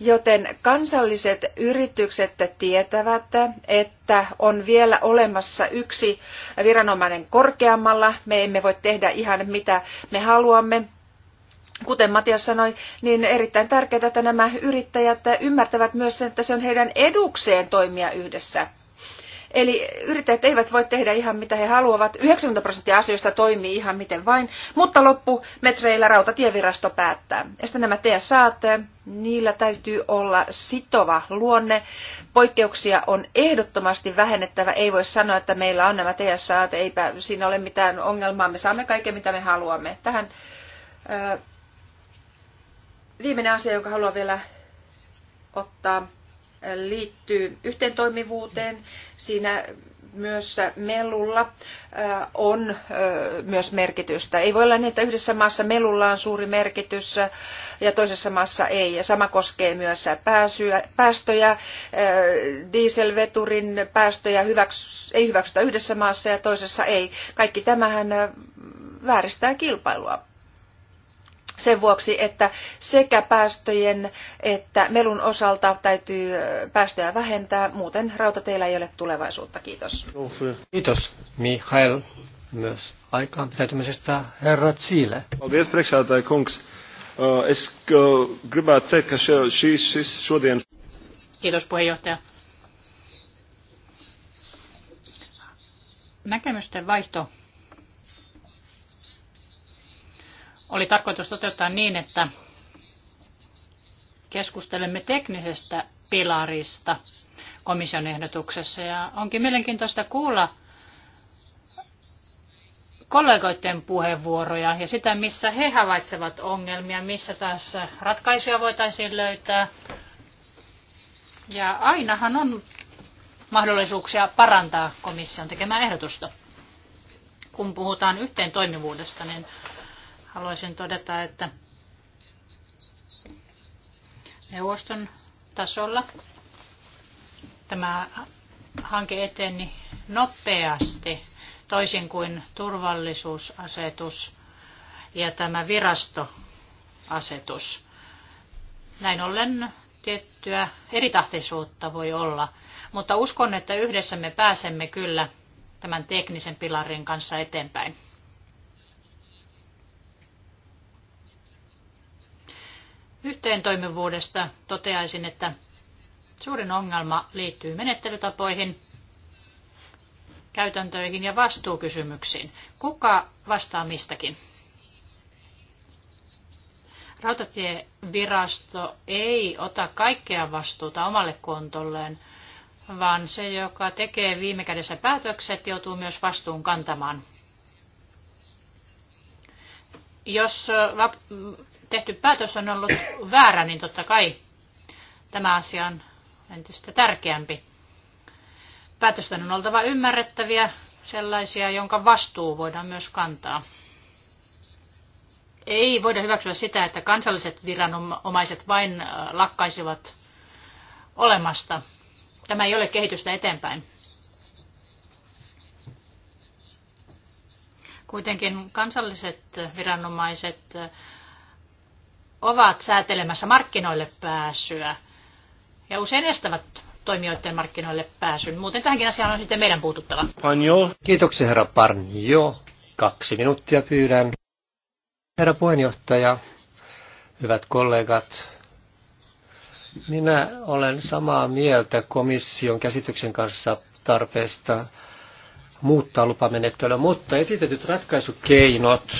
Joten kansalliset yritykset tietävät, että on vielä olemassa yksi viranomainen korkeammalla. Me emme voi tehdä ihan mitä me haluamme kuten Matias sanoi, niin erittäin tärkeää, että nämä yrittäjät ymmärtävät myös sen, että se on heidän edukseen toimia yhdessä. Eli yrittäjät eivät voi tehdä ihan mitä he haluavat. 90 prosenttia asioista toimii ihan miten vain, mutta loppumetreillä rautatievirasto päättää. Ja sitten nämä TSA, niillä täytyy olla sitova luonne. Poikkeuksia on ehdottomasti vähennettävä. Ei voi sanoa, että meillä on nämä TSAt, eipä siinä ole mitään ongelmaa. Me saamme kaiken mitä me haluamme. Tähän Viimeinen asia, jonka haluan vielä ottaa, äh, liittyy yhteentoimivuuteen. Siinä myös melulla äh, on äh, myös merkitystä. Ei voi olla niin, että yhdessä maassa melulla on suuri merkitys ja toisessa maassa ei. Ja sama koskee myös pääsyä, päästöjä. Dieselveturin päästöjä hyväks, ei hyväksytä yhdessä maassa ja toisessa ei. Kaikki tämähän vääristää kilpailua sen vuoksi, että sekä päästöjen että melun osalta täytyy päästöjä vähentää, muuten rautateillä ei ole tulevaisuutta. Kiitos. Kiitos, Mihail, myös aikaan pitäytymisestä herra Chile. Paldies, priekšētāji kungs. Es gribētu teikt, ka Kiitos, puheenjohtaja. Näkemysten vaihto oli tarkoitus toteuttaa niin, että keskustelemme teknisestä pilarista komission ehdotuksessa. Ja onkin mielenkiintoista kuulla kollegoiden puheenvuoroja ja sitä, missä he havaitsevat ongelmia, missä taas ratkaisuja voitaisiin löytää. Ja ainahan on mahdollisuuksia parantaa komission tekemää ehdotusta. Kun puhutaan yhteen toimivuudesta, niin haluaisin todeta, että neuvoston tasolla tämä hanke eteni nopeasti, toisin kuin turvallisuusasetus ja tämä virastoasetus. Näin ollen tiettyä eritahtisuutta voi olla, mutta uskon, että yhdessä me pääsemme kyllä tämän teknisen pilarin kanssa eteenpäin. toimivuudesta toteaisin, että suurin ongelma liittyy menettelytapoihin, käytäntöihin ja vastuukysymyksiin. Kuka vastaa mistäkin? Rautatievirasto ei ota kaikkea vastuuta omalle kontolleen, vaan se, joka tekee viime kädessä päätökset, joutuu myös vastuun kantamaan. Jos tehty päätös on ollut väärä, niin totta kai tämä asia on entistä tärkeämpi. Päätösten on oltava ymmärrettäviä, sellaisia, jonka vastuu voidaan myös kantaa. Ei voida hyväksyä sitä, että kansalliset viranomaiset vain lakkaisivat olemasta. Tämä ei ole kehitystä eteenpäin. Kuitenkin kansalliset viranomaiset ovat säätelemässä markkinoille pääsyä ja usein estävät toimijoiden markkinoille pääsyn. Muuten tähänkin asiaan on sitten meidän puututtava. Panjo. Kiitoksia herra Parnio. Kaksi minuuttia pyydän. Herra puheenjohtaja, hyvät kollegat, minä olen samaa mieltä komission käsityksen kanssa tarpeesta muuttaa lupamenettelyä, mutta esitetyt ratkaisukeinot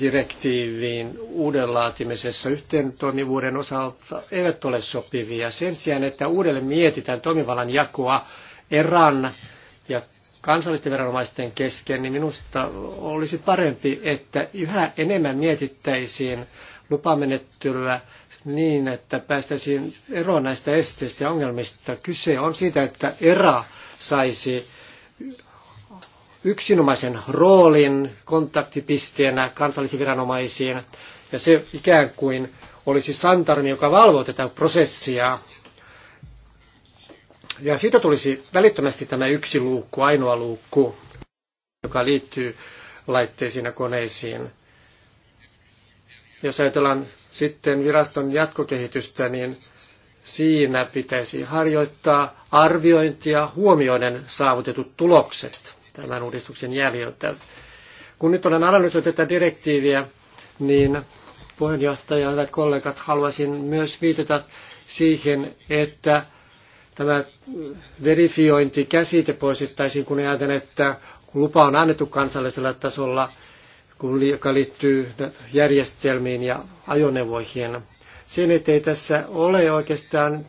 direktiiviin uuden laatimisessa yhteen toimivuuden osalta eivät ole sopivia. Sen sijaan, että uudelleen mietitään toimivallan jakoa eran ja kansallisten viranomaisten kesken, niin minusta olisi parempi, että yhä enemmän mietittäisiin lupamenettelyä niin, että päästäisiin eroon näistä esteistä ja ongelmista. Kyse on siitä, että ERA saisi yksinomaisen roolin kontaktipisteenä kansallisiin viranomaisiin, ja se ikään kuin olisi santarmi, joka valvoo tätä prosessia. Ja siitä tulisi välittömästi tämä yksi luukku, ainoa luukku, joka liittyy laitteisiin ja koneisiin. Jos ajatellaan sitten viraston jatkokehitystä, niin siinä pitäisi harjoittaa arviointia huomioiden saavutetut tulokset tämän uudistuksen jäljiltä. Kun nyt olen analysoinut tätä direktiiviä, niin puheenjohtaja ja hyvät kollegat, haluaisin myös viitata siihen, että tämä verifiointikäsite poistettaisiin, kun ajatellaan, että lupa on annettu kansallisella tasolla, joka liittyy järjestelmiin ja ajoneuvoihin. Sen, ettei tässä ole oikeastaan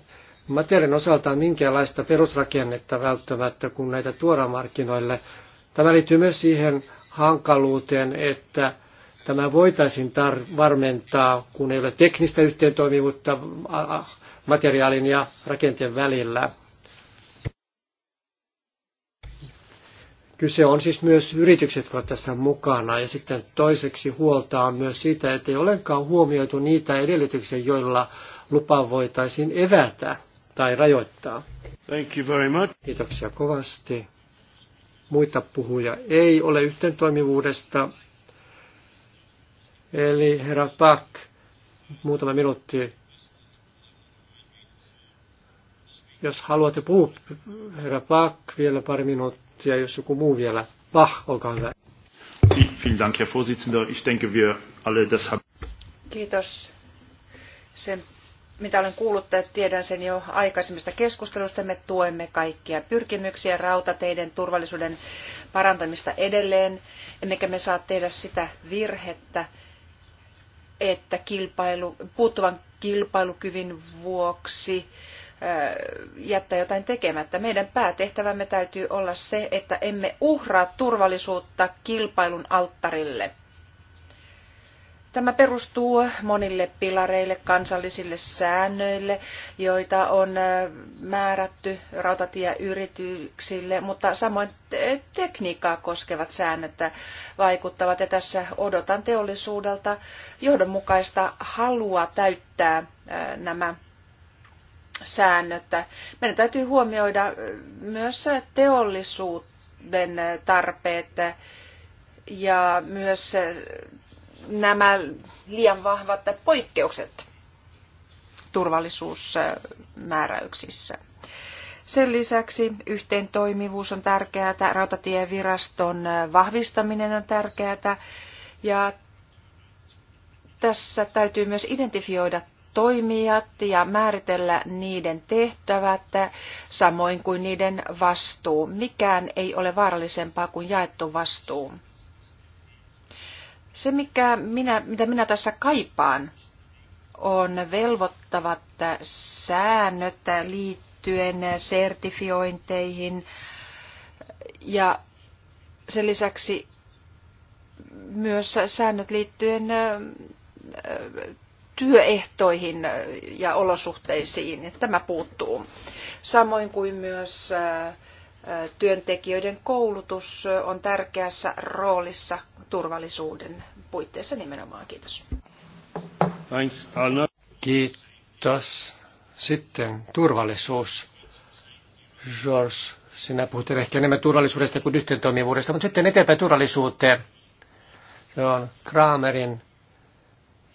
materiaalin osalta minkäänlaista perusrakennetta välttämättä, kun näitä tuodaan markkinoille. Tämä liittyy myös siihen hankaluuteen, että tämä voitaisiin tar- varmentaa, kun ei ole teknistä yhteentoimivuutta materiaalin ja rakenteen välillä. Kyse on siis myös yritykset, jotka ovat tässä mukana. Ja sitten toiseksi huolta on myös siitä, että ei olekaan huomioitu niitä edellytyksiä, joilla lupa voitaisiin evätä tai rajoittaa. Thank you very much. Kiitoksia kovasti. Muita puhuja ei ole yhteen toimivuudesta. Eli herra Pak, muutama minuutti. Jos haluatte puhua, herra Pak, vielä pari minuuttia, jos joku muu vielä. Pah, olkaa hyvä. Vielen Dank, Herr Vorsitzender. Ich denke, wir alle das haben. Kiitos. Sen mitä olen kuullut, tiedän sen jo aikaisemmista keskustelusta, me tuemme kaikkia pyrkimyksiä rautateiden turvallisuuden parantamista edelleen, emmekä me saa tehdä sitä virhettä, että kilpailu, puuttuvan kilpailukyvyn vuoksi äh, jättää jotain tekemättä. Meidän päätehtävämme täytyy olla se, että emme uhraa turvallisuutta kilpailun alttarille – Tämä perustuu monille pilareille, kansallisille säännöille, joita on äh, määrätty rautatieyrityksille, mutta samoin tekniikkaa koskevat säännöt vaikuttavat. Ja tässä odotan teollisuudelta johdonmukaista halua täyttää äh, nämä säännöt. Meidän täytyy huomioida äh, myös teollisuuden tarpeet ja myös nämä liian vahvat poikkeukset turvallisuusmääräyksissä. Sen lisäksi yhteen toimivuus on tärkeää, rautatieviraston vahvistaminen on tärkeää ja tässä täytyy myös identifioida toimijat ja määritellä niiden tehtävät, samoin kuin niiden vastuu. Mikään ei ole vaarallisempaa kuin jaettu vastuu. Se, mikä minä, mitä minä tässä kaipaan, on velvoittavat säännöt liittyen sertifiointeihin ja sen lisäksi myös säännöt liittyen työehtoihin ja olosuhteisiin. Tämä puuttuu. Samoin kuin myös työntekijöiden koulutus on tärkeässä roolissa turvallisuuden puitteissa nimenomaan. Kiitos. Thanks, Anna. Kiitos. Sitten turvallisuus. George, sinä puhut ehkä enemmän turvallisuudesta kuin toimivuudesta. mutta sitten eteenpäin turvallisuuteen. Se on Kramerin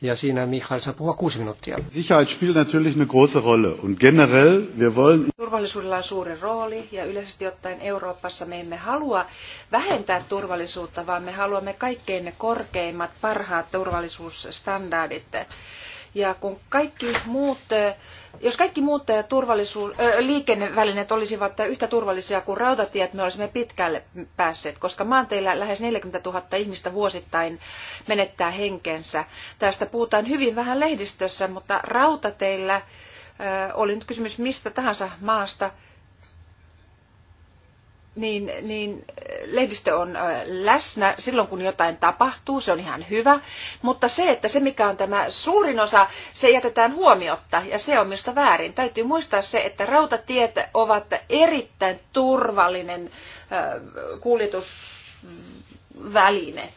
ja siinä Mihail saa puhua kuusi minuuttia. Sicherheit spielt natürlich eine große Rolle und generell wir wollen... Turvallisuudella on suuri rooli ja yleisesti ottaen Euroopassa me emme halua vähentää turvallisuutta, vaan me haluamme kaikkein ne korkeimmat, parhaat turvallisuusstandardit. Ja kun kaikki muut, jos kaikki muut turvallisuus, liikennevälineet olisivat yhtä turvallisia kuin rautatiet, me olisimme pitkälle päässeet, koska maanteillä lähes 40 000 ihmistä vuosittain menettää henkensä. Tästä puhutaan hyvin vähän lehdistössä, mutta rautateillä oli nyt kysymys mistä tahansa maasta – niin, niin lehdistö on äh, läsnä silloin, kun jotain tapahtuu, se on ihan hyvä. Mutta se, että se mikä on tämä suurin osa, se jätetään huomiotta ja se on minusta väärin. Täytyy muistaa se, että rautatiet ovat erittäin turvallinen äh, kuljetusväline.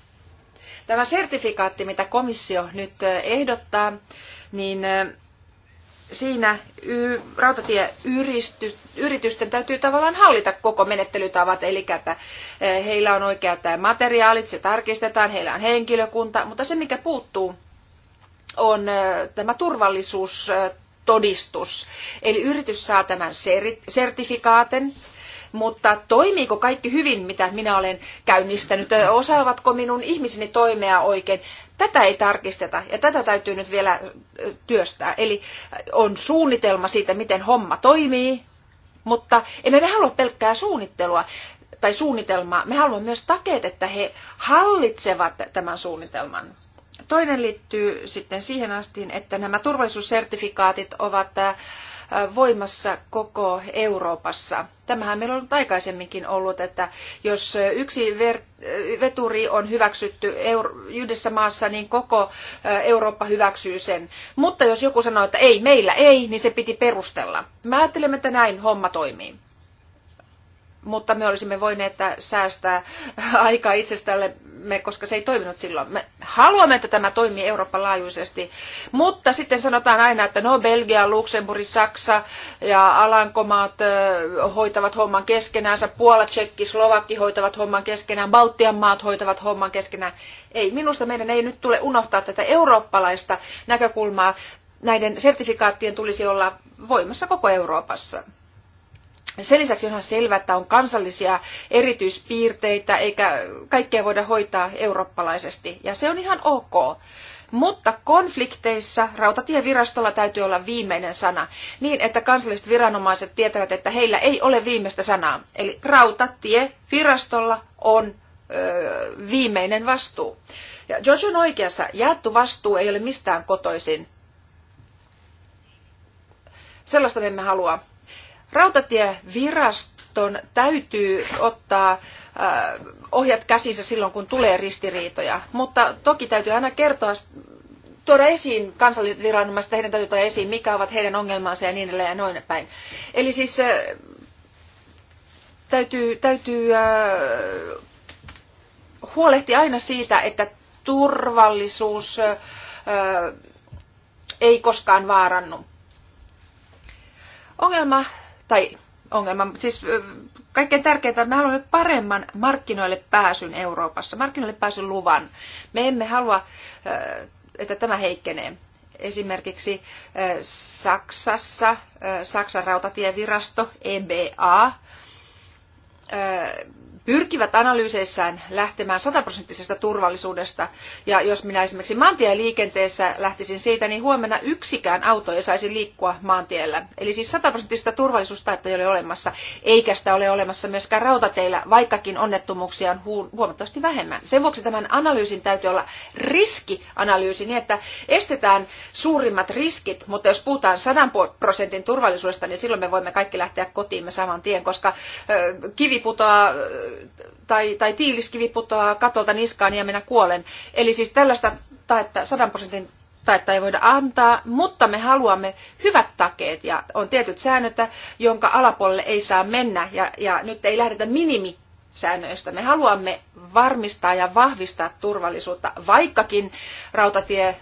Tämä sertifikaatti, mitä komissio nyt äh, ehdottaa, niin siinä y, rautatieyritysten täytyy tavallaan hallita koko menettelytavat, eli että e, heillä on oikeat materiaalit, se tarkistetaan, heillä on henkilökunta, mutta se mikä puuttuu on e, tämä turvallisuustodistus. Eli yritys saa tämän sertifikaaten, mutta toimiiko kaikki hyvin, mitä minä olen käynnistänyt? E, osaavatko minun ihmiseni toimia oikein? Tätä ei tarkisteta ja tätä täytyy nyt vielä työstää. Eli on suunnitelma siitä, miten homma toimii, mutta emme me halua pelkkää suunnittelua tai suunnitelmaa. Me haluamme myös takeet, että he hallitsevat tämän suunnitelman. Toinen liittyy sitten siihen asti, että nämä turvallisuussertifikaatit ovat voimassa koko Euroopassa. Tämähän meillä on aikaisemminkin ollut, että jos yksi veturi on hyväksytty yhdessä maassa, niin koko Eurooppa hyväksyy sen. Mutta jos joku sanoo, että ei, meillä ei, niin se piti perustella. Mä ajattelemme, että näin homma toimii mutta me olisimme voineet säästää aikaa itsestämme, koska se ei toiminut silloin. Me haluamme, että tämä toimii Euroopan laajuisesti, mutta sitten sanotaan aina, että no Belgia, Luxemburg, Saksa ja Alankomaat hoitavat homman keskenäänsä, Puola, Tsekki, Slovakki hoitavat homman keskenään, Baltian maat hoitavat homman keskenään. Ei, minusta meidän ei nyt tule unohtaa tätä eurooppalaista näkökulmaa. Näiden sertifikaattien tulisi olla voimassa koko Euroopassa sen lisäksi onhan selvää, että on kansallisia erityispiirteitä, eikä kaikkea voida hoitaa eurooppalaisesti. Ja se on ihan ok. Mutta konflikteissa rautatievirastolla täytyy olla viimeinen sana, niin että kansalliset viranomaiset tietävät, että heillä ei ole viimeistä sanaa. Eli rautatievirastolla on viimeinen vastuu. Ja George on oikeassa, jaettu vastuu ei ole mistään kotoisin. Sellaista me emme halua Rautatieviraston täytyy ottaa ohjat käsinsä silloin, kun tulee ristiriitoja, mutta toki täytyy aina kertoa tuoda esiin kansalliset heidän täytyy tuoda esiin, mikä ovat heidän ongelmansa ja niin edelleen ja noin päin. Eli siis täytyy, täytyy huolehtia aina siitä, että turvallisuus ei koskaan vaarannu. Ongelma tai ongelma. Siis kaikkein tärkeintä, että me haluamme paremman markkinoille pääsyn Euroopassa, markkinoille pääsyn luvan. Me emme halua, että tämä heikkenee. Esimerkiksi Saksassa, Saksan rautatievirasto, EBA, pyrkivät analyyseissään lähtemään sataprosenttisesta turvallisuudesta. Ja jos minä esimerkiksi maantieliikenteessä lähtisin siitä, niin huomenna yksikään auto ei saisi liikkua maantiellä. Eli siis sataprosenttista turvallisuustaetta ei ole olemassa, eikä sitä ole olemassa myöskään rautateillä, vaikkakin onnettomuuksia on huomattavasti vähemmän. Sen vuoksi tämän analyysin täytyy olla riskianalyysi, niin että estetään suurimmat riskit, mutta jos puhutaan sadan prosentin turvallisuudesta, niin silloin me voimme kaikki lähteä kotiimme saman tien, koska kivi putoaa tai, tai tiiliskivi putoaa katolta niskaan ja minä kuolen. Eli siis tällaista taetta, 100 prosentin taetta ei voida antaa, mutta me haluamme hyvät takeet ja on tietyt säännöt, jonka alapuolelle ei saa mennä ja, ja nyt ei lähdetä minimi säännöistä. Me haluamme varmistaa ja vahvistaa turvallisuutta, vaikkakin rautatie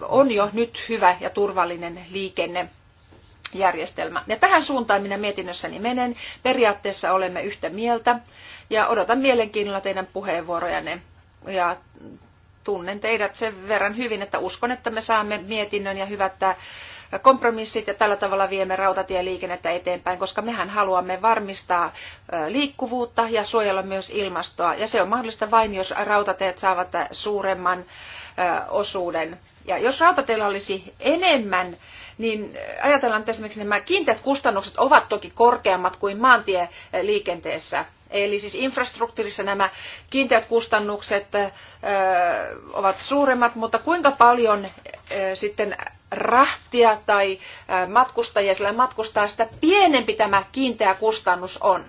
on jo nyt hyvä ja turvallinen liikenne järjestelmä. Ja tähän suuntaan minä mietinnössäni menen. Periaatteessa olemme yhtä mieltä ja odotan mielenkiinnolla teidän puheenvuorojanne. Ja tunnen teidät sen verran hyvin, että uskon, että me saamme mietinnön ja hyvät äh, kompromissit ja tällä tavalla viemme rautatieliikennettä eteenpäin, koska mehän haluamme varmistaa liikkuvuutta ja suojella myös ilmastoa. Ja se on mahdollista vain, jos rautateet saavat suuremman osuuden. Ja jos rautateillä olisi enemmän, niin ajatellaan, että esimerkiksi nämä kiinteät kustannukset ovat toki korkeammat kuin maantieliikenteessä. Eli siis infrastruktuurissa nämä kiinteät kustannukset ovat suuremmat, mutta kuinka paljon sitten rahtia tai matkustajia, sillä matkustaa sitä pienempi tämä kiinteä kustannus on.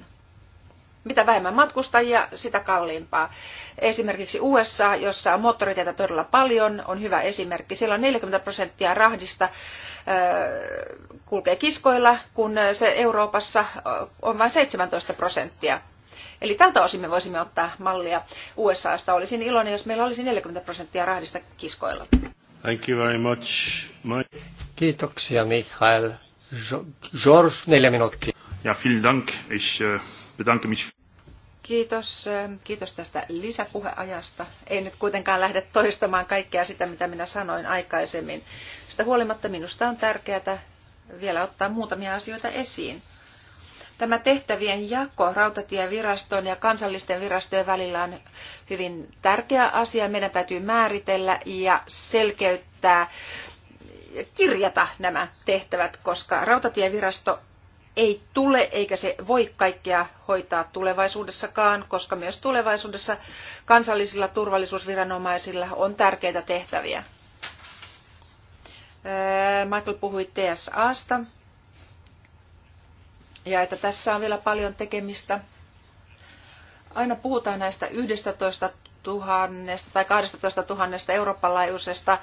Mitä vähemmän matkustajia, sitä kalliimpaa. Esimerkiksi USA, jossa on moottoriteitä todella paljon, on hyvä esimerkki. Siellä on 40 prosenttia rahdista kulkee kiskoilla, kun se Euroopassa on vain 17 prosenttia. Eli tältä osin me voisimme ottaa mallia USAsta. Olisin iloinen, jos meillä olisi 40 prosenttia rahdista kiskoilla. Thank you very much, Mike. Kiitoksia, Michael. George, neljä minuuttia. Ja vielen dank. Ich äh, bedanke mich. Kiitos, äh, kiitos tästä lisäpuheajasta. Ei nyt kuitenkaan lähde toistamaan kaikkea sitä, mitä minä sanoin aikaisemmin. Sitä huolimatta minusta on tärkeää vielä ottaa muutamia asioita esiin. Tämä tehtävien jako rautatieviraston ja kansallisten virastojen välillä on hyvin tärkeä asia. Meidän täytyy määritellä ja selkeyttää ja kirjata nämä tehtävät, koska rautatievirasto ei tule eikä se voi kaikkea hoitaa tulevaisuudessakaan, koska myös tulevaisuudessa kansallisilla turvallisuusviranomaisilla on tärkeitä tehtäviä. Öö, Michael puhui TSAsta ja että tässä on vielä paljon tekemistä. Aina puhutaan näistä 11 tuhannesta tai 12 tuhannesta Euroopan laajuisesta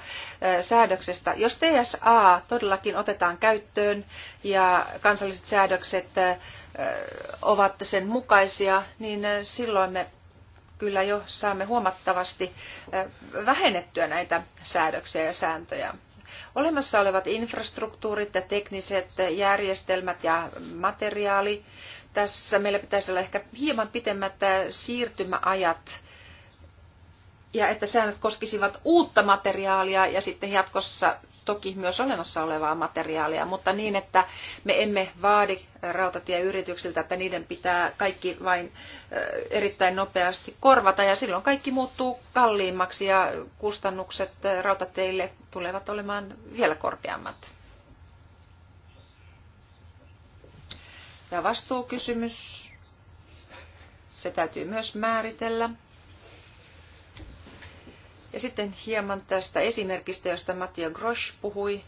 säädöksestä. Jos TSA todellakin otetaan käyttöön ja kansalliset säädökset ovat sen mukaisia, niin silloin me kyllä jo saamme huomattavasti vähennettyä näitä säädöksiä ja sääntöjä. Olemassa olevat infrastruktuurit ja tekniset järjestelmät ja materiaali. Tässä meillä pitäisi olla ehkä hieman pitemmät äh, siirtymäajat ja että säännöt koskisivat uutta materiaalia ja sitten jatkossa toki myös olemassa olevaa materiaalia, mutta niin, että me emme vaadi rautatieyrityksiltä, että niiden pitää kaikki vain eh, erittäin nopeasti korvata ja silloin kaikki muuttuu kalliimmaksi ja kustannukset eh, rautateille tulevat olemaan vielä korkeammat. Ja vastuukysymys, se täytyy myös määritellä. Ja sitten hieman tästä esimerkistä, josta Mattia Grosch puhui,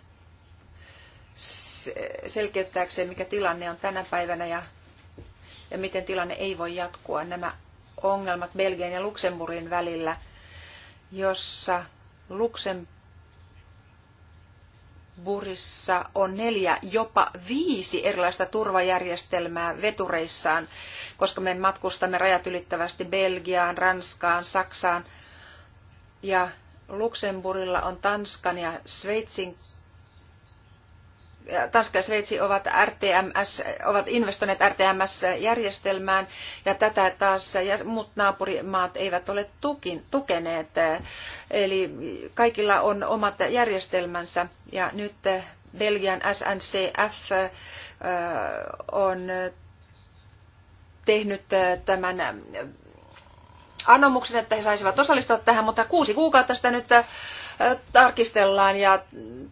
selkeyttääkseen, mikä tilanne on tänä päivänä ja, ja miten tilanne ei voi jatkua. Nämä ongelmat Belgian ja Luxemburgin välillä, jossa Luxemburgissa on neljä, jopa viisi erilaista turvajärjestelmää vetureissaan, koska me matkustamme rajat ylittävästi Belgiaan, Ranskaan, Saksaan – ja Luxemburilla on Tanskan ja Sveitsin Tanska ja Sveitsi ovat, RTMS, ovat investoineet RTMS-järjestelmään ja tätä taas ja muut naapurimaat eivät ole tukin, tukeneet. Eli kaikilla on omat järjestelmänsä ja nyt Belgian SNCF on tehnyt tämän anomuksen, että he saisivat osallistua tähän, mutta kuusi kuukautta sitä nyt äh, tarkistellaan ja mm,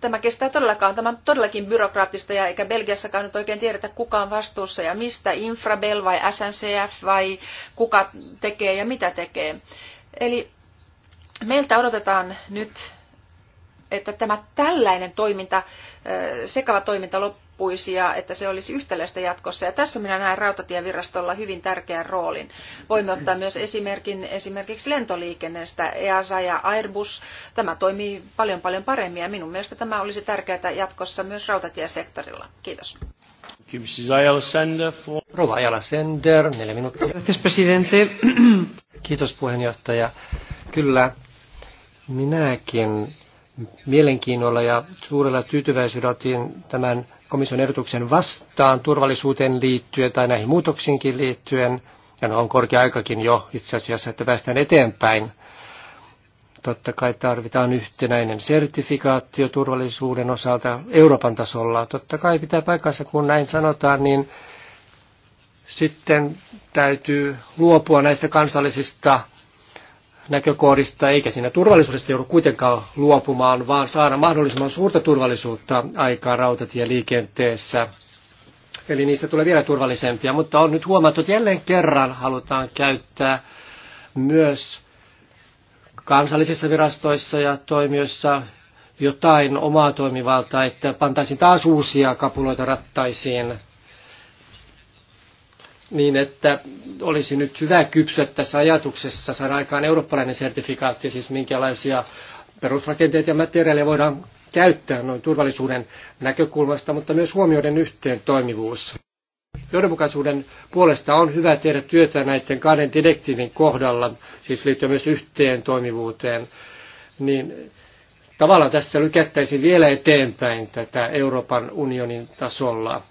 tämä kestää todellakaan, tämä on todellakin byrokraattista ja eikä Belgiassakaan nyt oikein tiedetä kuka on vastuussa ja mistä, Infrabel vai SNCF vai kuka tekee ja mitä tekee. Eli meiltä odotetaan nyt, että tämä tällainen toiminta, äh, sekava toiminta loppuisi ja että se olisi yhtäläistä jatkossa. Ja tässä minä näen rautatievirastolla hyvin tärkeän roolin. Voimme ottaa myös esimerkin esimerkiksi lentoliikenneestä, EASA ja Airbus. Tämä toimii paljon paljon paremmin ja minun mielestä tämä olisi tärkeää jatkossa myös rautatiesektorilla. Kiitos. Rova Ajala Sender, neljä minuuttia. Kiitos, Kiitos puheenjohtaja. Kyllä, minäkin mielenkiinnolla ja suurella tyytyväisyydellä otin tämän komission ehdotuksen vastaan turvallisuuteen liittyen tai näihin muutoksiinkin liittyen. Ja no on korkea aikakin jo itse asiassa, että päästään eteenpäin. Totta kai tarvitaan yhtenäinen sertifikaatio turvallisuuden osalta Euroopan tasolla. Totta kai pitää paikkansa, kun näin sanotaan, niin sitten täytyy luopua näistä kansallisista näkökohdista, eikä siinä turvallisuudesta joudu kuitenkaan luopumaan, vaan saada mahdollisimman suurta turvallisuutta aikaa rautatieliikenteessä. Eli niistä tulee vielä turvallisempia, mutta on nyt huomattu, että jälleen kerran halutaan käyttää myös kansallisissa virastoissa ja toimijoissa jotain omaa toimivaltaa, että pantaisiin taas uusia kapuloita rattaisiin niin että olisi nyt hyvä kypsyä tässä ajatuksessa, saada aikaan eurooppalainen sertifikaatti, siis minkälaisia perusrakenteita ja materiaaleja voidaan käyttää noin turvallisuuden näkökulmasta, mutta myös huomioiden yhteen toimivuus. Johdonmukaisuuden puolesta on hyvä tehdä työtä näiden kahden direktiivin kohdalla, siis liittyen myös yhteen toimivuuteen, niin tavallaan tässä lykättäisiin vielä eteenpäin tätä Euroopan unionin tasolla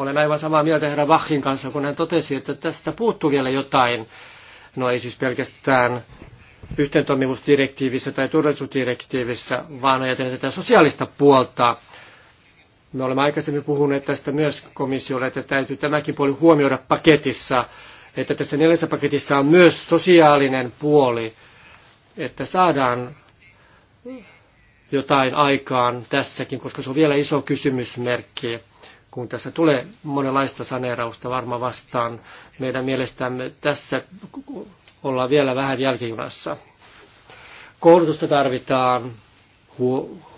olen aivan samaa mieltä herra Bachin kanssa, kun hän totesi, että tästä puuttuu vielä jotain. No ei siis pelkästään yhteentoimivuusdirektiivissä tai turvallisuusdirektiivissä, vaan ajatellen tätä sosiaalista puolta. Me olemme aikaisemmin puhuneet tästä myös komissiolle, että täytyy tämäkin puoli huomioida paketissa, että tässä neljässä paketissa on myös sosiaalinen puoli, että saadaan jotain aikaan tässäkin, koska se on vielä iso kysymysmerkki kun tässä tulee monenlaista saneerausta varma vastaan. Meidän mielestämme tässä ollaan vielä vähän jälkijunassa. Koulutusta tarvitaan,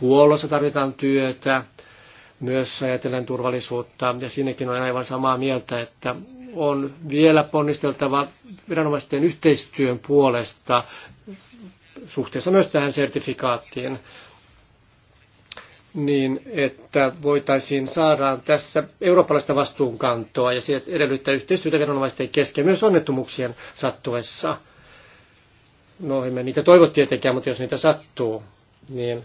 huollossa tarvitaan työtä, myös ajatellen turvallisuutta, ja siinäkin on aivan samaa mieltä, että on vielä ponnisteltava viranomaisten yhteistyön puolesta suhteessa myös tähän sertifikaattiin niin että voitaisiin saada tässä eurooppalaista vastuunkantoa ja se edellyttää yhteistyötä viranomaisten kesken myös onnettomuuksien sattuessa. No emme niitä toivo tietenkään, mutta jos niitä sattuu, niin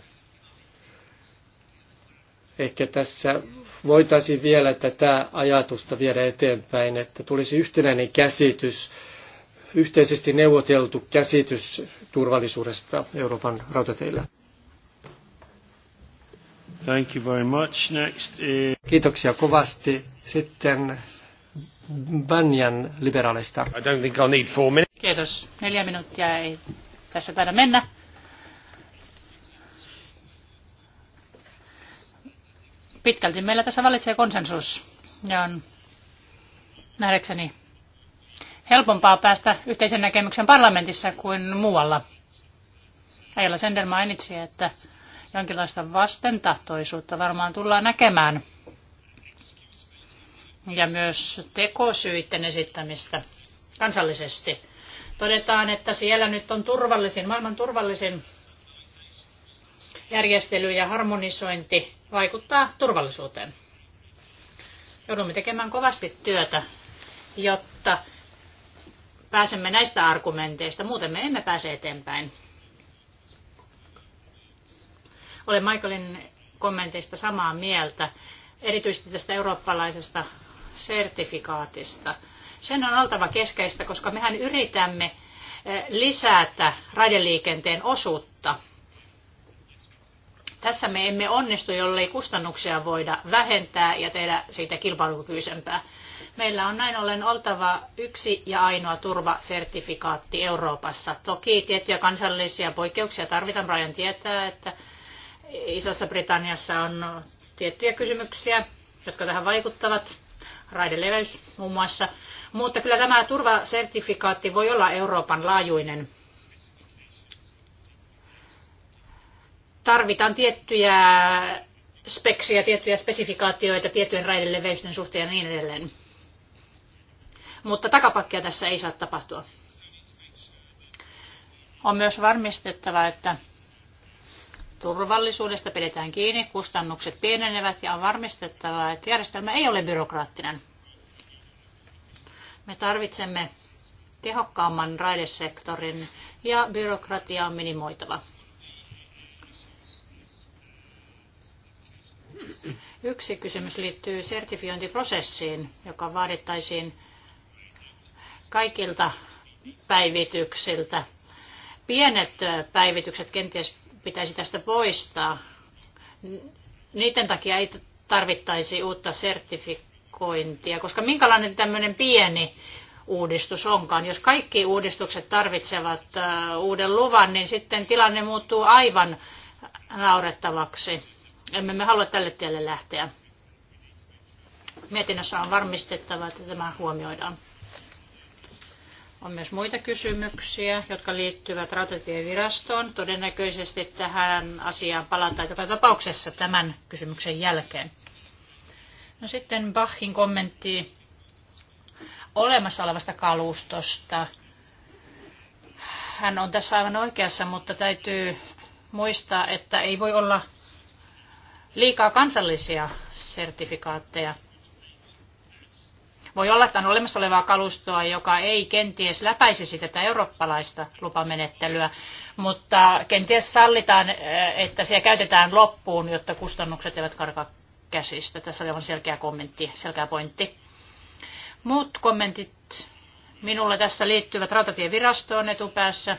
ehkä tässä voitaisiin vielä tätä ajatusta viedä eteenpäin, että tulisi yhtenäinen käsitys, yhteisesti neuvoteltu käsitys turvallisuudesta Euroopan rautateillä. Thank you very much. Next is... Kiitoksia kovasti. Sitten Banjan liberaalista. I don't think I'll need four minutes. Kiitos. Neljä minuuttia ei tässä taida mennä. Pitkälti meillä tässä valitsee konsensus ja on nähdäkseni helpompaa päästä yhteisen näkemyksen parlamentissa kuin muualla. Ajalla Sender mainitsi, että jonkinlaista vastentahtoisuutta varmaan tullaan näkemään. Ja myös tekosyiden esittämistä kansallisesti. Todetaan, että siellä nyt on turvallisin, maailman turvallisin järjestely ja harmonisointi vaikuttaa turvallisuuteen. Joudumme tekemään kovasti työtä, jotta pääsemme näistä argumenteista. Muuten me emme pääse eteenpäin. Olen Michaelin kommenteista samaa mieltä, erityisesti tästä eurooppalaisesta sertifikaatista. Sen on oltava keskeistä, koska mehän yritämme eh, lisätä raideliikenteen osuutta. Tässä me emme onnistu, jollei kustannuksia voida vähentää ja tehdä siitä kilpailukykyisempää. Meillä on näin ollen oltava yksi ja ainoa turvasertifikaatti Euroopassa. Toki tiettyjä kansallisia poikkeuksia tarvitaan. Brian tietää, että Isossa Britanniassa on tiettyjä kysymyksiä, jotka tähän vaikuttavat, raideleveys muun muassa. Mutta kyllä tämä turvasertifikaatti voi olla Euroopan laajuinen. Tarvitaan tiettyjä speksiä, tiettyjä spesifikaatioita tiettyjen raideleveysten suhteen ja niin edelleen. Mutta takapakkia tässä ei saa tapahtua. On myös varmistettava, että turvallisuudesta pidetään kiinni, kustannukset pienenevät ja on varmistettava, että järjestelmä ei ole byrokraattinen. Me tarvitsemme tehokkaamman raidesektorin ja byrokratia on minimoitava. Yksi kysymys liittyy sertifiointiprosessiin, joka vaadittaisiin kaikilta päivityksiltä. Pienet päivitykset kenties pitäisi tästä poistaa. Niiden takia ei tarvittaisi uutta sertifikointia, koska minkälainen tämmöinen pieni uudistus onkaan. Jos kaikki uudistukset tarvitsevat äh, uuden luvan, niin sitten tilanne muuttuu aivan naurettavaksi. Emme me halua tälle tielle lähteä. Mietinnössä on varmistettava, että tämä huomioidaan. On myös muita kysymyksiä, jotka liittyvät rautatievirastoon. Todennäköisesti tähän asiaan palataan joka tapauksessa tämän kysymyksen jälkeen. No sitten Bachin kommentti olemassa olevasta kalustosta. Hän on tässä aivan oikeassa, mutta täytyy muistaa, että ei voi olla liikaa kansallisia sertifikaatteja – voi olla, että on olemassa olevaa kalustoa, joka ei kenties läpäisisi tätä eurooppalaista lupamenettelyä, mutta kenties sallitaan, eh, että se käytetään loppuun, jotta kustannukset eivät karkaa käsistä. Tässä oli aivan selkeä kommentti, selkeä pointti. Muut kommentit minulla tässä liittyvät rautatievirastoon etupäässä.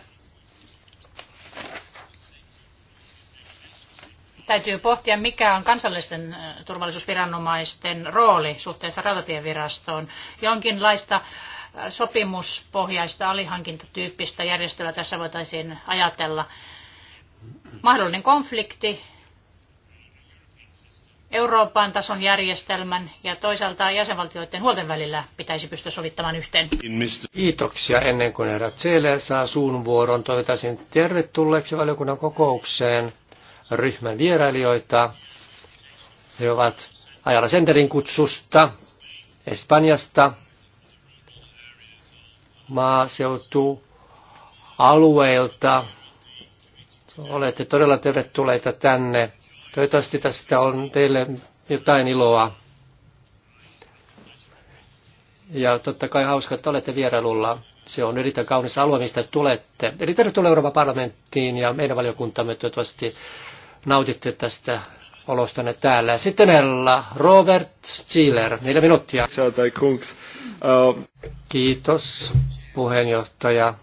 Täytyy pohtia, mikä on kansallisten turvallisuusviranomaisten rooli suhteessa rautatievirastoon. Jonkinlaista sopimuspohjaista alihankintatyyppistä järjestelyä tässä voitaisiin ajatella. Mahdollinen konflikti Euroopan tason järjestelmän ja toisaalta jäsenvaltioiden huolten välillä pitäisi pystyä sovittamaan yhteen. Kiitoksia ennen kuin herra Tseele saa suun vuoron. Toivotaisin tervetulleeksi valiokunnan kokoukseen ryhmän vierailijoita. He ovat Ajala Senderin kutsusta, Espanjasta, maaseutu alueelta, Olette todella tervetulleita tänne. Toivottavasti tästä on teille jotain iloa. Ja totta kai hauska, että olette vierailulla. Se on erittäin kaunis alue, mistä tulette. Eli tervetuloa Euroopan parlamenttiin ja meidän valiokuntamme toivottavasti nautitte tästä olostanne täällä. Sitten Ella, Robert Stiller, neljä minuuttia. Kiitos, puheenjohtaja.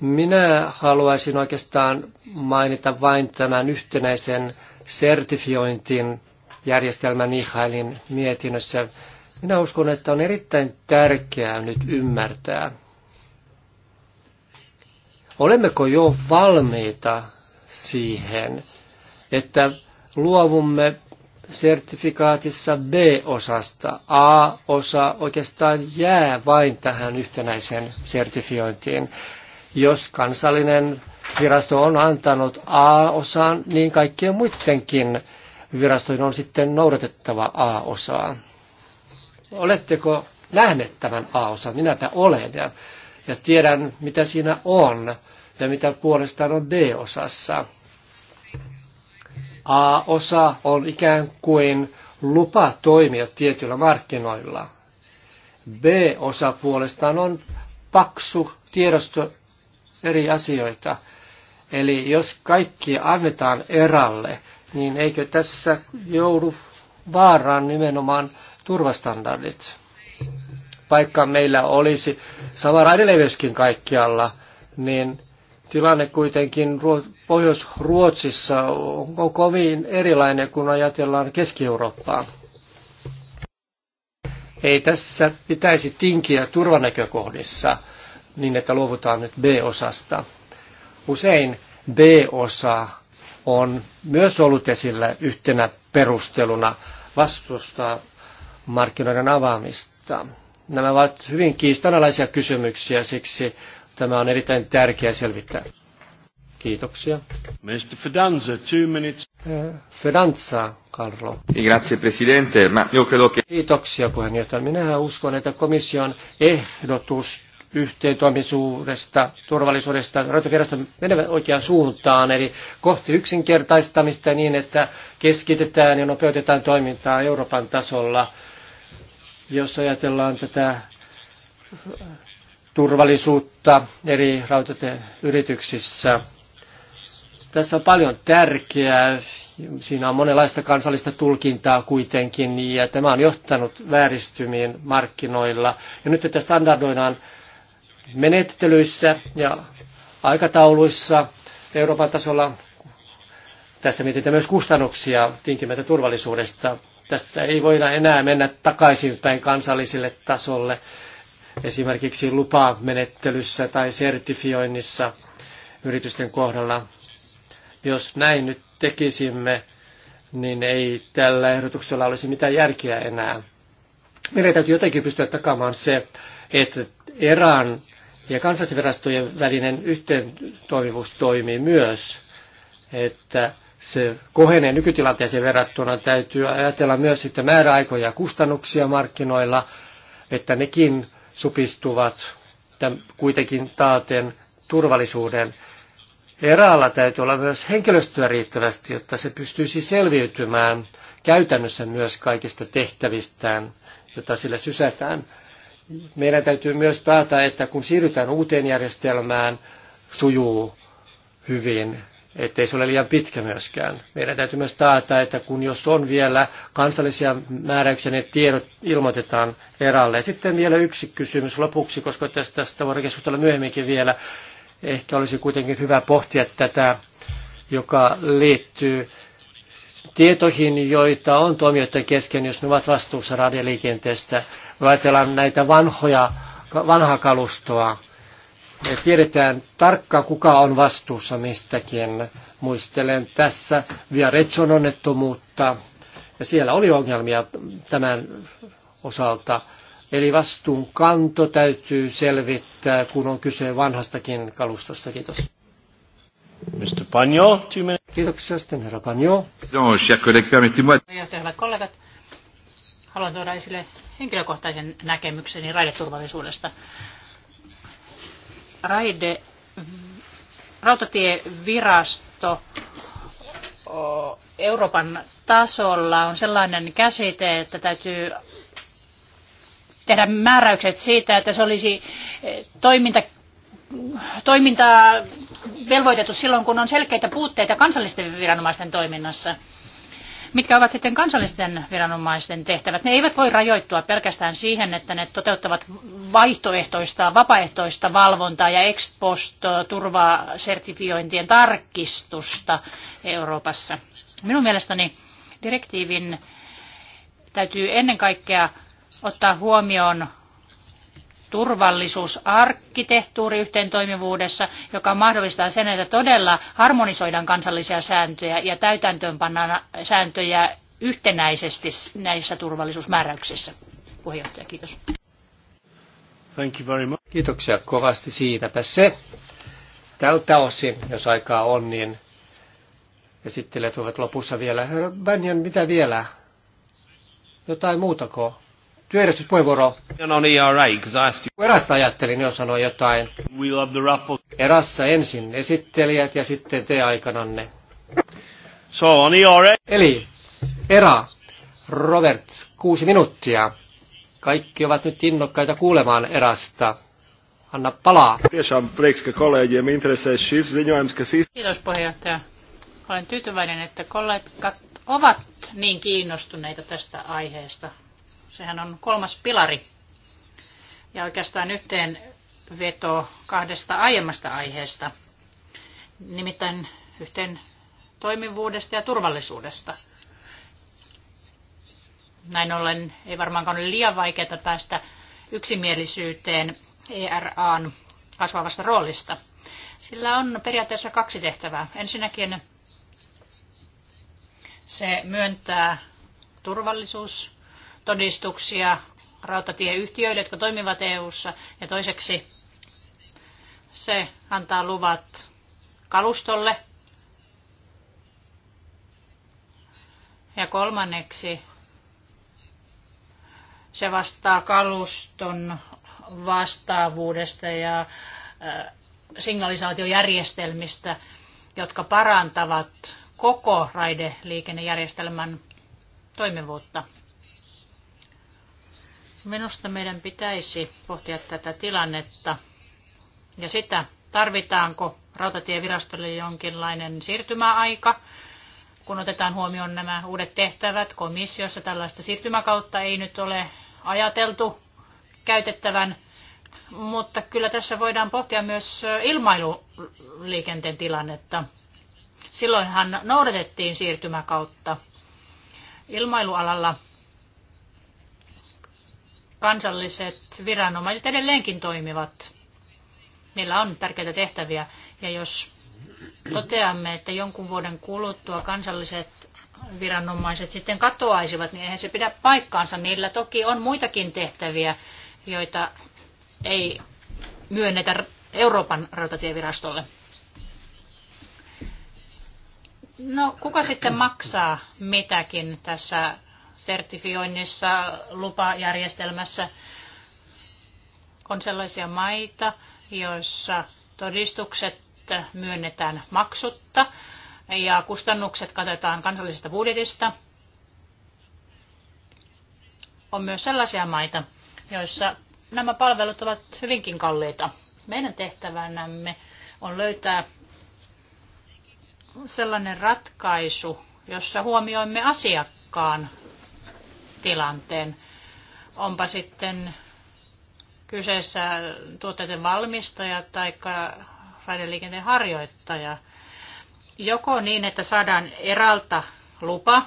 Minä haluaisin oikeastaan mainita vain tämän yhtenäisen sertifiointin järjestelmän Mihailin mietinnössä. Minä uskon, että on erittäin tärkeää nyt ymmärtää, Olemmeko jo valmiita siihen, että luovumme sertifikaatissa B-osasta. A-osa oikeastaan jää vain tähän yhtenäiseen sertifiointiin. Jos kansallinen virasto on antanut A-osan, niin kaikkien muidenkin virastojen on sitten noudatettava A-osaa. Oletteko nähneet tämän A-osan? Minäpä olen. Ja ja tiedän mitä siinä on ja mitä puolestaan on D-osassa. A-osa on ikään kuin lupa toimia tietyillä markkinoilla. B-osa puolestaan on paksu tiedosto eri asioita. Eli jos kaikki annetaan eralle, niin eikö tässä joudu vaaraan nimenomaan turvastandardit? vaikka meillä olisi sama raideleveyskin kaikkialla, niin tilanne kuitenkin Pohjois-Ruotsissa on kovin erilainen, kun ajatellaan Keski-Eurooppaa. Ei tässä pitäisi tinkiä turvanäkökohdissa niin, että luovutaan nyt B-osasta. Usein B-osa on myös ollut esillä yhtenä perusteluna vastustaa markkinoiden avaamista. Nämä ovat hyvin kiistanalaisia kysymyksiä, siksi tämä on erittäin tärkeää selvittää. Kiitoksia. Mr. Fidanza, two minutes. Eh, Fidanza, Carlo. Grazie, Presidente. Ma io credo che... Kiitoksia, puheenjohtaja. Minä uskon, että komission ehdotus yhteentoimisuudesta, turvallisuudesta, rautatiekirjasto menevät oikeaan suuntaan, eli kohti yksinkertaistamista niin, että keskitetään ja nopeutetaan toimintaa Euroopan tasolla – jos ajatellaan tätä turvallisuutta eri rautateyrityksissä. Tässä on paljon tärkeää. Siinä on monenlaista kansallista tulkintaa kuitenkin, ja tämä on johtanut vääristymiin markkinoilla. Ja nyt tätä standardoidaan menettelyissä ja aikatauluissa Euroopan tasolla. Tässä mietitään myös kustannuksia tinkimättä turvallisuudesta. Tässä ei voida enää mennä takaisinpäin kansalliselle tasolle esimerkiksi lupamenettelyssä tai sertifioinnissa yritysten kohdalla. Jos näin nyt tekisimme, niin ei tällä ehdotuksella olisi mitään järkeä enää. Meidän täytyy jotenkin pystyä takaamaan se, että erään ja kansallisten virastojen välinen yhteentoimivuus toimii myös, että se kohenee nykytilanteeseen verrattuna, täytyy ajatella myös sitten määräaikoja ja kustannuksia markkinoilla, että nekin supistuvat kuitenkin taaten turvallisuuden. Eräällä täytyy olla myös henkilöstöä riittävästi, jotta se pystyisi selviytymään käytännössä myös kaikista tehtävistään, jota sille sysätään. Meidän täytyy myös taata, että kun siirrytään uuteen järjestelmään, sujuu hyvin ettei se ole liian pitkä myöskään. Meidän täytyy myös taata, että kun jos on vielä kansallisia määräyksiä, niin tiedot ilmoitetaan eralle. Ja sitten vielä yksi kysymys lopuksi, koska tästä, tästä voidaan keskustella myöhemminkin vielä. Ehkä olisi kuitenkin hyvä pohtia tätä, joka liittyy tietoihin, joita on toimijoiden kesken, jos ne ovat vastuussa radioliikenteestä. Ajatellaan näitä vanhoja, vanhaa kalustoa, me tiedetään tarkkaan, kuka on vastuussa mistäkin. Muistelen tässä Retson onnettomuutta, ja siellä oli ongelmia tämän osalta. Eli vastuun kanto täytyy selvittää, kun on kyse vanhastakin kalustosta. Kiitos. Mr. Pagno, Kiitoksia sitten, herra Pagno. No, chers Hyvät kollegat, haluan tuoda esille henkilökohtaisen näkemykseni raideturvallisuudesta raide, rautatievirasto Euroopan tasolla on sellainen käsite, että täytyy tehdä määräykset siitä, että se olisi eh, toiminta, toimintaa velvoitettu silloin, kun on selkeitä puutteita kansallisten viranomaisten toiminnassa mitkä ovat sitten kansallisten viranomaisten tehtävät. Ne eivät voi rajoittua pelkästään siihen, että ne toteuttavat vaihtoehtoista, vapaaehtoista valvontaa ja ex post turvasertifiointien tarkistusta Euroopassa. Minun mielestäni direktiivin täytyy ennen kaikkea ottaa huomioon turvallisuusarkkitehtuuri yhteentoimivuudessa, joka mahdollistaa sen, että todella harmonisoidaan kansallisia sääntöjä ja täytäntöönpannaan sääntöjä yhtenäisesti näissä turvallisuusmääräyksissä. Puheenjohtaja, kiitos. Thank you very much. Kiitoksia kovasti siitäpä se. Tältä osin, jos aikaa on, niin esittelijät ovat lopussa vielä. Herra mitä vielä? Jotain muutako? työjärjestyspuheenvuoro. No, no niin, all e right, because I asked you. Erasta ajattelin jo niin sanoa jotain. We love the rapport. Erassa ensin esittelijät ja sitten te aikananne. So, on niin, all right. Eli, Era, Robert, kuusi minuuttia. Kaikki ovat nyt innokkaita kuulemaan Erasta. Anna palaa. Kiitos puheenjohtaja. Olen tyytyväinen, että kollegat ovat niin kiinnostuneita tästä aiheesta. Sehän on kolmas pilari. Ja oikeastaan yhteen veto kahdesta aiemmasta aiheesta, nimittäin yhteen toimivuudesta ja turvallisuudesta. Näin ollen ei varmaankaan ole liian vaikeaa päästä yksimielisyyteen ERAn kasvavasta roolista. Sillä on periaatteessa kaksi tehtävää. Ensinnäkin se myöntää turvallisuus- todistuksia rautatieyhtiöille, jotka toimivat EU-ssa. Ja toiseksi se antaa luvat kalustolle. Ja kolmanneksi se vastaa kaluston vastaavuudesta ja signalisaatiojärjestelmistä, jotka parantavat koko raideliikennejärjestelmän toimivuutta. Minusta meidän pitäisi pohtia tätä tilannetta ja sitä, tarvitaanko rautatievirastolle jonkinlainen siirtymäaika, kun otetaan huomioon nämä uudet tehtävät komissiossa. Tällaista siirtymäkautta ei nyt ole ajateltu käytettävän, mutta kyllä tässä voidaan pohtia myös ilmailuliikenteen tilannetta. Silloinhan noudatettiin siirtymäkautta. Ilmailualalla kansalliset viranomaiset edelleenkin toimivat. Meillä on tärkeitä tehtäviä ja jos toteamme, että jonkun vuoden kuluttua kansalliset viranomaiset sitten katoaisivat, niin eihän se pidä paikkaansa. Niillä toki on muitakin tehtäviä, joita ei myönnetä Euroopan rautatievirastolle. No, kuka sitten maksaa mitäkin tässä sertifioinnissa, lupajärjestelmässä. On sellaisia maita, joissa todistukset myönnetään maksutta ja kustannukset katetaan kansallisesta budjetista. On myös sellaisia maita, joissa nämä palvelut ovat hyvinkin kalliita. Meidän tehtävänämme on löytää sellainen ratkaisu, jossa huomioimme asiakkaan tilanteen. Onpa sitten kyseessä tuotteiden valmistaja tai raideliikenteen harjoittaja. Joko niin, että saadaan eralta lupa,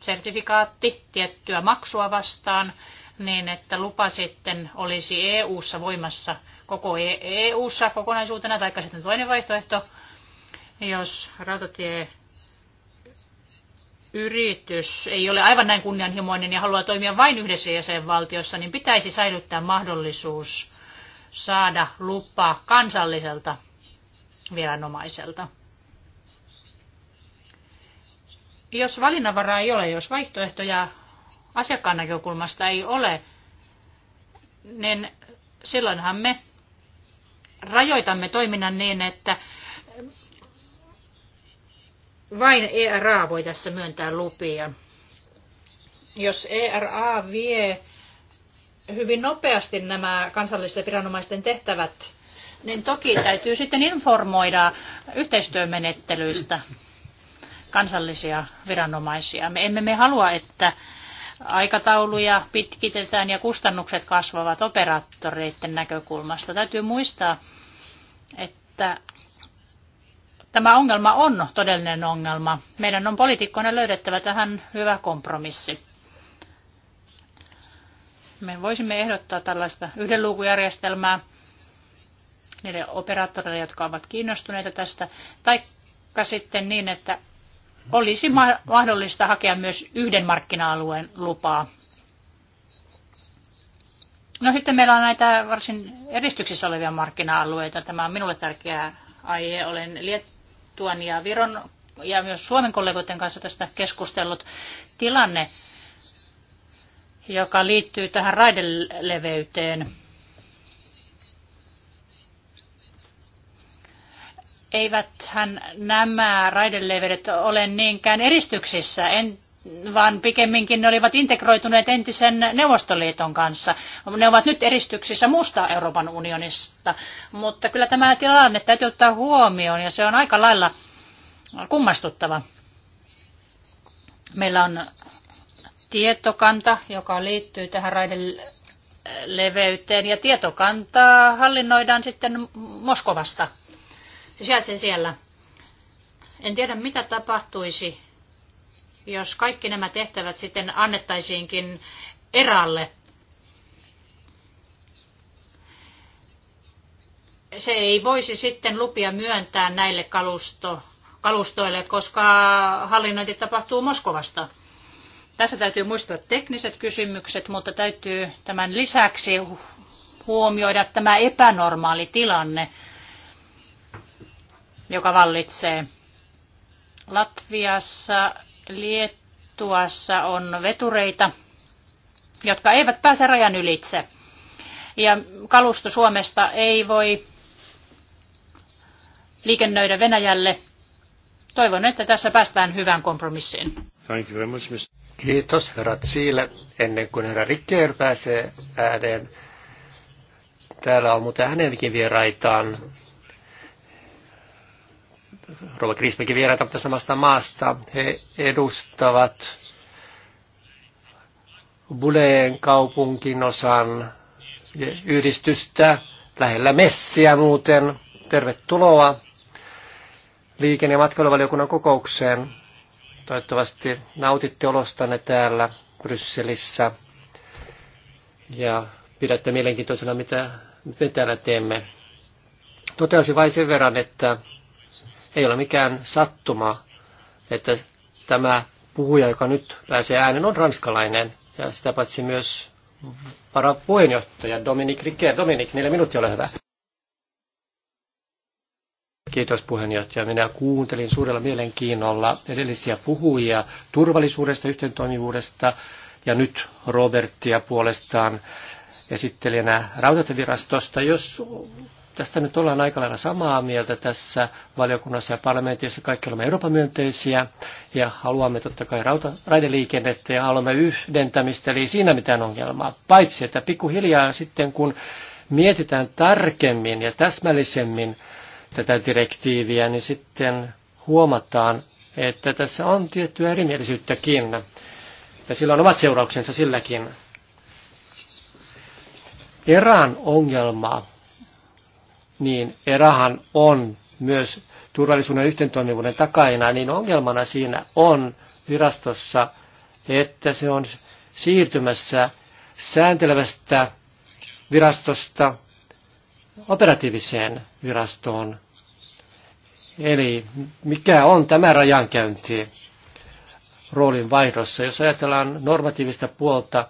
sertifikaatti tiettyä maksua vastaan, niin että lupa sitten olisi EU-ssa voimassa koko EU-ssa e kokonaisuutena, tai sitten toinen vaihtoehto, jos rautatie yritys ei ole aivan näin kunnianhimoinen ja haluaa toimia vain yhdessä jäsenvaltiossa, niin pitäisi säilyttää mahdollisuus saada lupa kansalliselta viranomaiselta. Jos valinnanvaraa ei ole, jos vaihtoehtoja asiakkaan näkökulmasta ei ole, niin silloinhan me rajoitamme toiminnan niin, että vain ERA voi tässä myöntää lupia. Jos ERA vie hyvin nopeasti nämä kansallisten viranomaisten tehtävät, niin toki täytyy sitten informoida yhteistyömenettelyistä kansallisia viranomaisia. Me emme me halua, että aikatauluja pitkitetään ja kustannukset kasvavat operaattoreiden näkökulmasta. Täytyy muistaa, että Tämä ongelma on todellinen ongelma. Meidän on poliitikkoina löydettävä tähän hyvä kompromissi. Me voisimme ehdottaa tällaista yhden luukujärjestelmää niille operaattoreille, jotka ovat kiinnostuneita tästä, tai sitten niin, että olisi mahdollista hakea myös yhden markkina-alueen lupaa. No sitten meillä on näitä varsin eristyksissä olevia markkina-alueita. Tämä on minulle tärkeä aihe. Olen liet. Liettuan ja Viron ja myös Suomen kollegoiden kanssa tästä keskustellut tilanne, joka liittyy tähän raideleveyteen. Eiväthän nämä raideleveydet ole niinkään eristyksissä. En vaan pikemminkin ne olivat integroituneet entisen Neuvostoliiton kanssa. Ne ovat nyt eristyksissä musta Euroopan unionista, mutta kyllä tämä tilanne täytyy ottaa huomioon ja se on aika lailla kummastuttava. Meillä on tietokanta, joka liittyy tähän raiden leveyteen ja tietokantaa hallinnoidaan sitten Moskovasta. Se sijaitsee siellä. En tiedä, mitä tapahtuisi, jos kaikki nämä tehtävät sitten annettaisiinkin eralle, se ei voisi sitten lupia myöntää näille kalusto, kalustoille, koska hallinnointi tapahtuu Moskovasta. Tässä täytyy muistaa tekniset kysymykset, mutta täytyy tämän lisäksi huomioida tämä epänormaali tilanne, joka vallitsee. Latviassa Liettuassa on vetureita, jotka eivät pääse rajan ylitse. Ja kalusto Suomesta ei voi liikennöidä Venäjälle. Toivon, että tässä päästään hyvään kompromissiin. Thank you very much, Mr. Kiitos, herra Tsiile. Ennen kuin herra Rikkeer pääsee ääneen, täällä on muuten hänenkin vieraitaan Rova Krismikin vieraita mutta samasta maasta. He edustavat Buleen kaupunkin osan yhdistystä lähellä messiä muuten. Tervetuloa liikenne- ja matkailuvaliokunnan kokoukseen. Toivottavasti nautitte olostanne täällä Brysselissä ja pidätte mielenkiintoisena, mitä me täällä teemme. Toteasin vain sen verran, että ei ole mikään sattuma, että tämä puhuja, joka nyt pääsee äänen, on ranskalainen ja sitä paitsi myös varapuheenjohtaja Dominik Riker. Dominik, neljä minuuttia, ole hyvä. Kiitos puheenjohtaja. Minä kuuntelin suurella mielenkiinnolla edellisiä puhujia turvallisuudesta, yhteentoimivuudesta ja nyt Robertia puolestaan esittelijänä rautatevirastosta. Jos tästä nyt ollaan aika lailla samaa mieltä tässä valiokunnassa ja parlamentissa. Kaikki olemme Euroopan myönteisiä ja haluamme totta kai rauta, raideliikennettä ja haluamme yhdentämistä, eli ei siinä mitään ongelmaa. Paitsi, että pikkuhiljaa sitten kun mietitään tarkemmin ja täsmällisemmin tätä direktiiviä, niin sitten huomataan, että tässä on tiettyä erimielisyyttäkin. Ja sillä on omat seurauksensa silläkin. Erään ongelmaa niin erahan on myös turvallisuuden yhteentoimivuuden takaina, niin ongelmana siinä on virastossa, että se on siirtymässä sääntelevästä virastosta operatiiviseen virastoon. Eli mikä on tämä rajankäynti roolin vaihdossa? Jos ajatellaan normatiivista puolta,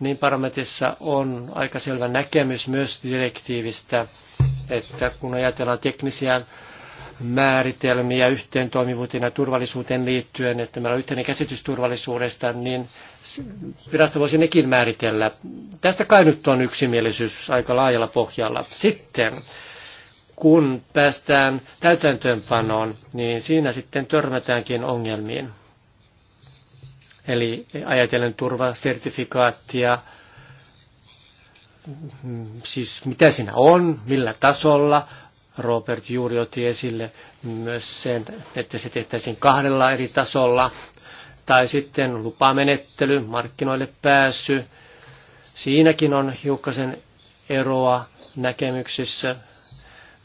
niin parametissa on aika selvä näkemys myös direktiivistä että kun ajatellaan teknisiä määritelmiä yhteen toimivuuteen ja turvallisuuteen liittyen, että meillä on yhteinen käsitys turvallisuudesta, niin virasto voisi nekin määritellä. Tästä kai nyt on yksimielisyys aika laajalla pohjalla. Sitten kun päästään täytäntöönpanoon, niin siinä sitten törmätäänkin ongelmiin. Eli ajatellen turvasertifikaattia, siis mitä siinä on, millä tasolla. Robert juuri otti esille myös sen, että se tehtäisiin kahdella eri tasolla. Tai sitten lupamenettely, markkinoille pääsy. Siinäkin on hiukkasen eroa näkemyksissä,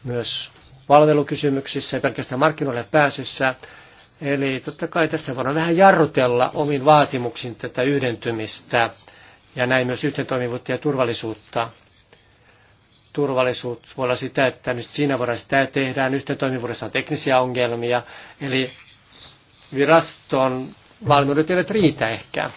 myös palvelukysymyksissä ja pelkästään markkinoille pääsyssä. Eli totta kai tässä voidaan vähän jarrutella omin vaatimuksin tätä yhdentymistä ja näin myös yhteentoimivuutta ja turvallisuutta. Turvallisuus voi olla sitä, että nyt siinä voidaan sitä tehdään, yhteentoimivuudessa on teknisiä ongelmia, eli viraston valmiudet eivät riitä ehkä.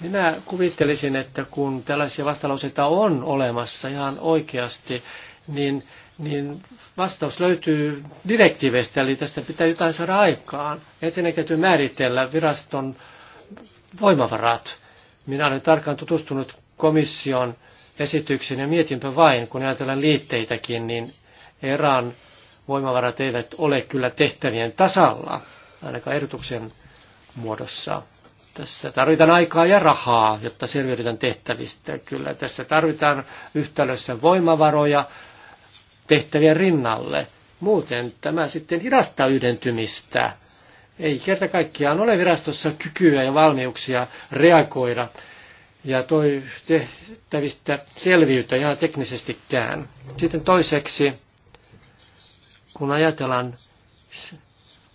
Minä kuvittelisin, että kun tällaisia vastalauseita on olemassa ihan oikeasti, niin, niin vastaus löytyy direktiiveistä, eli tästä pitää jotain saada aikaan. Ensinnäkin täytyy määritellä viraston voimavarat. Minä olen tarkkaan tutustunut komission esityksiin ja mietinpä vain, kun ajatellaan liitteitäkin, niin erään voimavarat eivät ole kyllä tehtävien tasalla, ainakaan erotuksen muodossa. Tässä tarvitaan aikaa ja rahaa, jotta selviydytään tehtävistä. Kyllä tässä tarvitaan yhtälössä voimavaroja tehtävien rinnalle. Muuten tämä sitten hidastaa yhdentymistä ei kerta kaikkiaan ole virastossa kykyä ja valmiuksia reagoida ja toi tehtävistä selviytyä ihan teknisestikään. Sitten toiseksi, kun ajatellaan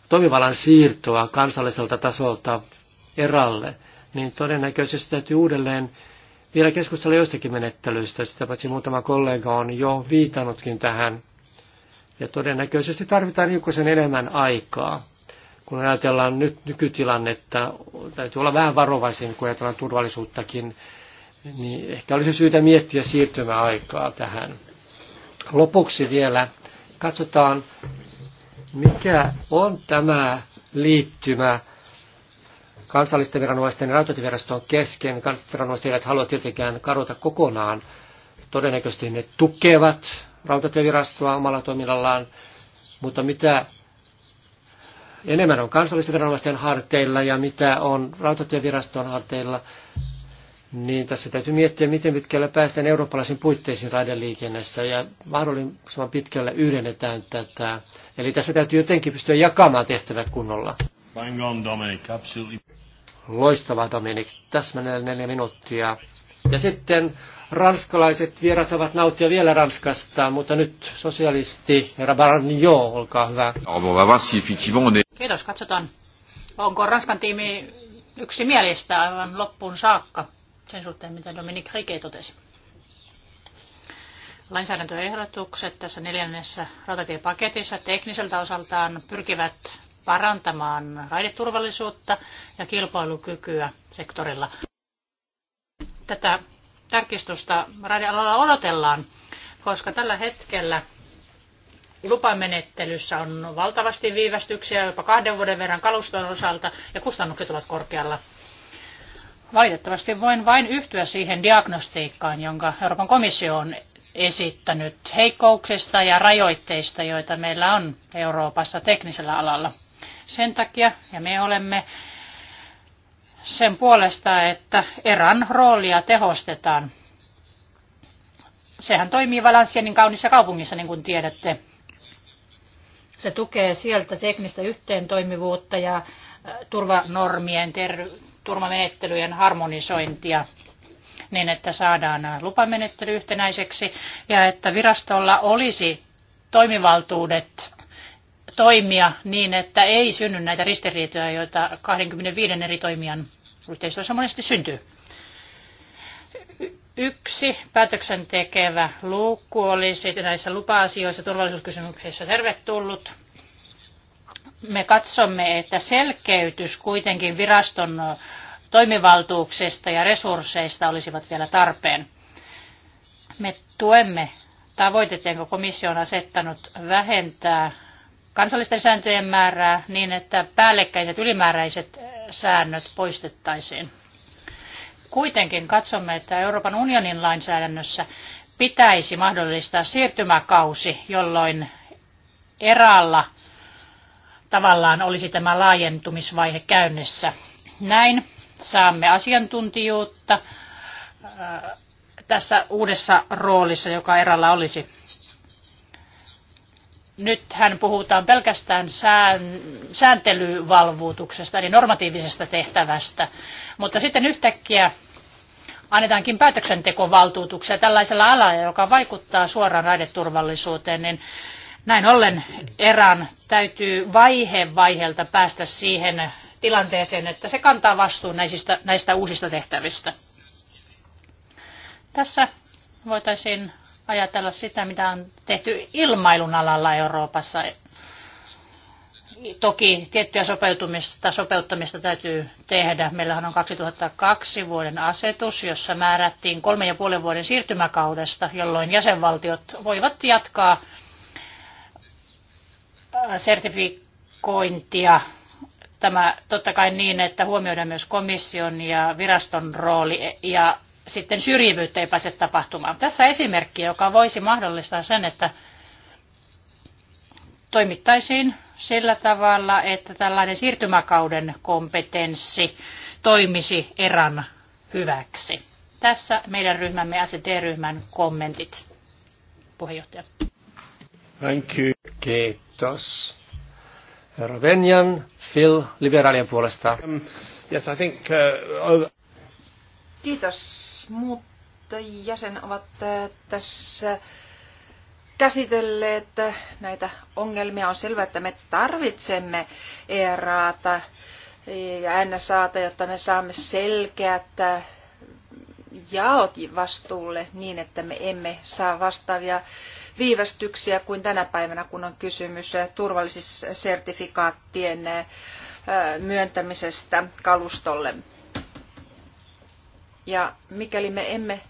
toimivallan siirtoa kansalliselta tasolta eralle, niin todennäköisesti täytyy uudelleen vielä keskustella joistakin menettelyistä, sitä paitsi muutama kollega on jo viitannutkin tähän. Ja todennäköisesti tarvitaan hiukkasen enemmän aikaa kun ajatellaan nyt nykytilannetta, täytyy olla vähän varovaisin, kun ajatellaan turvallisuuttakin, niin ehkä olisi syytä miettiä siirtymäaikaa tähän. Lopuksi vielä katsotaan, mikä on tämä liittymä kansallisten viranomaisten ja rautatieviraston kesken. Kansalliset viranomaiset eivät halua tietenkään kadota kokonaan. Todennäköisesti ne tukevat rautatievirastoa omalla toiminnallaan, mutta mitä enemmän on kansallisviranomaisten harteilla ja mitä on rautatieviraston harteilla, niin tässä täytyy miettiä, miten pitkällä päästään eurooppalaisiin puitteisiin raideliikenteessä ja mahdollisimman pitkällä yhdennetään tätä. Eli tässä täytyy jotenkin pystyä jakamaan tehtävät kunnolla. Bang on, Dominic, absolutely. Loistava Dominic, täsmälleen neljä minuuttia. Ja sitten ranskalaiset vierat saavat nauttia vielä Ranskasta, mutta nyt sosialisti, herra Barnio, olkaa hyvä. Kiitos, katsotaan. Onko Ranskan tiimi mielistä aivan loppuun saakka sen suhteen, mitä Dominik Rike totesi? Lainsäädäntöehdotukset tässä neljännessä rautatiepaketissa tekniseltä osaltaan pyrkivät parantamaan raideturvallisuutta ja kilpailukykyä sektorilla. Tätä tarkistusta raidealalla odotellaan, koska tällä hetkellä lupamenettelyssä on valtavasti viivästyksiä, jopa kahden vuoden verran kaluston osalta, ja kustannukset ovat korkealla. Valitettavasti voin vain yhtyä siihen diagnostiikkaan, jonka Euroopan komissio on esittänyt heikkouksista ja rajoitteista, joita meillä on Euroopassa teknisellä alalla. Sen takia, ja me olemme sen puolesta, että erän roolia tehostetaan. Sehän toimii Valanssienin kaunissa kaupungissa, niin kuin tiedätte. Se tukee sieltä teknistä yhteentoimivuutta ja äh, turvanormien, ter- turvamenettelyjen harmonisointia niin, että saadaan äh, lupamenettely yhtenäiseksi ja että virastolla olisi toimivaltuudet toimia niin, että ei synny näitä ristiriitoja, joita 25 eri toimijan yhteistyössä monesti syntyy. Yksi päätöksen tekevä luukku olisi näissä lupa-asioissa ja turvallisuuskysymyksissä tervetullut. Me katsomme, että selkeytys kuitenkin viraston toimivaltuuksista ja resursseista olisivat vielä tarpeen. Me tuemme tavoitetta, jonka komissio on asettanut vähentää kansallisten sääntöjen määrää niin, että päällekkäiset ylimääräiset säännöt poistettaisiin. Kuitenkin katsomme, että Euroopan unionin lainsäädännössä pitäisi mahdollistaa siirtymäkausi, jolloin eräällä tavallaan olisi tämä laajentumisvaihe käynnissä. Näin saamme asiantuntijuutta äh, tässä uudessa roolissa, joka erällä olisi nythän puhutaan pelkästään sään, sääntelyvalvuutuksesta, eli normatiivisesta tehtävästä, mutta sitten yhtäkkiä annetaankin päätöksentekovaltuutuksia tällaisella alalla, joka vaikuttaa suoraan raideturvallisuuteen, niin näin ollen erään täytyy vaihe vaiheelta päästä siihen tilanteeseen, että se kantaa vastuun näistä, näistä uusista tehtävistä. Tässä voitaisiin ajatella sitä, mitä on tehty ilmailun alalla Euroopassa. Toki tiettyä sopeutumista, sopeuttamista täytyy tehdä. Meillähän on 2002 vuoden asetus, jossa määrättiin kolme ja puolen vuoden siirtymäkaudesta, jolloin jäsenvaltiot voivat jatkaa äh, sertifikointia tämä totta kai niin, että huomioidaan myös komission ja viraston rooli ja sitten syrjivyyttä ei pääse tapahtumaan. Tässä esimerkki, joka voisi mahdollistaa sen, että toimittaisiin sillä tavalla, että tällainen siirtymäkauden kompetenssi toimisi erän hyväksi. Tässä meidän ryhmämme ST-ryhmän kommentit. Puheenjohtaja. Thank you. Kiitos. Herra Venjan, Phil, liberaalien puolesta. Um, yes, I think, uh, Kiitos. Muut jäsen ovat tässä käsitelleet näitä ongelmia. On selvää, että me tarvitsemme ERAta ja NSAta, jotta me saamme selkeät jaot vastuulle niin, että me emme saa vastaavia viivästyksiä kuin tänä päivänä, kun on kysymys turvallisissertifikaattien myöntämisestä kalustolle. Ja mikäli me emme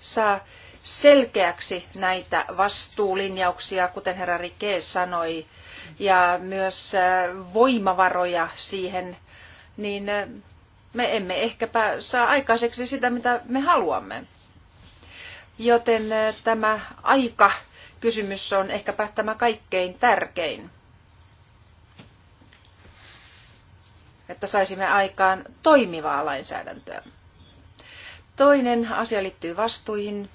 saa selkeäksi näitä vastuulinjauksia, kuten herra Rike sanoi, ja myös äh, voimavaroja siihen, niin äh, me emme ehkäpä saa aikaiseksi sitä, mitä me haluamme. Joten äh, tämä aika kysymys on ehkäpä tämä kaikkein tärkein. että saisimme aikaan toimivaa lainsäädäntöä. Toinen asia liittyy vastuihin.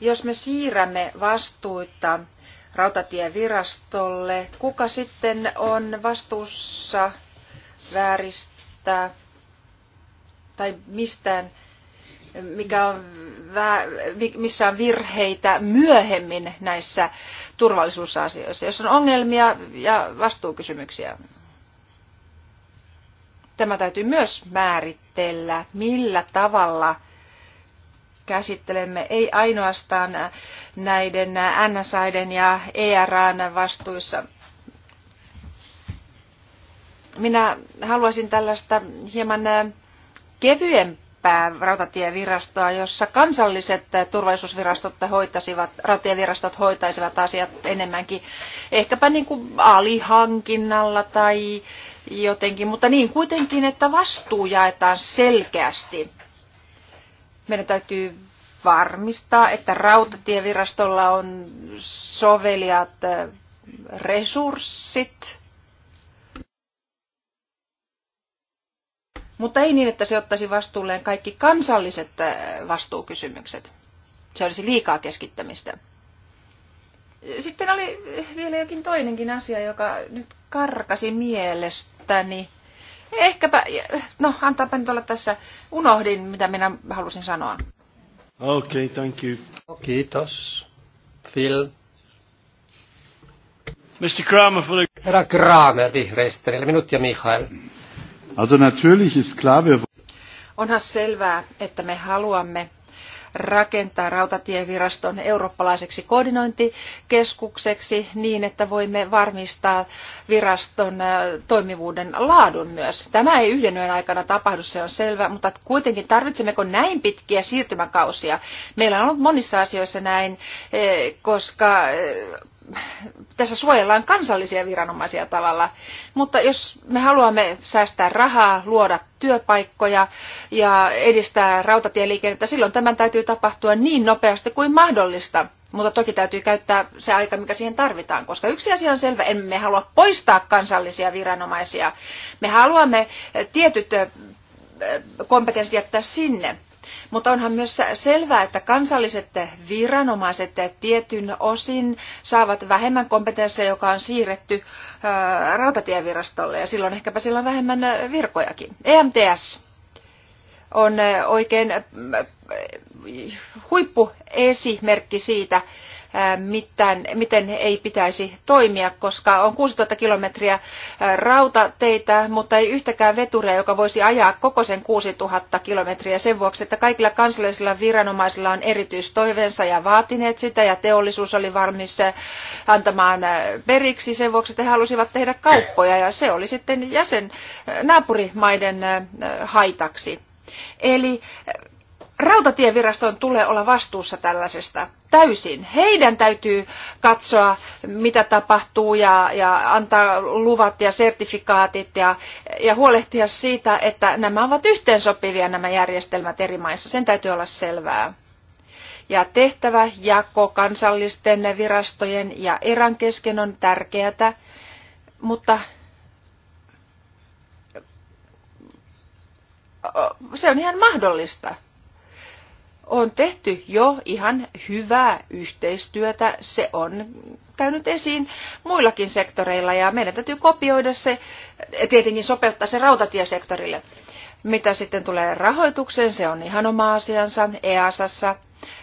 Jos me siirrämme vastuuta rautatievirastolle, kuka sitten on vastuussa vääristä tai mistään mikä on, missä on virheitä myöhemmin näissä turvallisuusasioissa, jos on ongelmia ja vastuukysymyksiä. Tämä täytyy myös määritellä, millä tavalla käsittelemme ei ainoastaan näiden NSAiden ja ERAn vastuissa. Minä haluaisin tällaista hieman kevyempää päärautatievirastoa, jossa kansalliset turvallisuusvirastot hoitaisivat, rautatievirastot hoitaisivat asiat enemmänkin, ehkäpä niin kuin alihankinnalla tai jotenkin, mutta niin kuitenkin, että vastuu jaetaan selkeästi. Meidän täytyy varmistaa, että rautatievirastolla on soveliat resurssit mutta ei niin, että se ottaisi vastuulleen kaikki kansalliset äh, vastuukysymykset. Se olisi liikaa keskittämistä. Sitten oli äh, vielä jokin toinenkin asia, joka nyt karkasi mielestäni. Ehkäpä, äh, no antaapa nyt olla tässä, unohdin mitä minä halusin sanoa. Okei, okay, thank you. Kiitos. Phil. Mr. Kramer for the... Herra Kramer vihreistä, minut ja Mihail. Also natürlich ist klar, wir Onhan selvää, että me haluamme rakentaa rautatieviraston eurooppalaiseksi koordinointikeskukseksi niin, että voimme varmistaa viraston äh, toimivuuden laadun myös. Tämä ei yhden yön aikana tapahdu, se on selvä, mutta kuitenkin tarvitsemmeko näin pitkiä siirtymäkausia? Meillä on ollut monissa asioissa näin, äh, koska äh, tässä suojellaan kansallisia viranomaisia tavalla. Mutta jos me haluamme säästää rahaa, luoda työpaikkoja ja edistää rautatieliikennettä, silloin tämän täytyy tapahtua niin nopeasti kuin mahdollista. Mutta toki täytyy käyttää se aika, mikä siihen tarvitaan, koska yksi asia on selvä, emme me halua poistaa kansallisia viranomaisia. Me haluamme tietyt kompetenssit jättää sinne. Mutta onhan myös selvää, että kansalliset viranomaiset tietyn osin saavat vähemmän kompetenssia, joka on siirretty rautatievirastolle ja silloin ehkäpä sillä on vähemmän virkojakin. EMTS on oikein huippuesimerkki siitä, mitään, miten ei pitäisi toimia, koska on 6000 kilometriä rautateitä, mutta ei yhtäkään veturia, joka voisi ajaa koko sen 6000 kilometriä sen vuoksi, että kaikilla kansallisilla viranomaisilla on erityistoiveensa ja vaatineet sitä, ja teollisuus oli valmis antamaan periksi sen vuoksi, että he halusivat tehdä kauppoja, ja se oli sitten jäsen naapurimaiden haitaksi. Eli Rautatieviraston tulee olla vastuussa tällaisesta täysin. Heidän täytyy katsoa, mitä tapahtuu ja, ja antaa luvat ja sertifikaatit ja, ja huolehtia siitä, että nämä ovat yhteensopivia nämä järjestelmät eri maissa. Sen täytyy olla selvää. Ja tehtävä jako kansallisten virastojen ja erän kesken on tärkeätä, mutta se on ihan mahdollista on tehty jo ihan hyvää yhteistyötä. Se on käynyt esiin muillakin sektoreilla ja meidän täytyy kopioida se, tietenkin sopeuttaa se rautatiesektorille. Mitä sitten tulee rahoitukseen, se on ihan oma asiansa EASassa.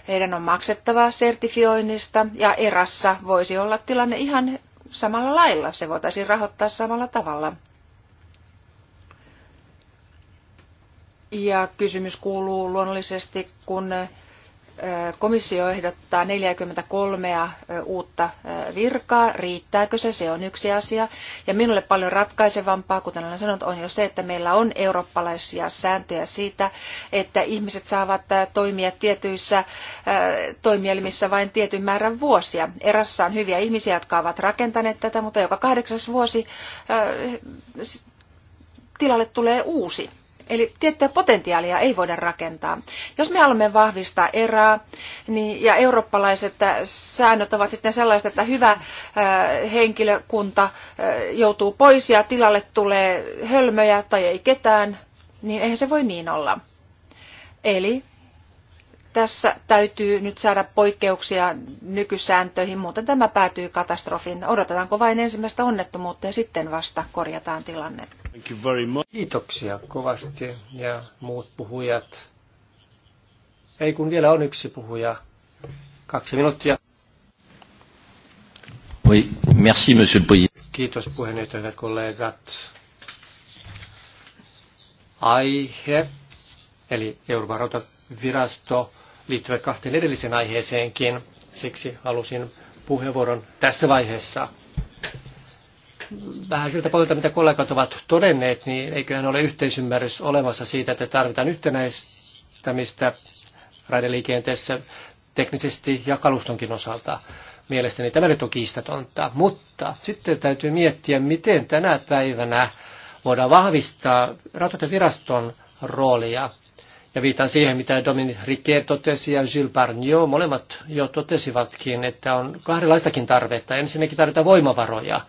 Heidän on maksettava sertifioinnista ja erassa voisi olla tilanne ihan samalla lailla. Se voitaisiin rahoittaa samalla tavalla. Ja kysymys kuuluu luonnollisesti, kun komissio ehdottaa 43 uutta virkaa, riittääkö se, se on yksi asia. Ja minulle paljon ratkaisevampaa, kuten olen sanonut, on jo se, että meillä on eurooppalaisia sääntöjä siitä, että ihmiset saavat toimia tietyissä toimielimissä vain tietyn määrän vuosia. Erässä on hyviä ihmisiä, jotka ovat rakentaneet tätä, mutta joka kahdeksas vuosi tilalle tulee uusi. Eli tiettyä potentiaalia ei voida rakentaa. Jos me haluamme vahvistaa erää, niin, ja eurooppalaiset äh, säännöt ovat sitten sellaiset, että hyvä äh, henkilökunta äh, joutuu pois ja tilalle tulee hölmöjä tai ei ketään, niin eihän se voi niin olla. Eli tässä täytyy nyt saada poikkeuksia nykysääntöihin, muuten tämä päätyy katastrofiin. Odotetaanko vain ensimmäistä onnettomuutta ja sitten vasta korjataan tilanne. Kiitoksia kovasti ja muut puhujat. Ei kun vielä on yksi puhuja. Kaksi minuuttia. Oui, merci, monsieur le président. Kiitos puheenjohtaja, hyvät kollegat. Aihe, eli Euroopan virasto liittyvät kahteen edelliseen aiheeseenkin. Siksi halusin puheenvuoron tässä vaiheessa. Vähän siltä pohjalta, mitä kollegat ovat todenneet, niin eiköhän ole yhteisymmärrys olemassa siitä, että tarvitaan yhtenäistämistä raideliikenteessä teknisesti ja kalustonkin osalta. Mielestäni tämä nyt on kiistatonta, mutta sitten täytyy miettiä, miten tänä päivänä voidaan vahvistaa rautatieviraston roolia – ja viitan siihen, mitä Dominic Riquet totesi ja Gilles Barnier, molemmat jo totesivatkin, että on kahdenlaistakin tarvetta. Ensinnäkin tarvitaan voimavaroja.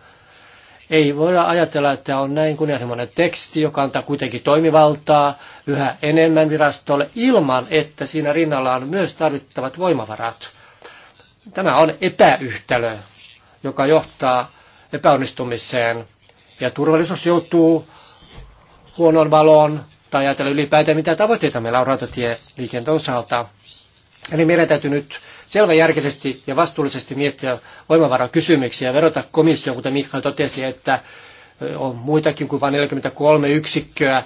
Ei voida ajatella, että on näin kunnianhimoinen teksti, joka antaa kuitenkin toimivaltaa yhä enemmän virastolle ilman, että siinä rinnalla on myös tarvittavat voimavarat. Tämä on epäyhtälö, joka johtaa epäonnistumiseen ja turvallisuus joutuu huonon valoon tai ajatella ylipäätään mitä tavoitteita meillä on rautatieliikenteen osalta. Eli meidän täytyy nyt selväjärkisesti ja vastuullisesti miettiä voimavarakysymyksiä ja verota komissioon, kuten Mikael totesi, että on muitakin kuin vain 43 yksikköä.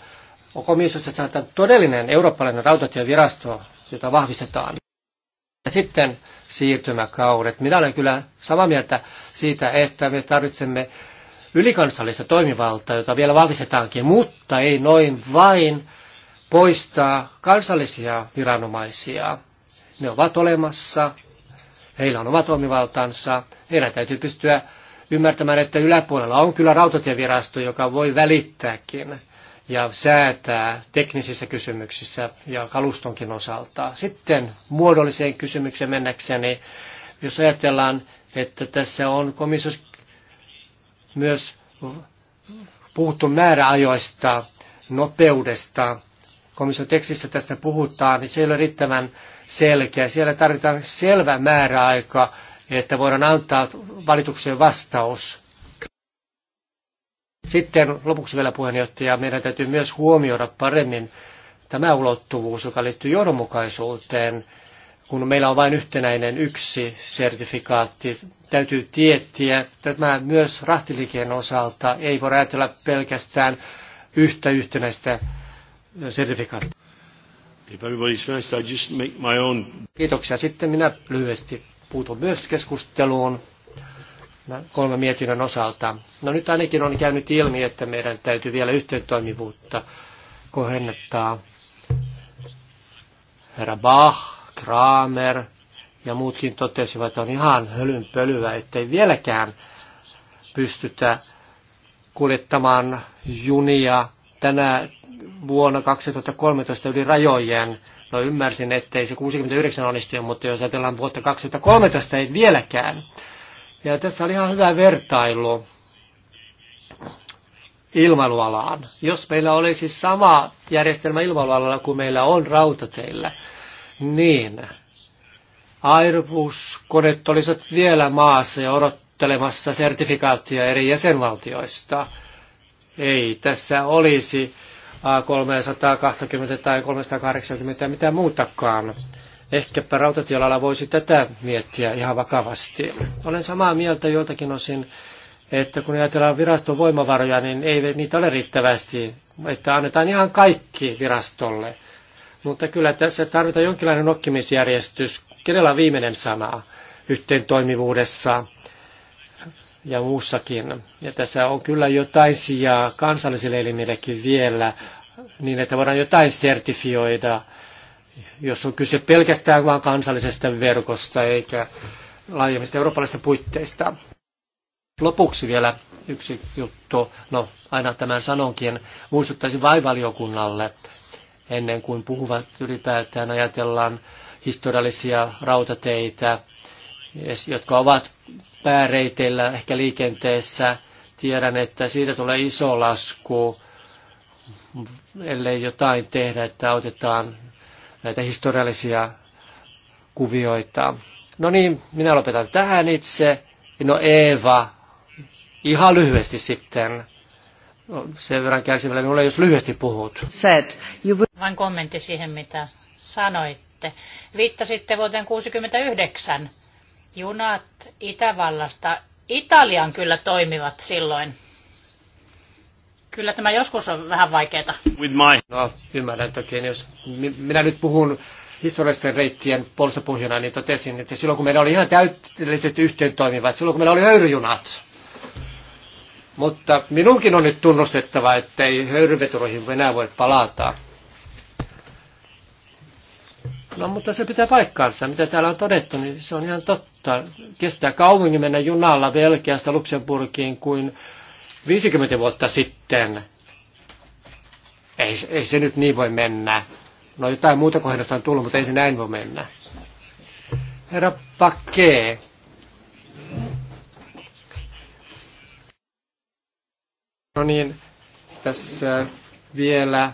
On komissiossa saattaa todellinen eurooppalainen rautatievirasto, jota vahvistetaan. Ja sitten siirtymäkaudet. Minä olen kyllä samaa mieltä siitä, että me tarvitsemme ylikansallista toimivaltaa, jota vielä vahvistetaankin, mutta ei noin vain poistaa kansallisia viranomaisia. Ne ovat olemassa, heillä on oma toimivaltansa, heidän täytyy pystyä ymmärtämään, että yläpuolella on kyllä rautatievirasto, joka voi välittääkin ja säätää teknisissä kysymyksissä ja kalustonkin osalta. Sitten muodolliseen kysymykseen mennäkseni, jos ajatellaan, että tässä on komissiossa myös puhuttu määräajoista, nopeudesta. Komission tekstissä tästä puhutaan, niin se ei ole riittävän selkeä. Siellä tarvitaan selvä määräaika, että voidaan antaa valitukseen vastaus. Sitten lopuksi vielä puheenjohtaja, meidän täytyy myös huomioida paremmin tämä ulottuvuus, joka liittyy johdonmukaisuuteen kun meillä on vain yhtenäinen yksi sertifikaatti, täytyy tiettiä, että tämä myös rahtiliikeen osalta ei voi ajatella pelkästään yhtä yhtenäistä sertifikaattia. Kiitoksia. Sitten minä lyhyesti puutun myös keskusteluun kolme mietinnön osalta. No nyt ainakin on käynyt ilmi, että meidän täytyy vielä yhteentoimivuutta kohennettaa. Herra Bach Kramer ja muutkin totesivat, että on ihan hölynpölyä, ettei vieläkään pystytä kuljettamaan junia tänä vuonna 2013 yli rajojen. No ymmärsin, ettei se 69 onnistu, mutta jos ajatellaan vuotta 2013, ei vieläkään. Ja tässä oli ihan hyvä vertailu ilmailualaan. Jos meillä olisi sama järjestelmä ilmailualalla kuin meillä on rautateillä, niin Airbus-koneet olisivat vielä maassa ja odottelemassa sertifikaattia eri jäsenvaltioista. Ei tässä olisi A320 tai 380 ja mitä muutakaan. Ehkäpä rautatialalla voisi tätä miettiä ihan vakavasti. Olen samaa mieltä joiltakin osin, että kun ajatellaan viraston voimavaroja, niin ei niitä ole riittävästi, että annetaan ihan kaikki virastolle – mutta kyllä tässä tarvitaan jonkinlainen nokkimisjärjestys, kenellä on viimeinen sana yhteen toimivuudessa ja muussakin. Ja tässä on kyllä jotain sijaa kansallisille elimillekin vielä, niin että voidaan jotain sertifioida, jos on kyse pelkästään vain kansallisesta verkosta eikä laajemmista eurooppalaisista puitteista. Lopuksi vielä yksi juttu, no aina tämän sanonkin, muistuttaisin vaivaliokunnalle, ennen kuin puhuvat ylipäätään. Ajatellaan historiallisia rautateitä, jotka ovat pääreiteillä ehkä liikenteessä. Tiedän, että siitä tulee iso lasku, ellei jotain tehdä, että autetaan näitä historiallisia kuvioita. No niin, minä lopetan tähän itse. No Eeva, ihan lyhyesti sitten sen verran kärsivällä minulla, jos lyhyesti puhut. Said, you... Vain kommentti siihen, mitä sanoitte. Viittasitte vuoteen 1969. Junat Itävallasta Italian kyllä toimivat silloin. Kyllä tämä joskus on vähän vaikeaa. With my... No, ymmärrän toki. Niin jos minä nyt puhun historiallisten reittien puolesta niin totesin, että silloin kun meillä oli ihan täydellisesti yhteen toimivat, silloin kun meillä oli höyryjunat, mutta minunkin on nyt tunnustettava, että ei höyryveturoihin enää voi palata. No mutta se pitää paikkaansa. Mitä täällä on todettu, niin se on ihan totta. Kestää kauemmin mennä junalla Belgiasta Luxemburgiin kuin 50 vuotta sitten. Ei, ei se nyt niin voi mennä. No jotain muuta kohdasta on tullut, mutta ei se näin voi mennä. Herra Pakkee, No niin, tässä vielä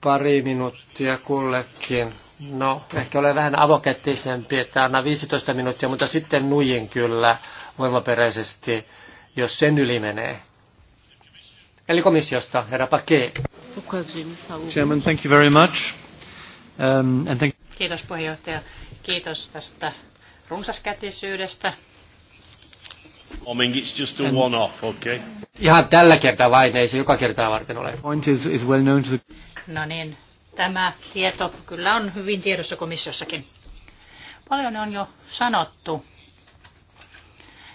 pari minuuttia kullekin. No, ehkä olen vähän avokettisempi, että anna 15 minuuttia, mutta sitten nujin kyllä voimaperäisesti, jos sen yli menee. Eli komissiosta, herra Pake. Chairman, thank you very much. Um, and thank... Kiitos puheenjohtaja. Kiitos tästä runsaskätisyydestä Oming, it's just a one-off, okay? Ihan tällä kertaa vain, ei se joka kertaa varten ole. Point is, is well known to the... No niin, tämä tieto kyllä on hyvin tiedossa komissiossakin. Paljon on jo sanottu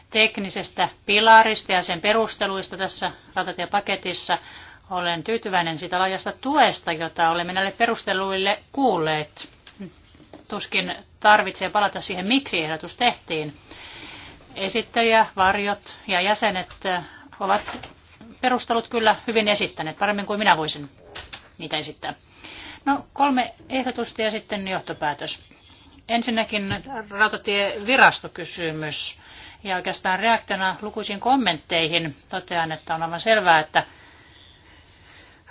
teknisestä pilarista ja sen perusteluista tässä rautatiepaketissa. Olen tyytyväinen siitä laajasta tuesta, jota olemme näille perusteluille kuulleet. Tuskin tarvitsee palata siihen, miksi ehdotus tehtiin esittäjä, varjot ja jäsenet äh, ovat perustelut kyllä hyvin esittäneet, paremmin kuin minä voisin niitä esittää. No kolme ehdotusta ja sitten johtopäätös. Ensinnäkin rautatievirastokysymys. Ja oikeastaan reaktiona lukuisiin kommentteihin totean, että on aivan selvää, että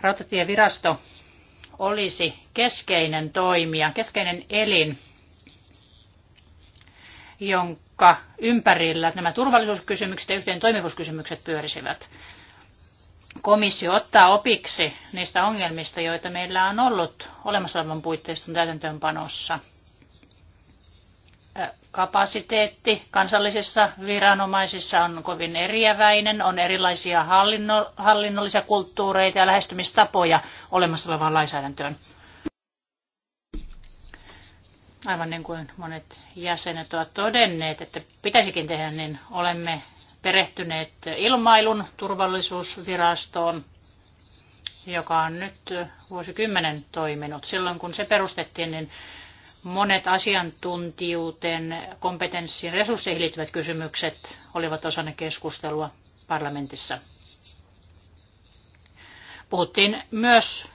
rautatievirasto olisi keskeinen toimija, keskeinen elin, jonka uhka ympärillä että nämä turvallisuuskysymykset ja yhteen toimivuuskysymykset pyörisivät. Komissio ottaa opiksi niistä ongelmista, joita meillä on ollut olemassa olevan puitteiston täytäntöönpanossa. Kapasiteetti kansallisissa viranomaisissa on kovin eriäväinen, on erilaisia hallinnollisia kulttuureita ja lähestymistapoja olemassa olevaan lainsäädäntöön aivan niin kuin monet jäsenet ovat todenneet, että pitäisikin tehdä, niin olemme perehtyneet ilmailun turvallisuusvirastoon, joka on nyt vuosikymmenen toiminut. Silloin kun se perustettiin, niin monet asiantuntijuuteen, kompetenssiin, resursseihin liittyvät kysymykset olivat osana keskustelua parlamentissa. Puhuttiin myös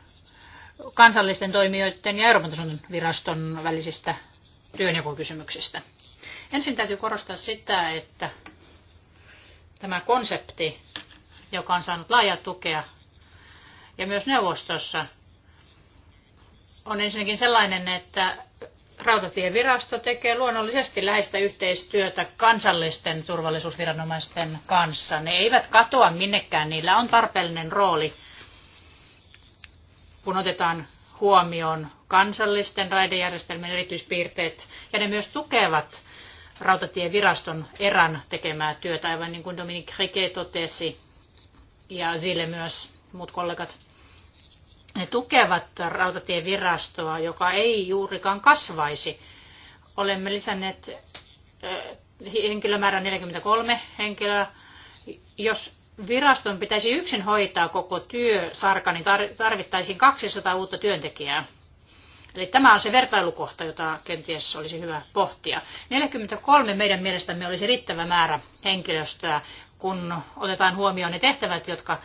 kansallisten toimijoiden ja Euroopan tason viraston välisistä työnjakokysymyksistä. Ensin täytyy korostaa sitä, että tämä konsepti, joka on saanut laajaa tukea ja myös neuvostossa, on ensinnäkin sellainen, että Rautatievirasto tekee luonnollisesti läheistä yhteistyötä kansallisten turvallisuusviranomaisten kanssa. Ne eivät katoa minnekään, niillä on tarpeellinen rooli – kun otetaan huomioon kansallisten raidejärjestelmien erityispiirteet, ja ne myös tukevat rautatieviraston erän tekemää työtä, aivan niin kuin Dominique Riquet totesi, ja sille myös muut kollegat. Ne tukevat rautatievirastoa, joka ei juurikaan kasvaisi. Olemme lisänneet henkilömäärä 43 henkilöä. Jos viraston pitäisi yksin hoitaa koko työsarka, niin tarvittaisiin 200 uutta työntekijää. Eli tämä on se vertailukohta, jota kenties olisi hyvä pohtia. 43 meidän mielestämme olisi riittävä määrä henkilöstöä, kun otetaan huomioon ne tehtävät, jotka,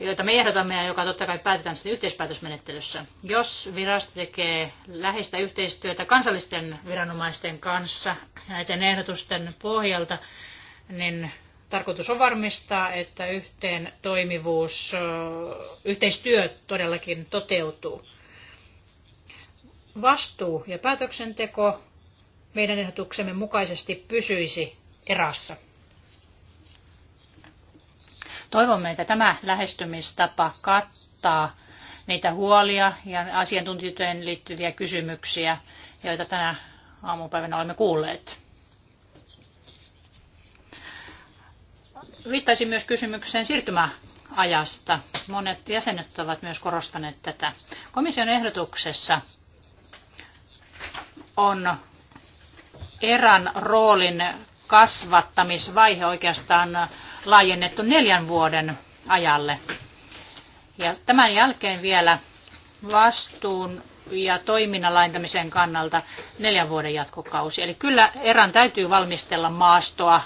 joita me ehdotamme ja joka totta kai päätetään sitten yhteispäätösmenettelyssä. Jos virasto tekee läheistä yhteistyötä kansallisten viranomaisten kanssa näiden ehdotusten pohjalta, niin Tarkoitus on varmistaa, että yhteen toimivuus, yhteistyö todellakin toteutuu. Vastuu ja päätöksenteko meidän ehdotuksemme mukaisesti pysyisi erässä. Toivomme, että tämä lähestymistapa kattaa niitä huolia ja asiantuntijoiden liittyviä kysymyksiä, joita tänä aamupäivänä olemme kuulleet. Viittaisin myös kysymykseen siirtymäajasta. Monet jäsenet ovat myös korostaneet tätä. Komission ehdotuksessa on erän roolin kasvattamisvaihe oikeastaan laajennettu neljän vuoden ajalle. Ja tämän jälkeen vielä vastuun ja toiminnan laajentamisen kannalta neljän vuoden jatkokausi. Eli kyllä erän täytyy valmistella maastoa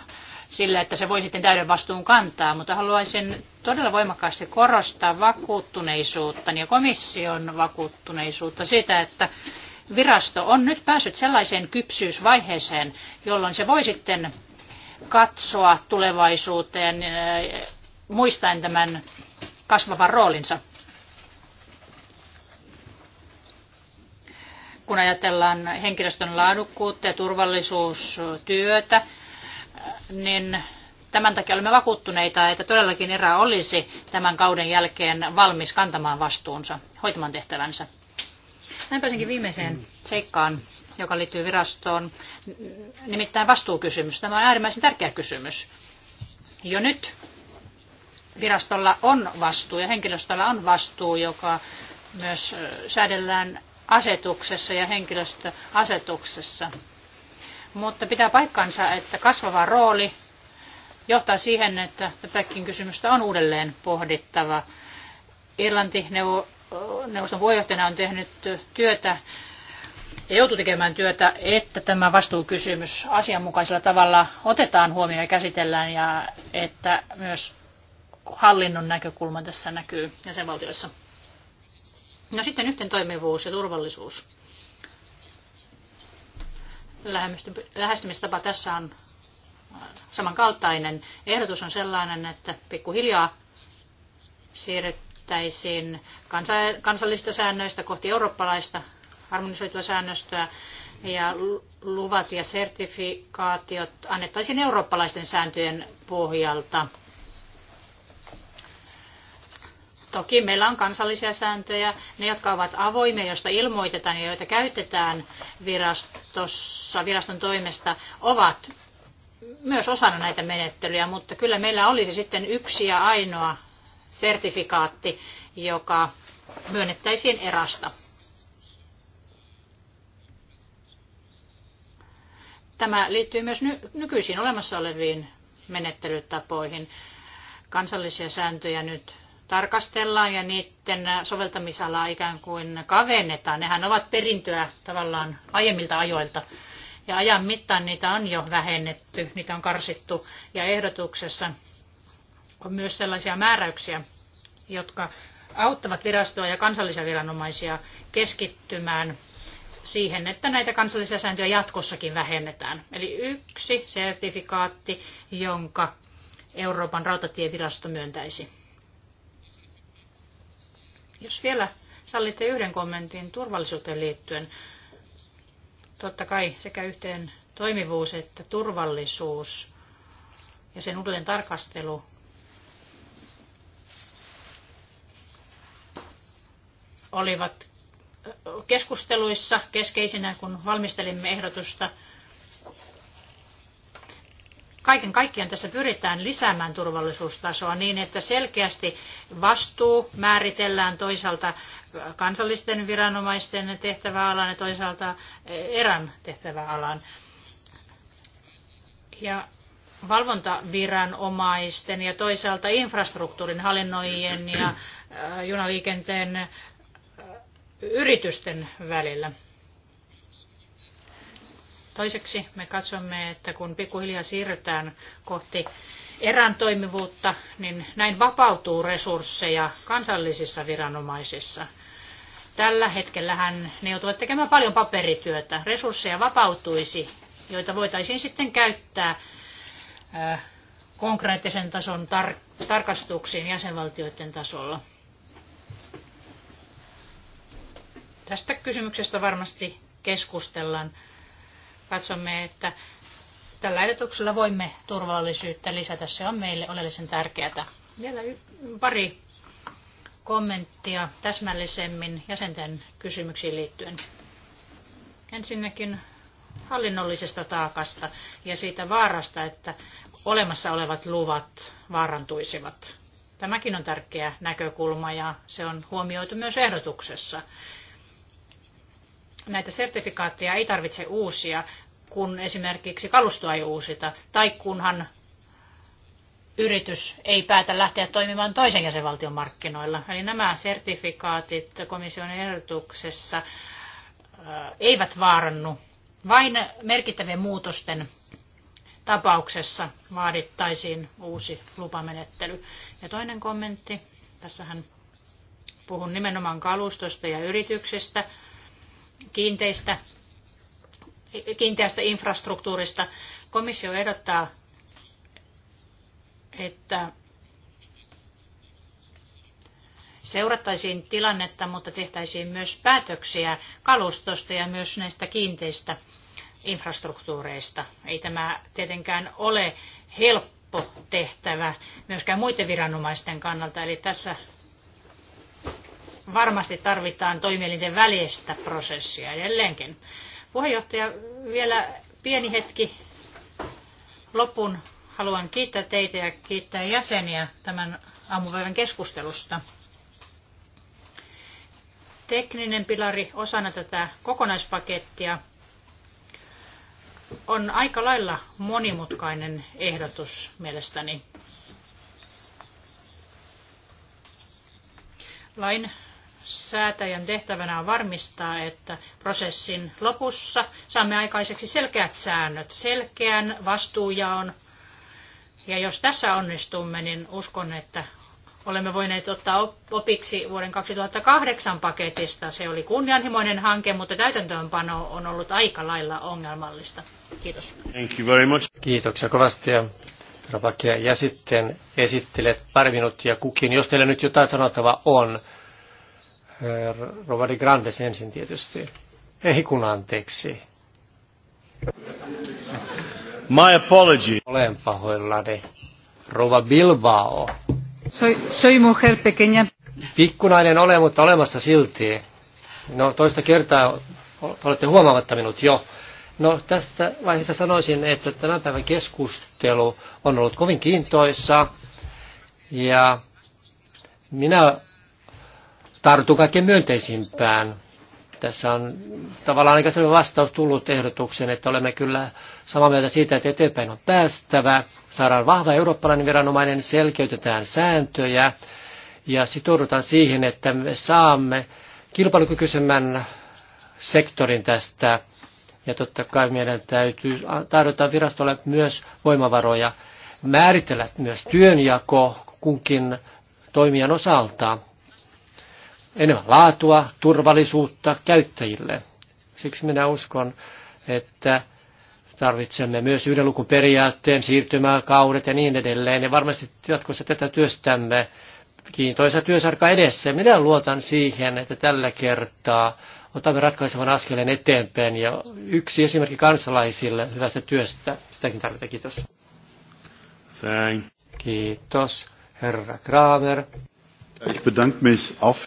sillä, että se voi sitten täyden vastuun kantaa, mutta haluaisin todella voimakkaasti korostaa vakuuttuneisuutta ja komission vakuuttuneisuutta sitä, että virasto on nyt päässyt sellaiseen kypsyysvaiheeseen, jolloin se voi sitten katsoa tulevaisuuteen äh, muistaen tämän kasvavan roolinsa. Kun ajatellaan henkilöstön laadukkuutta ja turvallisuustyötä, niin tämän takia olemme vakuuttuneita, että todellakin erä olisi tämän kauden jälkeen valmis kantamaan vastuunsa, hoitamaan tehtävänsä. Näin pääsenkin viimeiseen seikkaan, joka liittyy virastoon, nimittäin vastuukysymys. Tämä on äärimmäisen tärkeä kysymys. Jo nyt virastolla on vastuu ja henkilöstöllä on vastuu, joka myös säädellään asetuksessa ja henkilöstöasetuksessa mutta pitää paikkansa, että kasvava rooli johtaa siihen, että tätäkin kysymystä on uudelleen pohdittava. Irlanti neuvoston puheenjohtajana on tehnyt työtä ja joutuu tekemään työtä, että tämä vastuukysymys asianmukaisella tavalla otetaan huomioon ja käsitellään ja että myös hallinnon näkökulma tässä näkyy jäsenvaltioissa. No sitten yhteen toimivuus ja turvallisuus lähestymistapa tässä on äh, samankaltainen. Ehdotus on sellainen, että pikkuhiljaa siirryttäisiin kansallista säännöistä kohti eurooppalaista harmonisoitua säännöstöä ja luvat ja sertifikaatiot annettaisiin eurooppalaisten sääntöjen pohjalta Toki meillä on kansallisia sääntöjä, ne jotka ovat avoimia, joista ilmoitetaan ja joita käytetään virastossa, viraston toimesta, ovat myös osana näitä menettelyjä, mutta kyllä meillä olisi sitten yksi ja ainoa sertifikaatti, joka myönnettäisiin erasta. Tämä liittyy myös ny- nykyisiin olemassa oleviin menettelytapoihin. Kansallisia sääntöjä nyt tarkastellaan ja niiden soveltamisalaa ikään kuin kavennetaan. Nehän ovat perintöä tavallaan aiemmilta ajoilta. Ja ajan mittaan niitä on jo vähennetty, niitä on karsittu. Ja ehdotuksessa on myös sellaisia määräyksiä, jotka auttavat virastoa ja kansallisia viranomaisia keskittymään siihen, että näitä kansallisia sääntöjä jatkossakin vähennetään. Eli yksi sertifikaatti, jonka Euroopan rautatievirasto myöntäisi. Jos vielä sallitte yhden kommentin turvallisuuteen liittyen. Totta kai sekä yhteen toimivuus että turvallisuus ja sen uudelleen tarkastelu olivat keskusteluissa keskeisinä, kun valmistelimme ehdotusta kaiken kaikkiaan tässä pyritään lisäämään turvallisuustasoa niin, että selkeästi vastuu määritellään toisaalta kansallisten viranomaisten tehtäväalan ja toisaalta eh, erän tehtäväalan. Ja valvontaviranomaisten ja toisaalta infrastruktuurin hallinnoijien ja eh, junaliikenteen eh, yritysten välillä. Toiseksi me katsomme, että kun pikkuhiljaa siirrytään kohti erän toimivuutta, niin näin vapautuu resursseja kansallisissa viranomaisissa. Tällä hetkellähän ne joutuvat tekemään paljon paperityötä. Resursseja vapautuisi, joita voitaisiin sitten käyttää konkreettisen tason tar- tarkastuksiin jäsenvaltioiden tasolla. Tästä kysymyksestä varmasti keskustellaan Katsomme, että tällä ehdotuksella voimme turvallisuutta lisätä. Se on meille oleellisen tärkeää. Vielä pari kommenttia täsmällisemmin jäsenten kysymyksiin liittyen. Ensinnäkin hallinnollisesta taakasta ja siitä vaarasta, että olemassa olevat luvat vaarantuisivat. Tämäkin on tärkeä näkökulma ja se on huomioitu myös ehdotuksessa näitä sertifikaatteja ei tarvitse uusia, kun esimerkiksi kalustoa ei uusita, tai kunhan yritys ei päätä lähteä toimimaan toisen jäsenvaltion markkinoilla. Eli nämä sertifikaatit komission ehdotuksessa eivät vaarannu. Vain merkittävien muutosten tapauksessa vaadittaisiin uusi lupamenettely. Ja toinen kommentti, tässähän puhun nimenomaan kalustosta ja yrityksistä kiinteistä, kiinteästä infrastruktuurista. Komissio ehdottaa, että seurattaisiin tilannetta, mutta tehtäisiin myös päätöksiä kalustosta ja myös näistä kiinteistä infrastruktuureista. Ei tämä tietenkään ole helppo tehtävä myöskään muiden viranomaisten kannalta, eli tässä varmasti tarvitaan toimielinten välistä prosessia edelleenkin. Puheenjohtaja, vielä pieni hetki lopun. Haluan kiittää teitä ja kiittää jäseniä tämän aamupäivän keskustelusta. Tekninen pilari osana tätä kokonaispakettia on aika lailla monimutkainen ehdotus mielestäni. Lain säätäjän tehtävänä on varmistaa, että prosessin lopussa saamme aikaiseksi selkeät säännöt, selkeän vastuujaon. Ja jos tässä onnistumme, niin uskon, että olemme voineet ottaa opiksi vuoden 2008 paketista. Se oli kunnianhimoinen hanke, mutta täytäntöönpano on ollut aika lailla ongelmallista. Kiitos. Thank you very much. Kiitoksia kovasti ja Ja sitten esittelet pari minuuttia kukin. Jos teillä nyt jotain sanottavaa on, Rovadi Grandes ensin tietysti. Ei kun anteeksi. My apology. Olen pahoillani. Rova Bilbao. Soy, soy mujer pequeña. Pikkunainen olen, mutta olemassa silti. No toista kertaa olette huomaamatta minut jo. No tästä vaiheessa sanoisin, että tämän päivän keskustelu on ollut kovin kiintoissa ja minä tartu kaikkein myönteisimpään. Tässä on tavallaan sellainen vastaus tullut ehdotuksen, että olemme kyllä samaa mieltä siitä, että eteenpäin on päästävä, saadaan vahva eurooppalainen viranomainen, selkeytetään sääntöjä ja sitoudutaan siihen, että me saamme kilpailukykyisemmän sektorin tästä. Ja totta kai meidän täytyy tarjota virastolle myös voimavaroja määritellä myös työnjako kunkin toimijan osalta enemmän laatua, turvallisuutta käyttäjille. Siksi minä uskon, että tarvitsemme myös yhden lukun periaatteen, siirtymäkaudet ja niin edelleen. Ja varmasti jatkossa tätä työstämme kiintoisa työsarka edessä. Minä luotan siihen, että tällä kertaa otamme ratkaisevan askeleen eteenpäin ja yksi esimerkki kansalaisille hyvästä työstä. Sitäkin tarvitaan. Kiitos. Thank. Kiitos, herra Kramer. Ich bedanke mich auf.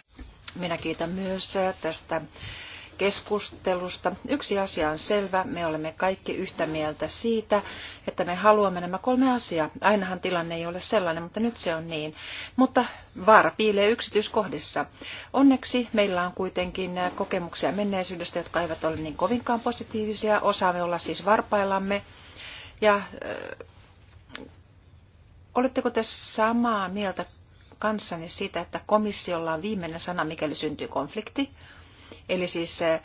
Minä kiitän myös tästä keskustelusta. Yksi asia on selvä, me olemme kaikki yhtä mieltä siitä, että me haluamme nämä kolme asiaa. Ainahan tilanne ei ole sellainen, mutta nyt se on niin. Mutta vaara piilee yksityiskohdissa. Onneksi meillä on kuitenkin kokemuksia menneisyydestä, jotka eivät ole niin kovinkaan positiivisia. Osaamme olla siis varpaillamme. Ja äh, oletteko te samaa mieltä Kanssani siitä, että komissiolla on viimeinen sana, mikäli syntyy konflikti. Eli siis äh,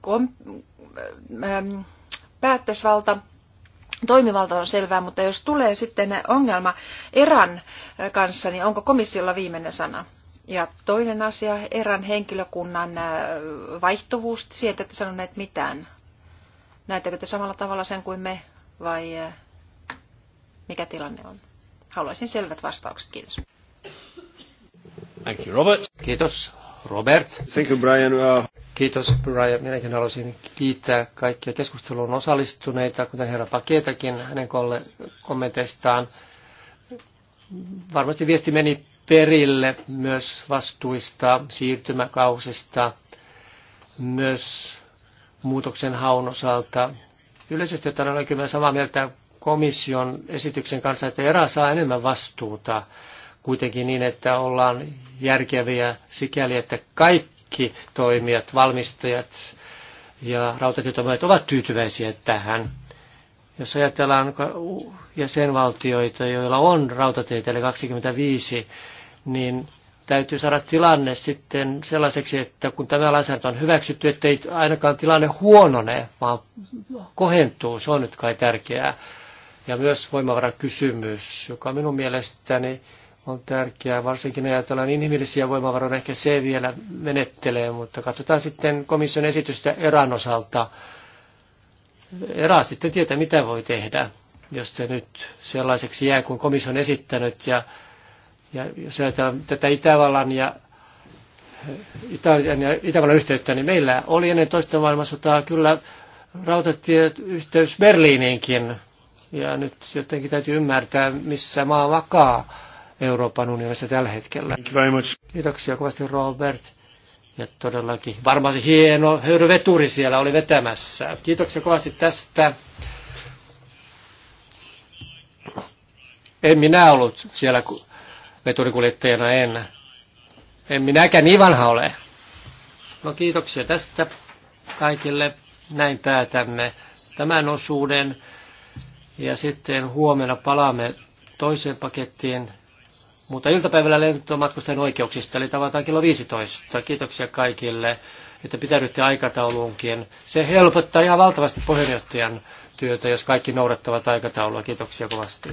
kom, ähm, päätösvalta, toimivalta on selvää, mutta jos tulee sitten ongelma erän kanssa, niin onko komissiolla viimeinen sana? Ja toinen asia, erän henkilökunnan äh, vaihtuvuus, sieltä ette sanoneet mitään. Näettekö te samalla tavalla sen kuin me vai äh, mikä tilanne on? Haluaisin selvät vastaukset. Kiitos. Thank you, Robert. Kiitos, Robert. Thank you, Brian. Uh... Kiitos, Brian. Minäkin haluaisin kiittää kaikkia keskusteluun osallistuneita, kuten herra Paketakin hänen kommenteistaan. Varmasti viesti meni perille myös vastuista, siirtymäkausista, myös muutoksen haun osalta. Yleisesti ottaen olen kyllä samaa mieltä komission esityksen kanssa, että ERA saa enemmän vastuuta kuitenkin niin, että ollaan järkeviä sikäli, että kaikki toimijat, valmistajat ja rautatietomajat ovat tyytyväisiä tähän. Jos ajatellaan jäsenvaltioita, joilla on rautateitä, eli 25, niin täytyy saada tilanne sitten sellaiseksi, että kun tämä lainsäädäntö on hyväksytty, ettei ainakaan tilanne huonone, vaan kohentuu. Se on nyt kai tärkeää ja myös voimavarakysymys, joka minun mielestäni on tärkeää, varsinkin ajatellaan inhimillisiä voimavaroja, ehkä se vielä menettelee, mutta katsotaan sitten komission esitystä erän osalta. Erä sitten tietää, mitä voi tehdä, jos se nyt sellaiseksi jää, kun komissio on esittänyt. Ja, ja jos ajatellaan tätä Itävallan ja Italian ja Itävallan yhteyttä, niin meillä oli ennen toista maailmansotaa kyllä rautatieyhteys Berliiniinkin, ja nyt jotenkin täytyy ymmärtää, missä maa vakaa Euroopan unionissa tällä hetkellä. Thank you very much. Kiitoksia kovasti Robert. Ja todellakin varmasti hieno höyryveturi siellä oli vetämässä. Kiitoksia kovasti tästä. En minä ollut siellä veturikuljettajana, en. En minäkään niin vanha ole. No kiitoksia tästä kaikille. Näin päätämme tämän osuuden. Ja sitten huomenna palaamme toiseen pakettiin, mutta iltapäivällä lentomatkustajan oikeuksista, eli tavataan kello 15. Kiitoksia kaikille, että pitäydytte aikatauluunkin. Se helpottaa ihan valtavasti puheenjohtajan työtä, jos kaikki noudattavat aikataulua. Kiitoksia kovasti.